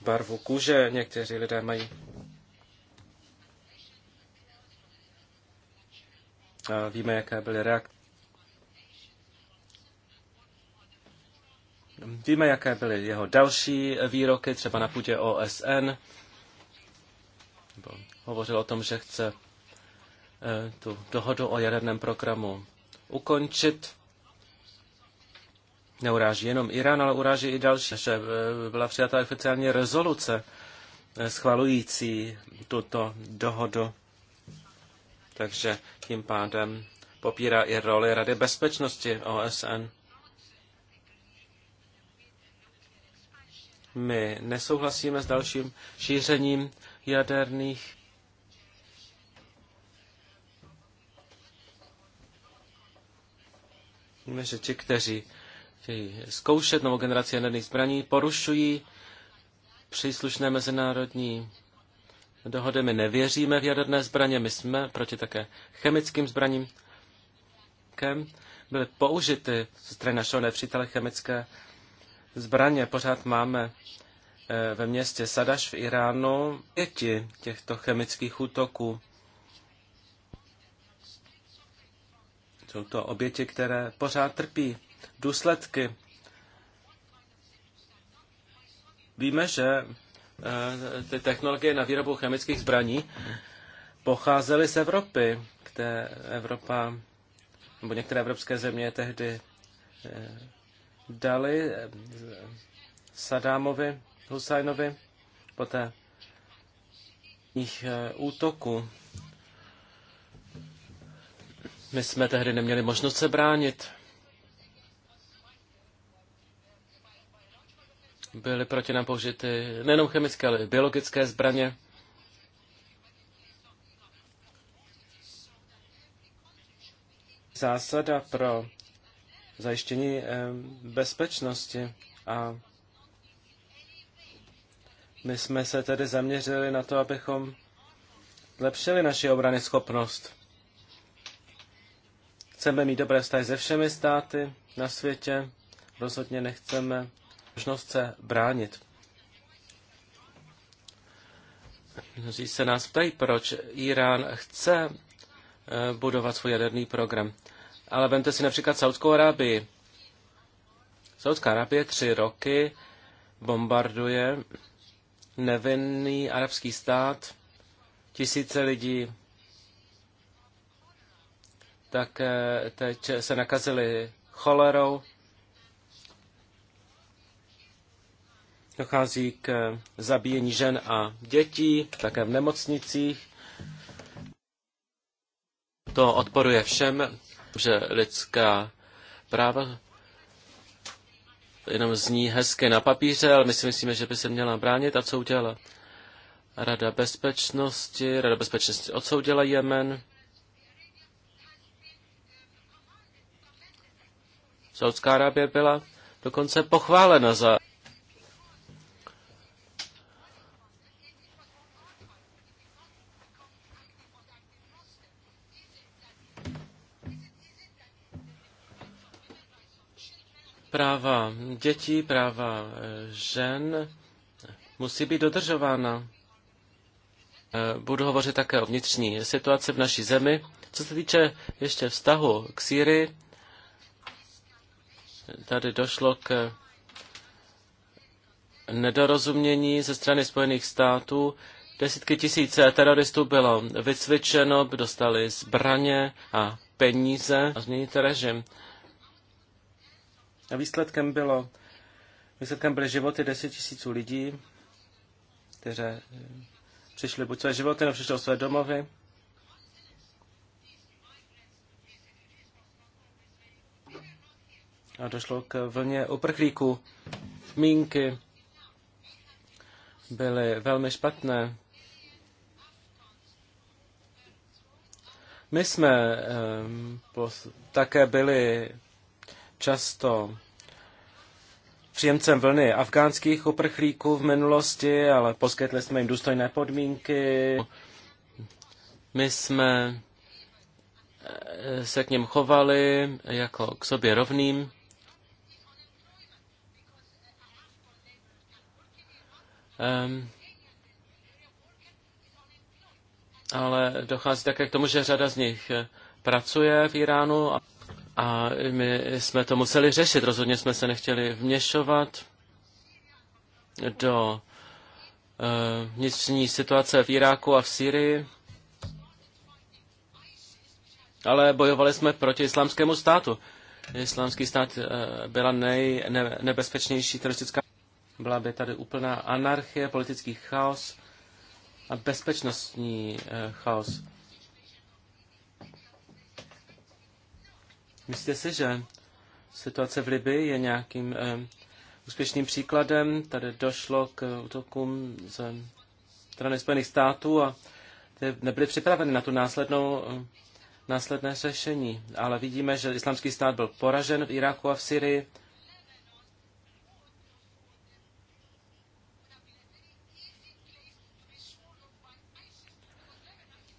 barvu kůže někteří lidé mají. A víme, jaké byly reakce. Víme, jaké byly jeho další výroky, třeba na půdě OSN. Hovořil o tom, že chce eh, tu dohodu o jaderném programu ukončit. Neuráží jenom Irán, ale uráží i další. Že eh, byla přijata oficiální rezoluce eh, schvalující tuto dohodu. Takže tím pádem popírá i roli Rady bezpečnosti OSN. My nesouhlasíme s dalším šířením jaderných Víme, že ti, kteří chtějí zkoušet novou generaci jaderných zbraní, porušují příslušné mezinárodní dohody. My nevěříme v jaderné zbraně, my jsme proti také chemickým zbraním. Byly použity ze strany našeho nepřítele chemické zbraně. Pořád máme eh, ve městě Sadaš v Iránu pěti těchto chemických útoků. Jsou to oběti, které pořád trpí důsledky. Víme, že eh, ty technologie na výrobu chemických zbraní pocházely z Evropy, kde Evropa, nebo některé evropské země tehdy eh, dali eh, Sadámovi, Husajnovi, poté jejich útoku my jsme tehdy neměli možnost se bránit. Byly proti nám použity nejenom chemické, ale i biologické zbraně. Zásada pro zajištění eh, bezpečnosti a my jsme se tedy zaměřili na to, abychom zlepšili naši obrany schopnost. Chceme mít dobré vztahy se všemi státy na světě, rozhodně nechceme možnost se bránit. Mnozí se nás ptají, proč Irán chce eh, budovat svůj jaderný program. Ale vemte si například Saudskou Arábii. Saudská Arábie tři roky bombarduje nevinný arabský stát, tisíce lidí tak eh, teď se nakazili cholerou. Dochází k eh, zabíjení žen a dětí, také v nemocnicích. To odporuje všem, že lidská práva jenom zní hezky na papíře, ale my si myslíme, že by se měla bránit. A co udělala? Rada bezpečnosti, Rada bezpečnosti odsoudila Jemen Saudská Arábie byla dokonce pochválena za práva dětí, práva eh, žen musí být dodržována. Eh, budu hovořit také o vnitřní situaci v naší zemi. Co se týče ještě vztahu k Sýrii, tady došlo k nedorozumění ze strany Spojených států. Desítky tisíce teroristů bylo vycvičeno, dostali zbraně a peníze a změnit režim. A výsledkem bylo Výsledkem byly životy deset tisíců lidí, kteří přišli buď své životy, nebo přišli o své domovy. a došlo k vlně uprchlíků. Mínky byly velmi špatné. My jsme ehm, také byli často příjemcem vlny afgánských uprchlíků v minulosti, ale poskytli jsme jim důstojné podmínky. My jsme eh, se k něm chovali jako k sobě rovným. Um, ale dochází také k tomu, že řada z nich eh, pracuje v Iránu a, a my jsme to museli řešit. Rozhodně jsme se nechtěli vměšovat do uh, vnitřní situace v Iráku a v Syrii, ale bojovali jsme proti islámskému státu. Islámský stát uh, byla nejnebezpečnější teroristická byla by tady úplná anarchie, politický chaos a bezpečnostní eh, chaos. Myslíte si, že situace v Libii je nějakým eh, úspěšným příkladem? Tady došlo k útokům z strany Spojených států a ty nebyly připraveny na tu následnou, eh, následné řešení. Ale vidíme, že islamský stát byl poražen v Iráku a v Syrii.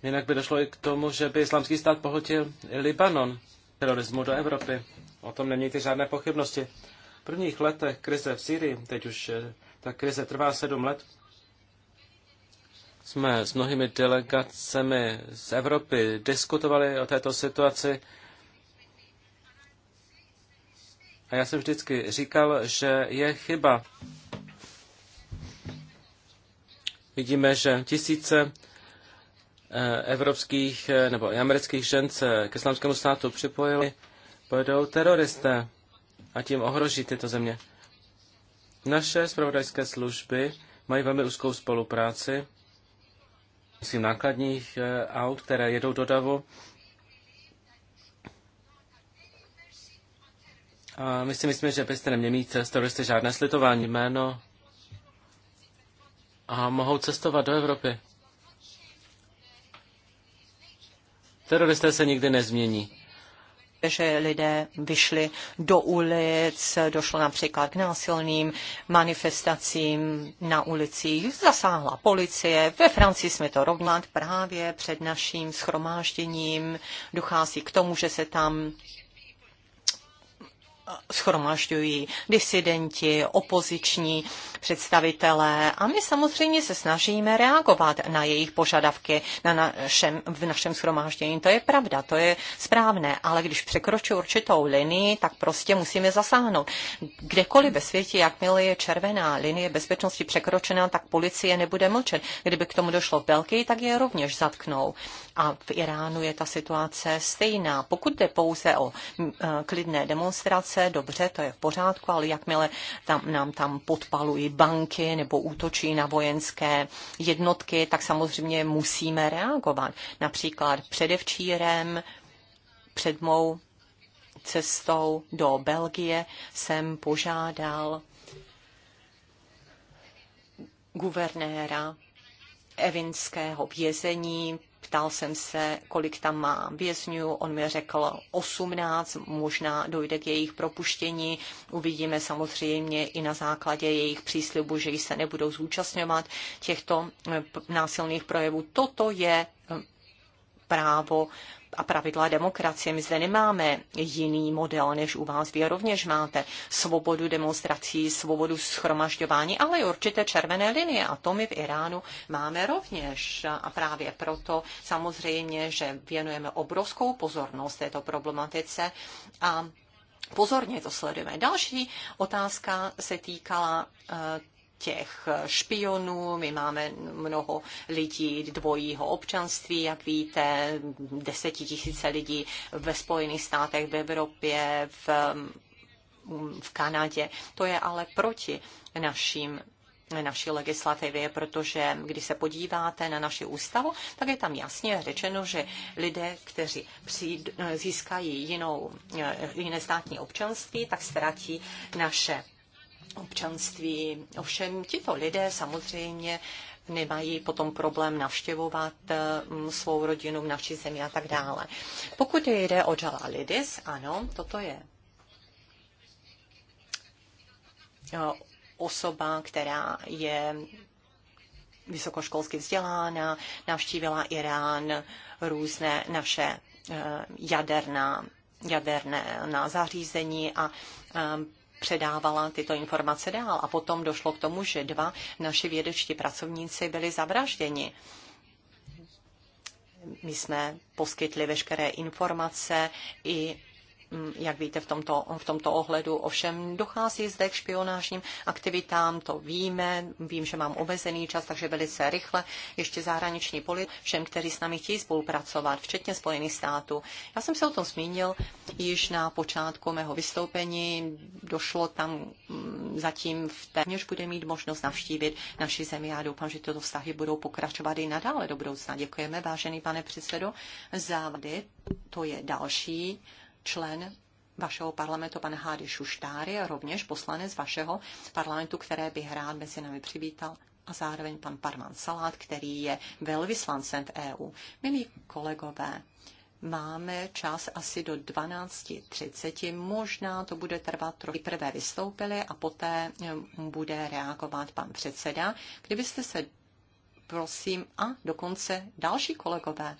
Jinak by došlo i k tomu, že by islamský stát pohltil Libanon terorismu do Evropy. O tom ty žádné pochybnosti. V prvních letech krize v Syrii, teď už eh, ta krize trvá sedm let, jsme s mnohými delegacemi z Evropy diskutovali o této situaci. A já jsem vždycky říkal, že je chyba. Vidíme, že tisíce Eh, evropských eh, nebo i amerických žen se k islámskému státu připojili, pojedou teroristé a tím ohroží tyto země. Naše zpravodajské služby mají velmi úzkou spolupráci s nákladních eh, aut, které jedou do davu. A my si myslíme, že byste neměli mít s teroristy žádné slitování jméno a mohou cestovat do Evropy. Teroristé se nikdy nezmění že lidé vyšli do ulic, došlo například k násilným manifestacím na ulicích, zasáhla policie. Ve Francii jsme to rovnat právě před naším schromážděním. Dochází k tomu, že se tam schromažďují disidenti, opoziční představitelé a my samozřejmě se snažíme reagovat na jejich požadavky na našem, v našem schromáždění. To je pravda, to je správné, ale když překročí určitou linii, tak prostě musíme zasáhnout. Kdekoliv ve světě, jakmile je červená linie bezpečnosti překročena, tak policie nebude mlčet. Kdyby k tomu došlo v Belgii, tak je rovněž zatknou. A v Iránu je ta situace stejná. Pokud jde pouze o eh, klidné demonstrace, sice dobře, to je v pořádku, ale jakmile tam, nám tam podpalují banky nebo útočí na vojenské jednotky, tak samozřejmě musíme reagovat. Například předevčírem, před mou cestou do Belgie jsem požádal guvernéra evinského vězení Ptal jsem se, kolik tam má vězňů, on mi řekl 18, možná dojde k jejich propuštění. Uvidíme samozřejmě i na základě jejich příslibu, že se nebudou zúčastňovat těchto násilných projevů. Toto je eh, právo a pravidla demokracie. My zde nemáme jiný model, než u vás. Vy rovněž máte svobodu demonstrací, svobodu schromažďování, ale i určité červené linie. A to my v Iránu máme rovněž. A právě proto samozřejmě, že věnujeme obrovskou pozornost této problematice a pozorně to sledujeme. Další otázka se týkala eh, těch špionů, my máme mnoho lidí dvojího občanství, jak víte, desetitisíce lidí ve Spojených státech, v Evropě, v, v Kanadě. To je ale proti našim naší legislativě, protože když se podíváte na naši ústavu, tak je tam jasně řečeno, že lidé, kteří získají jinou, jiné státní občanství, tak ztratí naše občanství. Ovšem tito lidé samozřejmě nemají potom problém navštěvovat mm, svou rodinu v naší zemi a tak dále. Pokud jde o Lidis, ano, toto je e, osoba, která je vysokoškolsky vzdělána, navštívila Irán, různé naše e, jaderná, jaderné na zařízení a e, předávala tyto informace dál. A potom došlo k tomu, že dva naši vědečtí pracovníci byli zavražděni. My jsme poskytli veškeré informace i Mm, jak víte, v tomto, v tomto ohledu. Ovšem dochází zde k špionážním aktivitám, to víme, vím, že mám omezený čas, takže velice rychle ještě zahraniční polit všem, kteří s námi chtějí spolupracovat, včetně Spojených států. Já jsem se o tom zmínil již na počátku mého vystoupení. Došlo tam mm, zatím v té, než bude mít možnost navštívit naši zemi. Já doufám, že tyto vztahy budou pokračovat i nadále do budoucna. Děkujeme, vážený pane předsedo, za vady. To je další člen vašeho parlamentu, pan Hády Šuštáry, rovněž poslanec vašeho parlamentu, které bych rád mezi námi přivítal a zároveň pan Parman Salát, který je velvyslancem v EU. Milí kolegové, máme čas asi do 12.30, možná to bude trvat trochu. Prvé vystoupili a poté eh, bude reagovat pan předseda. Kdybyste se prosím a dokonce další kolegové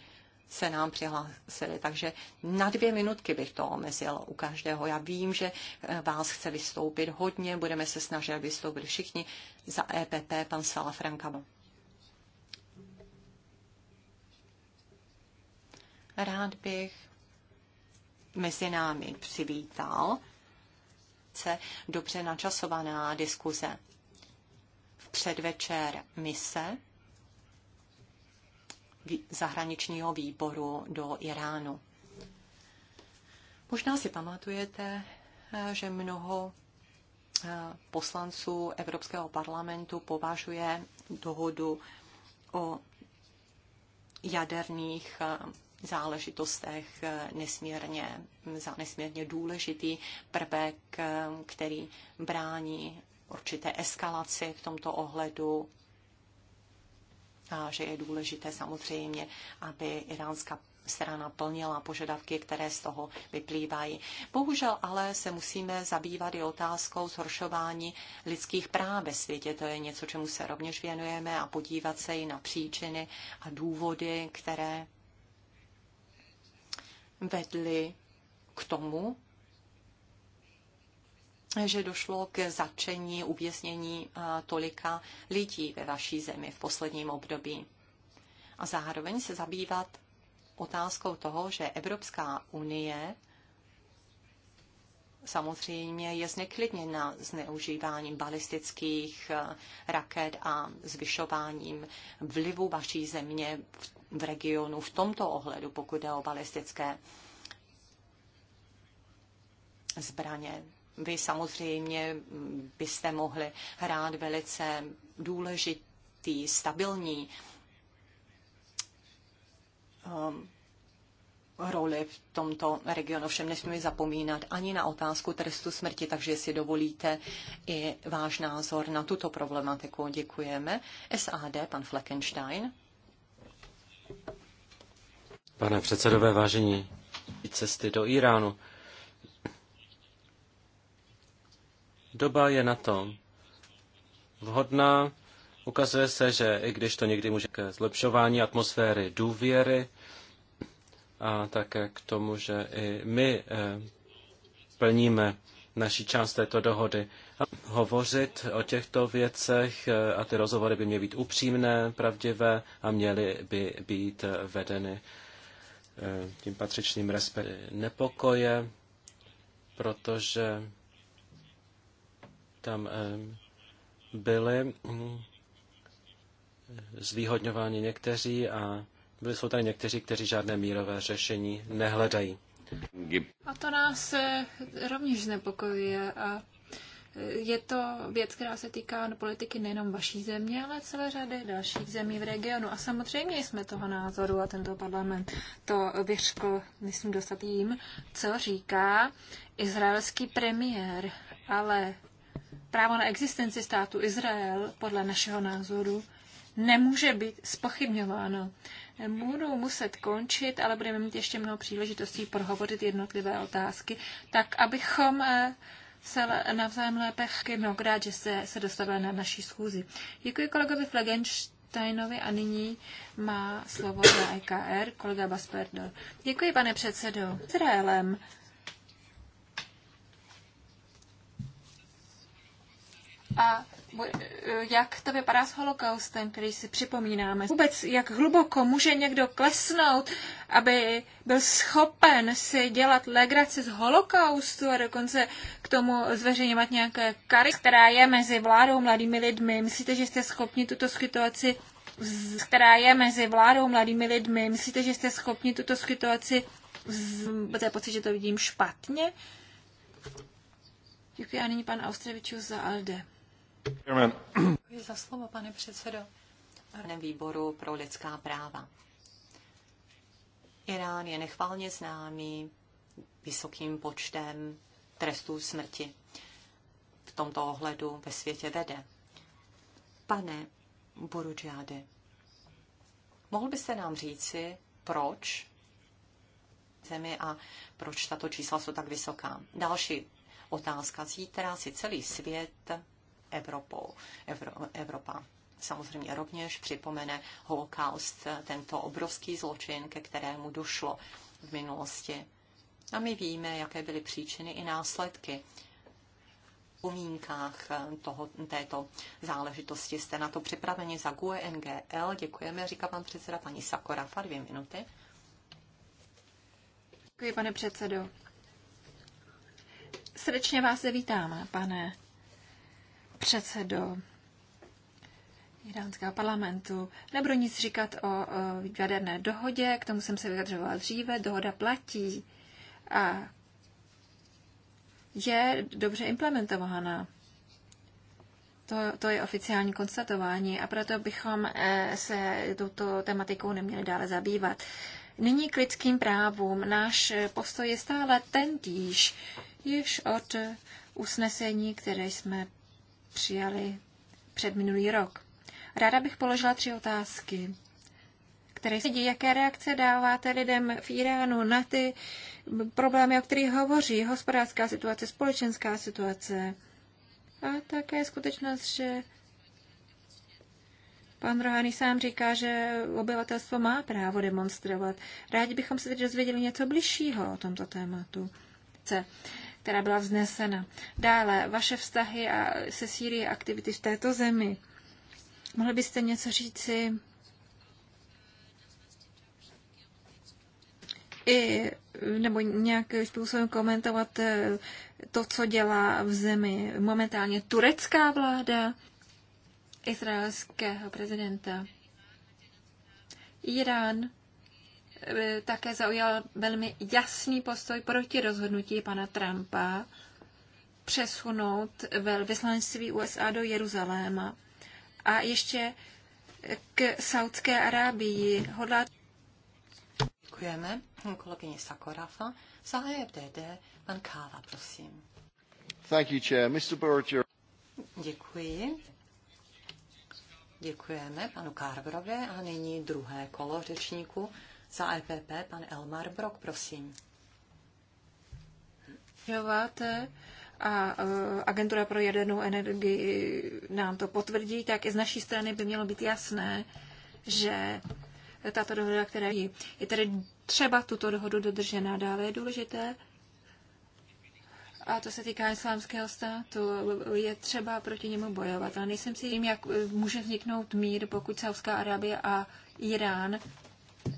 se nám přihlásili. Takže na dvě minutky bych to omezil u každého. Já vím, že eh, vás chce vystoupit hodně, budeme se snažit vystoupit všichni za EPP, pan Sala Frankamo. Rád bych mezi námi přivítal se dobře načasovaná diskuze. V předvečer mise zahraničního výboru do Iránu. Možná si pamatujete, eh, že mnoho eh, poslanců Evropského parlamentu považuje dohodu o jaderných eh, záležitostech nesmírně, za nesmírně důležitý prvek, který brání určité eskalaci v tomto ohledu a že je důležité samozřejmě, aby iránská strana plnila požadavky, které z toho vyplývají. Bohužel ale se musíme zabývat i otázkou zhoršování lidských práv ve světě. To je něco, čemu se rovněž věnujeme a podívat se i na příčiny a důvody, které vedly k tomu, že došlo k začení, uvěznění tolika lidí ve vaší zemi v posledním období. A zároveň se zabývat otázkou toho, že Evropská unie samozřejmě je zneklidněna zneužíváním balistických raket a zvyšováním vlivu vaší země v regionu v tomto ohledu, pokud jde o balistické zbraně vy samozřejmě byste mohli hrát velice důležitý, stabilní um, roli v tomto regionu. Všem nesmíme zapomínat ani na otázku trestu smrti, takže si dovolíte i váš názor na tuto problematiku. Děkujeme. SAD, pan Fleckenstein. Pane předsedové, vážení cesty do Iránu. Doba je na to vhodná. Ukazuje se, že i když to někdy může k zlepšování atmosféry důvěry a také k tomu, že i my eh, plníme naší část této dohody. A hovořit o těchto věcech eh, a ty rozhovory by měly být upřímné, pravdivé a měly by být vedeny eh, tím patřičným respektem nepokoje, protože tam eh, byli mm, zvýhodňováni někteří a byli jsou tady někteří, kteří žádné mírové řešení nehledají. A to nás eh, rovněž znepokojuje a eh, je to věc, která se týká politiky nejenom vaší země, ale celé řady dalších zemí v regionu. A samozřejmě jsme toho názoru a tento parlament to vyřkl, myslím, jim, co říká izraelský premiér. Ale právo na existenci státu Izrael podle našeho názoru nemůže být spochybňováno. Budou muset končit, ale budeme mít ještě mnoho příležitostí prohovořit jednotlivé otázky, tak abychom eh, se navzájem lépe chky mnohokrát, že se, se dostavili na naší schůzi. Děkuji kolegovi Flegensteinovi a nyní má slovo na EKR kolega Basperdo. Děkuji, pane předsedo. Izraelem a jak to vypadá s holokaustem, který si připomínáme. Vůbec, jak hluboko může někdo klesnout, aby byl schopen si dělat legraci z holokaustu a dokonce k tomu zveřejňovat nějaké kary, která je mezi vládou mladými lidmi. Myslíte, že jste schopni tuto situaci která je mezi vládou mladými lidmi. Myslíte, že jste schopni tuto situaci máte pocit, že to vidím špatně? Děkuji a nyní pan Austrevičů za Alde. Děkuji za slovo, pane předsedo. Výboru pro lidská práva. Irán je nechválně známý vysokým počtem trestů smrti. V tomto ohledu ve světě vede. Pane Borudžáde, mohl byste nám říci, proč zemi a proč tato čísla jsou tak vysoká? Další otázka. Zítra si celý svět Evropou. Evro, Evropa samozřejmě rovněž připomene holokaust, tento obrovský zločin, ke kterému došlo v minulosti. A my víme, jaké byly příčiny i následky. V umínkách toho, této záležitosti jste na to připraveni za GUE NGL. Děkujeme, říká pan předseda paní Sakorafa, dvě minuty. Děkuji, pane předsedo. Srdečně vás vítám, vítáme, pane předsedo iránského parlamentu. Nebudu nic říkat o, o jaderné dohodě, k tomu jsem se vyjadřovala dříve, dohoda platí a je dobře implementovaná. To, to je oficiální konstatování a proto bychom eh, se touto tematikou neměli dále zabývat. Nyní k lidským právům. Náš postoj je stále tentýž, již od usnesení, které jsme přijali před minulý rok. Ráda bych položila tři otázky, které se dějí. Jaké reakce dáváte lidem v Iránu na ty problémy, o kterých hovoří hospodářská situace, společenská situace a také skutečnost, že Pan Rohani sám říká, že obyvatelstvo má právo demonstrovat. Rádi bychom se teď dozvěděli něco bližšího o tomto tématu. C která byla vznesena. Dále, vaše vztahy a, se Sýrií aktivity v této zemi. Mohli byste něco říci i, nebo nějakým způsobem komentovat eh, to, co dělá v zemi momentálně turecká vláda izraelského prezidenta. Irán také zaujal velmi jasný postoj proti rozhodnutí pana Trumpa přesunout velvyslanectví USA do Jeruzaléma. A ještě k Saudské Arábii hodlá... Děkujeme kolegyně Sakorafa. Za DD, e pan Kála, prosím. Thank you, Chair. Mr. Burger. Děkuji. Děkujeme panu Carverovi a nyní druhé kolo řečníku. Za EPP pan Elmar Brok, prosím. Děláte a e, Agentura pro jadernou energii nám to potvrdí, tak i z naší strany by mělo být jasné, že tato dohoda, která je, je tedy třeba tuto dohodu dodržena dále, je důležité, a to se týká islámského státu, je třeba proti němu bojovat. Ale nejsem si tím, jak může vzniknout mír, pokud Saudská Arábie a Irán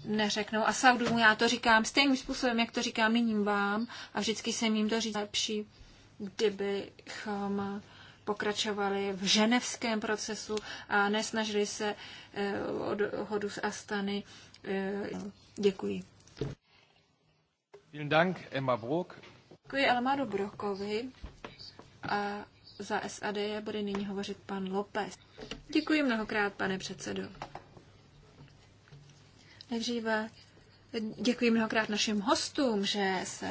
neřeknou. A Saudům já to říkám stejným způsobem, jak to říkám nyní vám a vždycky jsem jim to říct lepší, kdybychom pokračovali v ženevském procesu a nesnažili se eh, od hodu z Astany. Eh, no, děkuji. Vielen Dank, Emma Brok. Děkuji Elmaru Brokovi a za SAD bude nyní hovořit pan López. Děkuji mnohokrát, pane předsedo. Nejdříve děkuji mnohokrát našim hostům, že se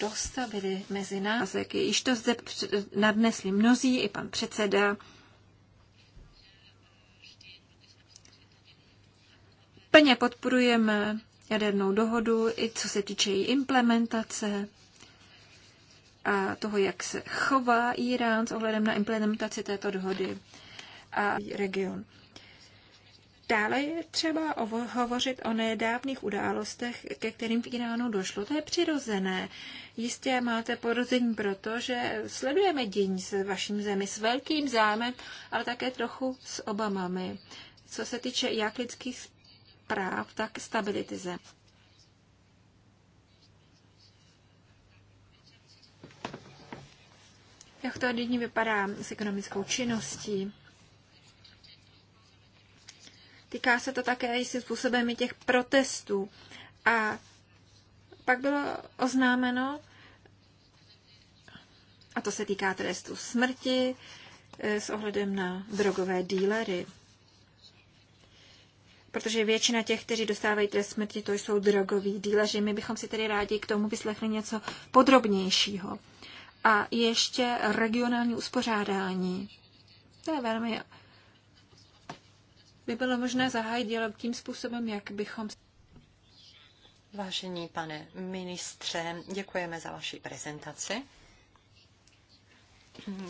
dostavili mezi nás. Již to zde nadnesli mnozí, i pan předseda. Plně podporujeme jadernou dohodu, i co se týče její implementace a toho, jak se chová Irán s ohledem na implementaci této dohody a region. Dále je třeba hovořit o nedávných událostech, ke kterým v Iránu došlo. To je přirozené. Jistě máte porození proto, že sledujeme dění se vaším zemi s velkým zájmem, ale také trochu s obamami. Co se týče jak lidských práv, tak stability zem. Jak to nyní vypadá s ekonomickou činností? Týká se to také jistým způsobem i těch protestů. A pak bylo oznámeno, a to se týká trestu smrti eh, s ohledem na drogové dílery. Protože většina těch, kteří dostávají trest smrti, to jsou drogoví díleři. My bychom si tedy rádi k tomu vyslechli něco podrobnějšího. A ještě regionální uspořádání. To je velmi by bylo možné zahájit dialog tím způsobem, jak bychom. vážení pane ministře, děkujeme za vaši prezentaci.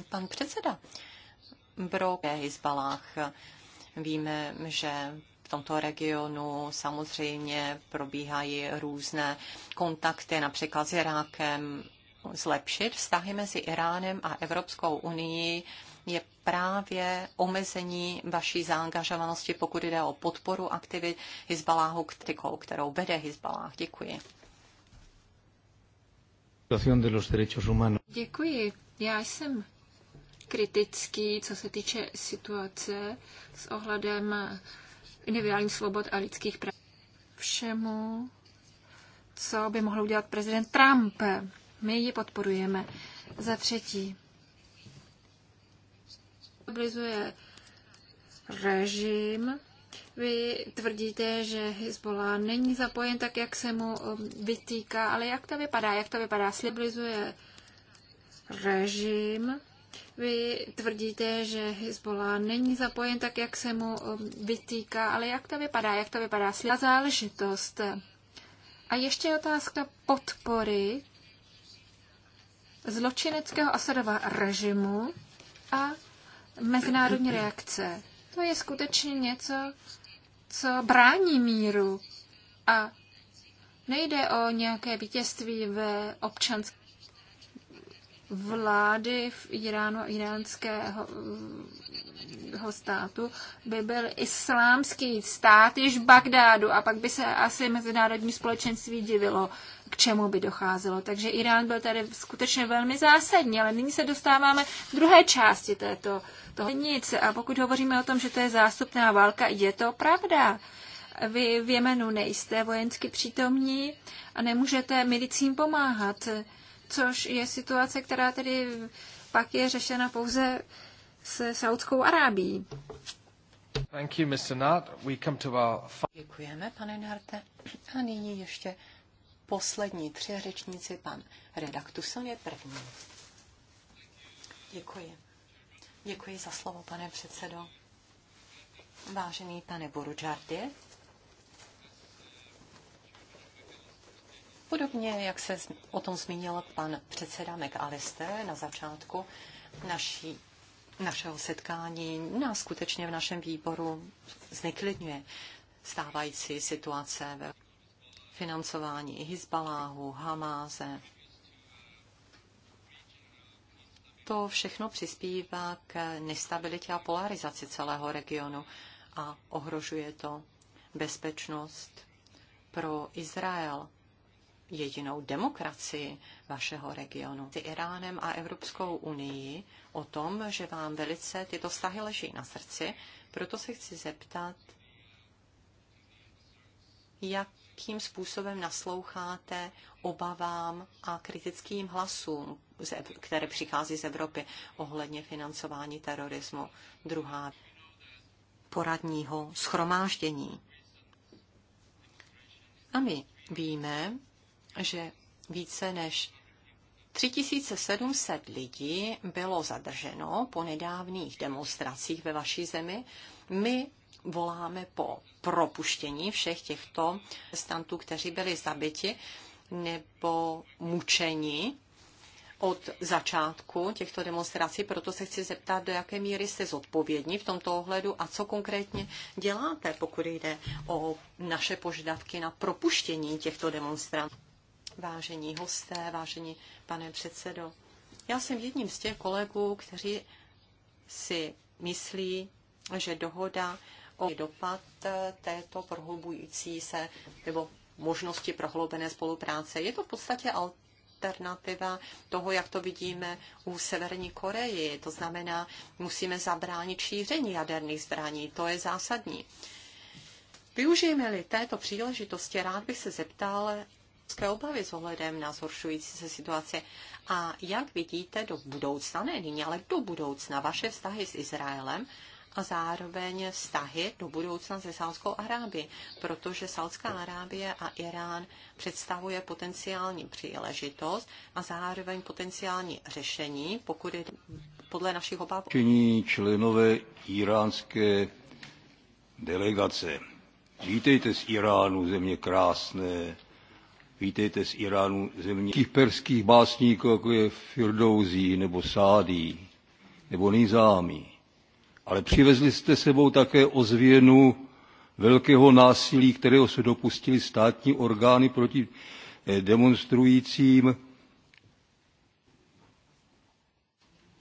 Pan předseda Brok je Hezbalách. Víme, že v tomto regionu samozřejmě probíhají různé kontakty, například s Irákem. Zlepšit vztahy mezi Iránem a Evropskou unii je právě omezení vaší zaangažovanosti, pokud jde o podporu aktivit Hizbaláhu, kterou vede hizbaláh. Děkuji. Děkuji. Já jsem kritický, co se týče situace s ohledem individuálních svobod a lidských práv. Všemu, co by mohl udělat prezident Trump. My ji podporujeme. Za třetí, stabilizuje režim. Vy tvrdíte, že Hezbollah není zapojen tak, jak se mu um, vytýká, ale jak to vypadá? Jak to vypadá? Stabilizuje režim. Vy tvrdíte, že Hezbollah není zapojen tak, jak se mu um, vytýká, ale jak to vypadá? Jak to vypadá? A záležitost. A ještě otázka podpory zločineckého Asadova režimu a mezinárodní reakce. To je skutečně něco, co brání míru a nejde o nějaké vítězství ve občanské vlády v Iránu a iránského mm, státu by byl islámský stát již v Bagdádu a pak by se asi mezinárodní společenství divilo, k čemu by docházelo. Takže Irán byl tady skutečně velmi zásadní, ale nyní se dostáváme k druhé části této toho nic. A pokud hovoříme o tom, že to je zástupná válka, je to pravda. Vy v Jemenu nejste vojensky přítomní a nemůžete milicím pomáhat což je situace, která tedy pak je řešena pouze se Saudskou Arábií. Thank you, Mr. Nart. We come to our... Děkujeme, pane Narte. A nyní ještě poslední tři řečníci, pan Redaktuson je první. Děkuji. Děkuji za slovo, pane předsedo. Vážený pane Borudžardě, Podobně, jak se o tom zmínil pan předseda McAllister na začátku naší, našeho setkání, nás skutečně v našem výboru zneklidňuje stávající situace ve financování Hizbaláhu, Hamáze. To všechno přispívá k nestabilitě a polarizaci celého regionu a ohrožuje to bezpečnost pro Izrael jedinou demokracii vašeho regionu. Ty Iránem a Evropskou unii o tom, že vám velice tyto vztahy leží na srdci, proto se chci zeptat, jakým způsobem nasloucháte obavám a kritickým hlasům, které přichází z Evropy ohledně financování terorismu. Druhá poradního schromáždění. A my víme, že více než 3700 lidí bylo zadrženo po nedávných demonstracích ve vaší zemi. My voláme po propuštění všech těchto stantů, kteří byli zabiti nebo mučeni od začátku těchto demonstrací, proto se chci zeptat, do jaké míry jste zodpovědní v tomto ohledu a co konkrétně děláte, pokud jde o naše požadavky na propuštění těchto demonstrantů vážení hosté, vážení pane předsedo. Já jsem jedním z těch kolegů, kteří si myslí, že dohoda o dopad této prohlubující se nebo možnosti prohloubené spolupráce. Je to v podstatě alternativa toho, jak to vidíme u Severní Koreji. To znamená, musíme zabránit šíření jaderných zbraní. To je zásadní. Využijeme-li této příležitosti, rád bych se zeptal, obavy s ohledem na zhoršující se situaci. A jak vidíte do budoucna, ne nyní, ale do budoucna, vaše vztahy s Izraelem a zároveň vztahy do budoucna se Saudskou Arábií, protože Saudská Arábie a Irán představuje potenciální příležitost a zároveň potenciální řešení, pokud je podle našich obav. Čení členové iránské delegace. Vítejte z Iránu, země krásné, vítejte z Iránu země perských básníků, jako je Firdouzí nebo Sádí nebo Nizámí. Ale přivezli jste sebou také ozvěnu velkého násilí, kterého se dopustili státní orgány proti eh, demonstrujícím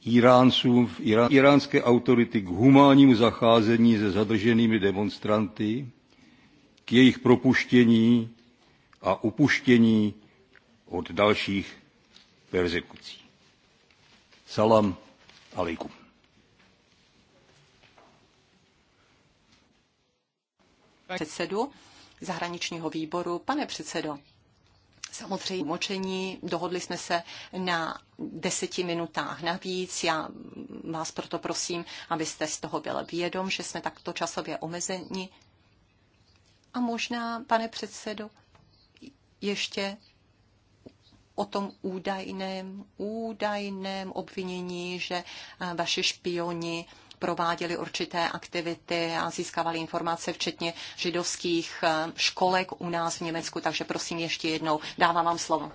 Iráncům, irán, iránské autority k humánnímu zacházení se zadrženými demonstranty, k jejich propuštění a upuštění od dalších persekucí. Salam alaikum. Předsedu zahraničního výboru. Pane předsedo, samozřejmě močení, dohodli jsme se na deseti minutách navíc. Já vás proto prosím, abyste z toho byl vědom, že jsme takto časově omezeni. A možná, pane předsedo, ještě o tom údajném, údajném obvinění, že eh, vaši špioni prováděli určité aktivity a získávali informace, včetně židovských eh, školek u nás v Německu. Takže prosím ještě jednou, dávám vám slovo.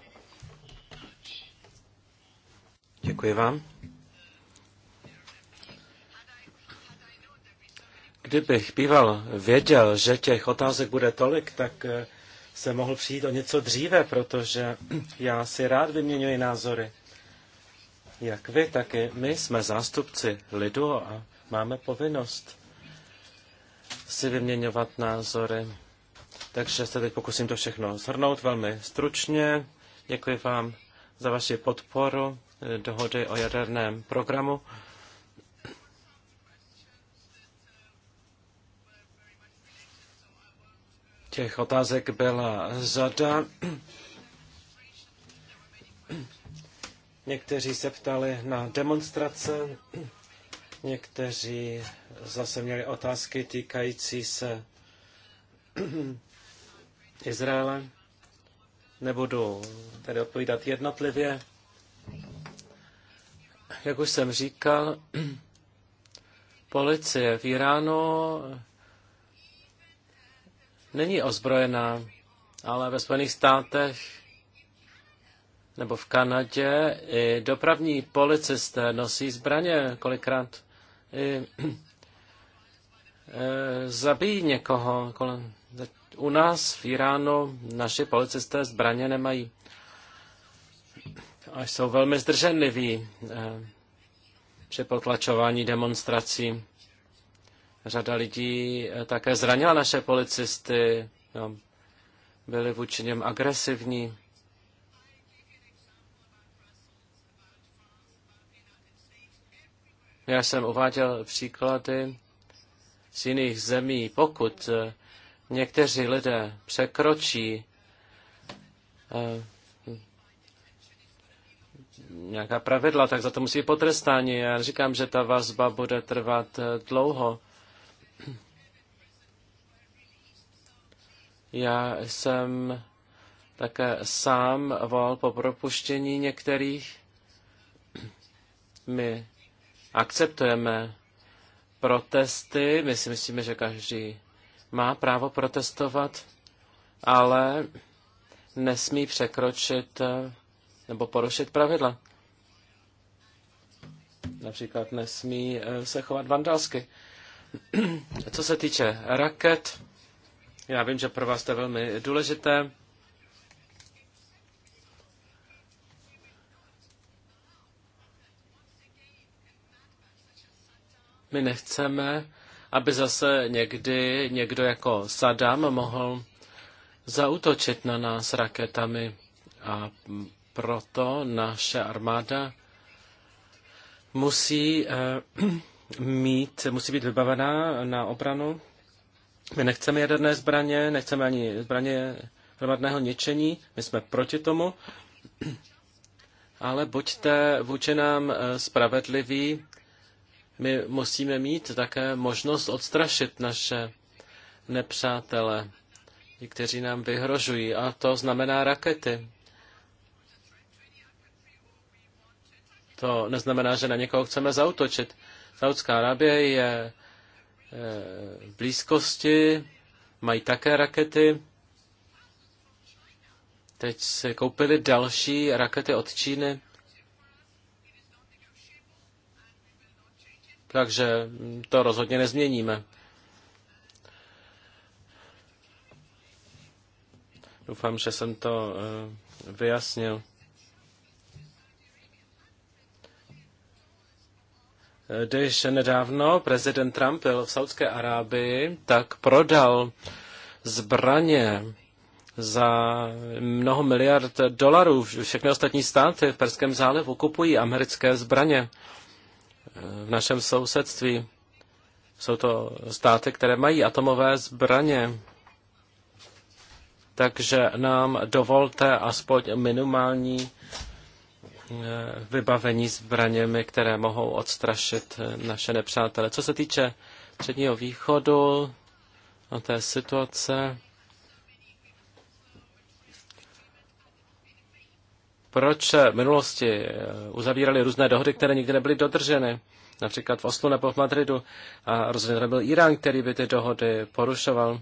Děkuji vám. Kdybych býval věděl, že těch otázek bude tolik, tak eh, se mohl přijít o něco dříve, protože já si rád vyměňuji názory. Jak vy, tak i my jsme zástupci lidu a máme povinnost si vyměňovat názory. Takže se teď pokusím to všechno zhrnout velmi stručně. Děkuji vám za vaši podporu dohody o jaderném programu. Těch otázek byla řada. Někteří se ptali na demonstrace, někteří zase měli otázky týkající se Izraele. Nebudu tedy odpovídat jednotlivě. Jak už jsem říkal, policie v Iránu není ozbrojená, ale ve Spojených státech nebo v Kanadě i dopravní policisté nosí zbraně kolikrát. I, eh, zabijí někoho. U nás v Iránu naši policisté zbraně nemají. A jsou velmi zdrženliví eh, při potlačování demonstrací řada lidí eh, také zranila naše policisty, no, byli vůči něm agresivní. Já jsem uváděl příklady z jiných zemí. Pokud eh, někteří lidé překročí eh, nějaká pravidla, tak za to musí potrestání. Já říkám, že ta vazba bude trvat dlouho. Já jsem také sám volal po propuštění některých. My akceptujeme protesty, my si myslíme, že každý má právo protestovat, ale nesmí překročit eh, nebo porušit pravidla. Například nesmí eh, se chovat vandalsky. Co se týče raket, já vím, že pro vás to je velmi důležité. My nechceme, aby zase někdy někdo jako Saddam mohl zautočit na nás raketami a proto naše armáda musí eh, mít, musí být vybavená na obranu. My nechceme jaderné zbraně, nechceme ani zbraně hromadného ničení, my jsme proti tomu, ale buďte vůči nám eh, spravedliví, my musíme mít také možnost odstrašit naše nepřátele, kteří nám vyhrožují, a to znamená rakety. To neznamená, že na někoho chceme zautočit. Saudská Arábie je eh, v blízkosti, mají také rakety. Teď se koupili další rakety od Číny. Takže to rozhodně nezměníme. Doufám, že jsem to eh, vyjasnil. Když nedávno prezident Trump byl v Saudské Arábii, tak prodal zbraně za mnoho miliard dolarů. Všechny ostatní státy v Perském zálivu kupují americké zbraně v našem sousedství. Jsou to státy, které mají atomové zbraně. Takže nám dovolte aspoň minimální Eh, vybavení zbraněmi, které mohou odstrašit eh, naše nepřátele. Co se týče předního východu a no, té situace, proč v minulosti eh, uzavírali různé dohody, které nikdy nebyly dodrženy, například v Oslu nebo v Madridu, a rozhodně nebyl Irán, který by ty dohody porušoval.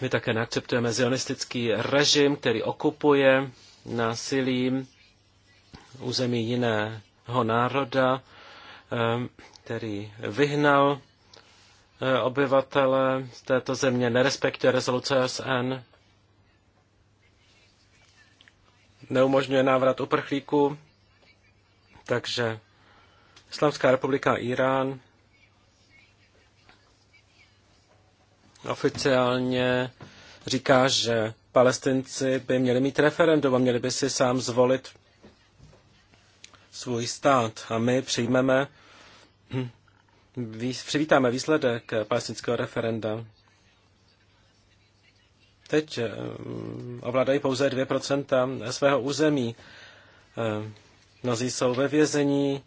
My také neakceptujeme zionistický režim, který okupuje násilím území jiného národa, eh, který vyhnal eh, obyvatele z této země, nerespektuje rezoluce S.N. neumožňuje návrat uprchlíků, takže Islamská republika Irán oficiálně říká, že palestinci by měli mít referendum a měli by si sám zvolit svůj stát. A my přijmeme, přivítáme výsledek palestinského referenda. Teď eh, ovládají pouze 2% svého území. Eh, mnozí jsou ve vězení,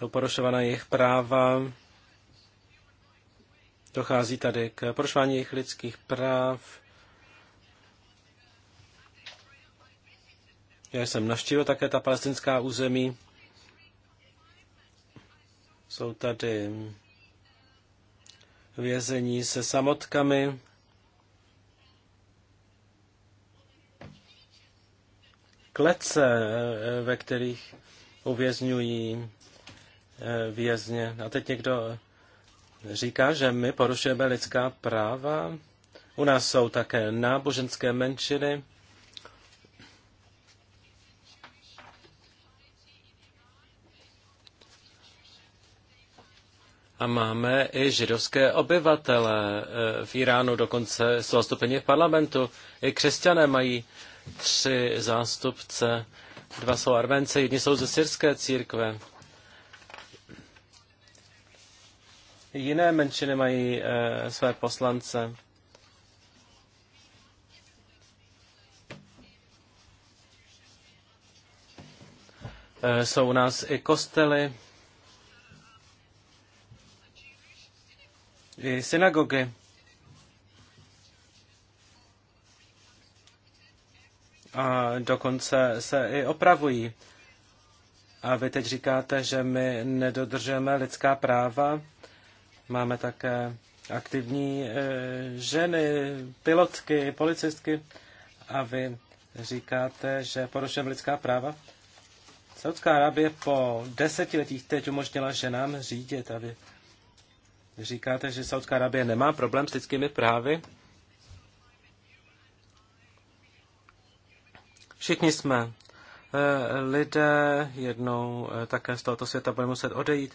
jsou porušována jejich práva Dochází tady k porušování jejich lidských práv. Já jsem navštívil také ta palestinská území. Jsou tady vězení se samotkami. Klece, ve kterých uvězňují eh, vězně. A teď někdo říká, že my porušujeme lidská práva. U nás jsou také náboženské menšiny. A máme i židovské obyvatele eh, v Iránu, dokonce jsou zastoupeni v parlamentu. I křesťané mají tři zástupce. Dva jsou Arménci, jedni jsou ze syrské církve. jiné menšiny mají e, své poslance. E, jsou u nás i kostely, i synagogy. A dokonce se i opravují. A vy teď říkáte, že my nedodržujeme lidská práva. Máme také aktivní eh, ženy, pilotky, policistky. A vy říkáte, že porušujeme lidská práva? Saudská Arábie po desetiletích teď umožnila ženám řídit a vy říkáte, že Saudská Arábie nemá problém s lidskými právy? Všichni jsme eh, lidé, jednou eh, také z tohoto světa budeme muset odejít.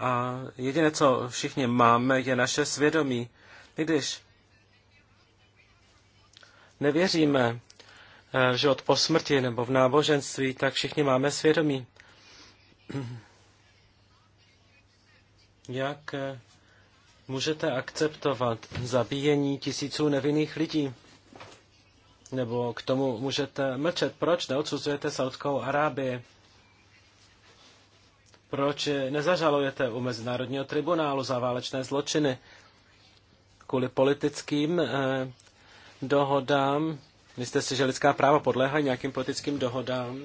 A jediné, co všichni máme, je naše svědomí. I když nevěříme eh, že život po smrti nebo v náboženství, tak všichni máme svědomí. Jak eh, můžete akceptovat zabíjení tisíců nevinných lidí? Nebo k tomu můžete mlčet? Proč neodsuzujete Saudskou Arábii? Proč nezažalujete u Mezinárodního tribunálu za válečné zločiny? Kvůli politickým eh, dohodám. Myslíte si, že lidská práva podléhají nějakým politickým dohodám?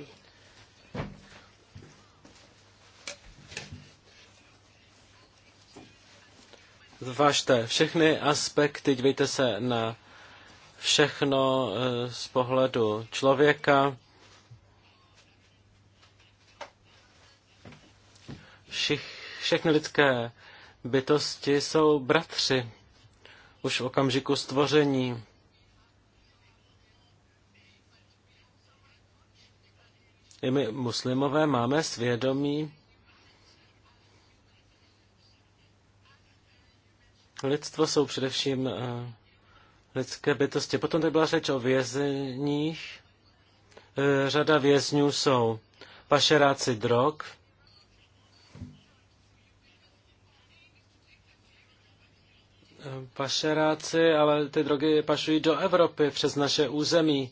Zvažte všechny aspekty, dívejte se na všechno eh, z pohledu člověka. všich, všechny lidské bytosti jsou bratři už v okamžiku stvoření. I my muslimové máme svědomí Lidstvo jsou především eh, lidské bytosti. Potom tady byla řeč o vězeních. Eh, řada vězňů jsou pašeráci drog, pašeráci, ale ty drogy pašují do Evropy přes naše území.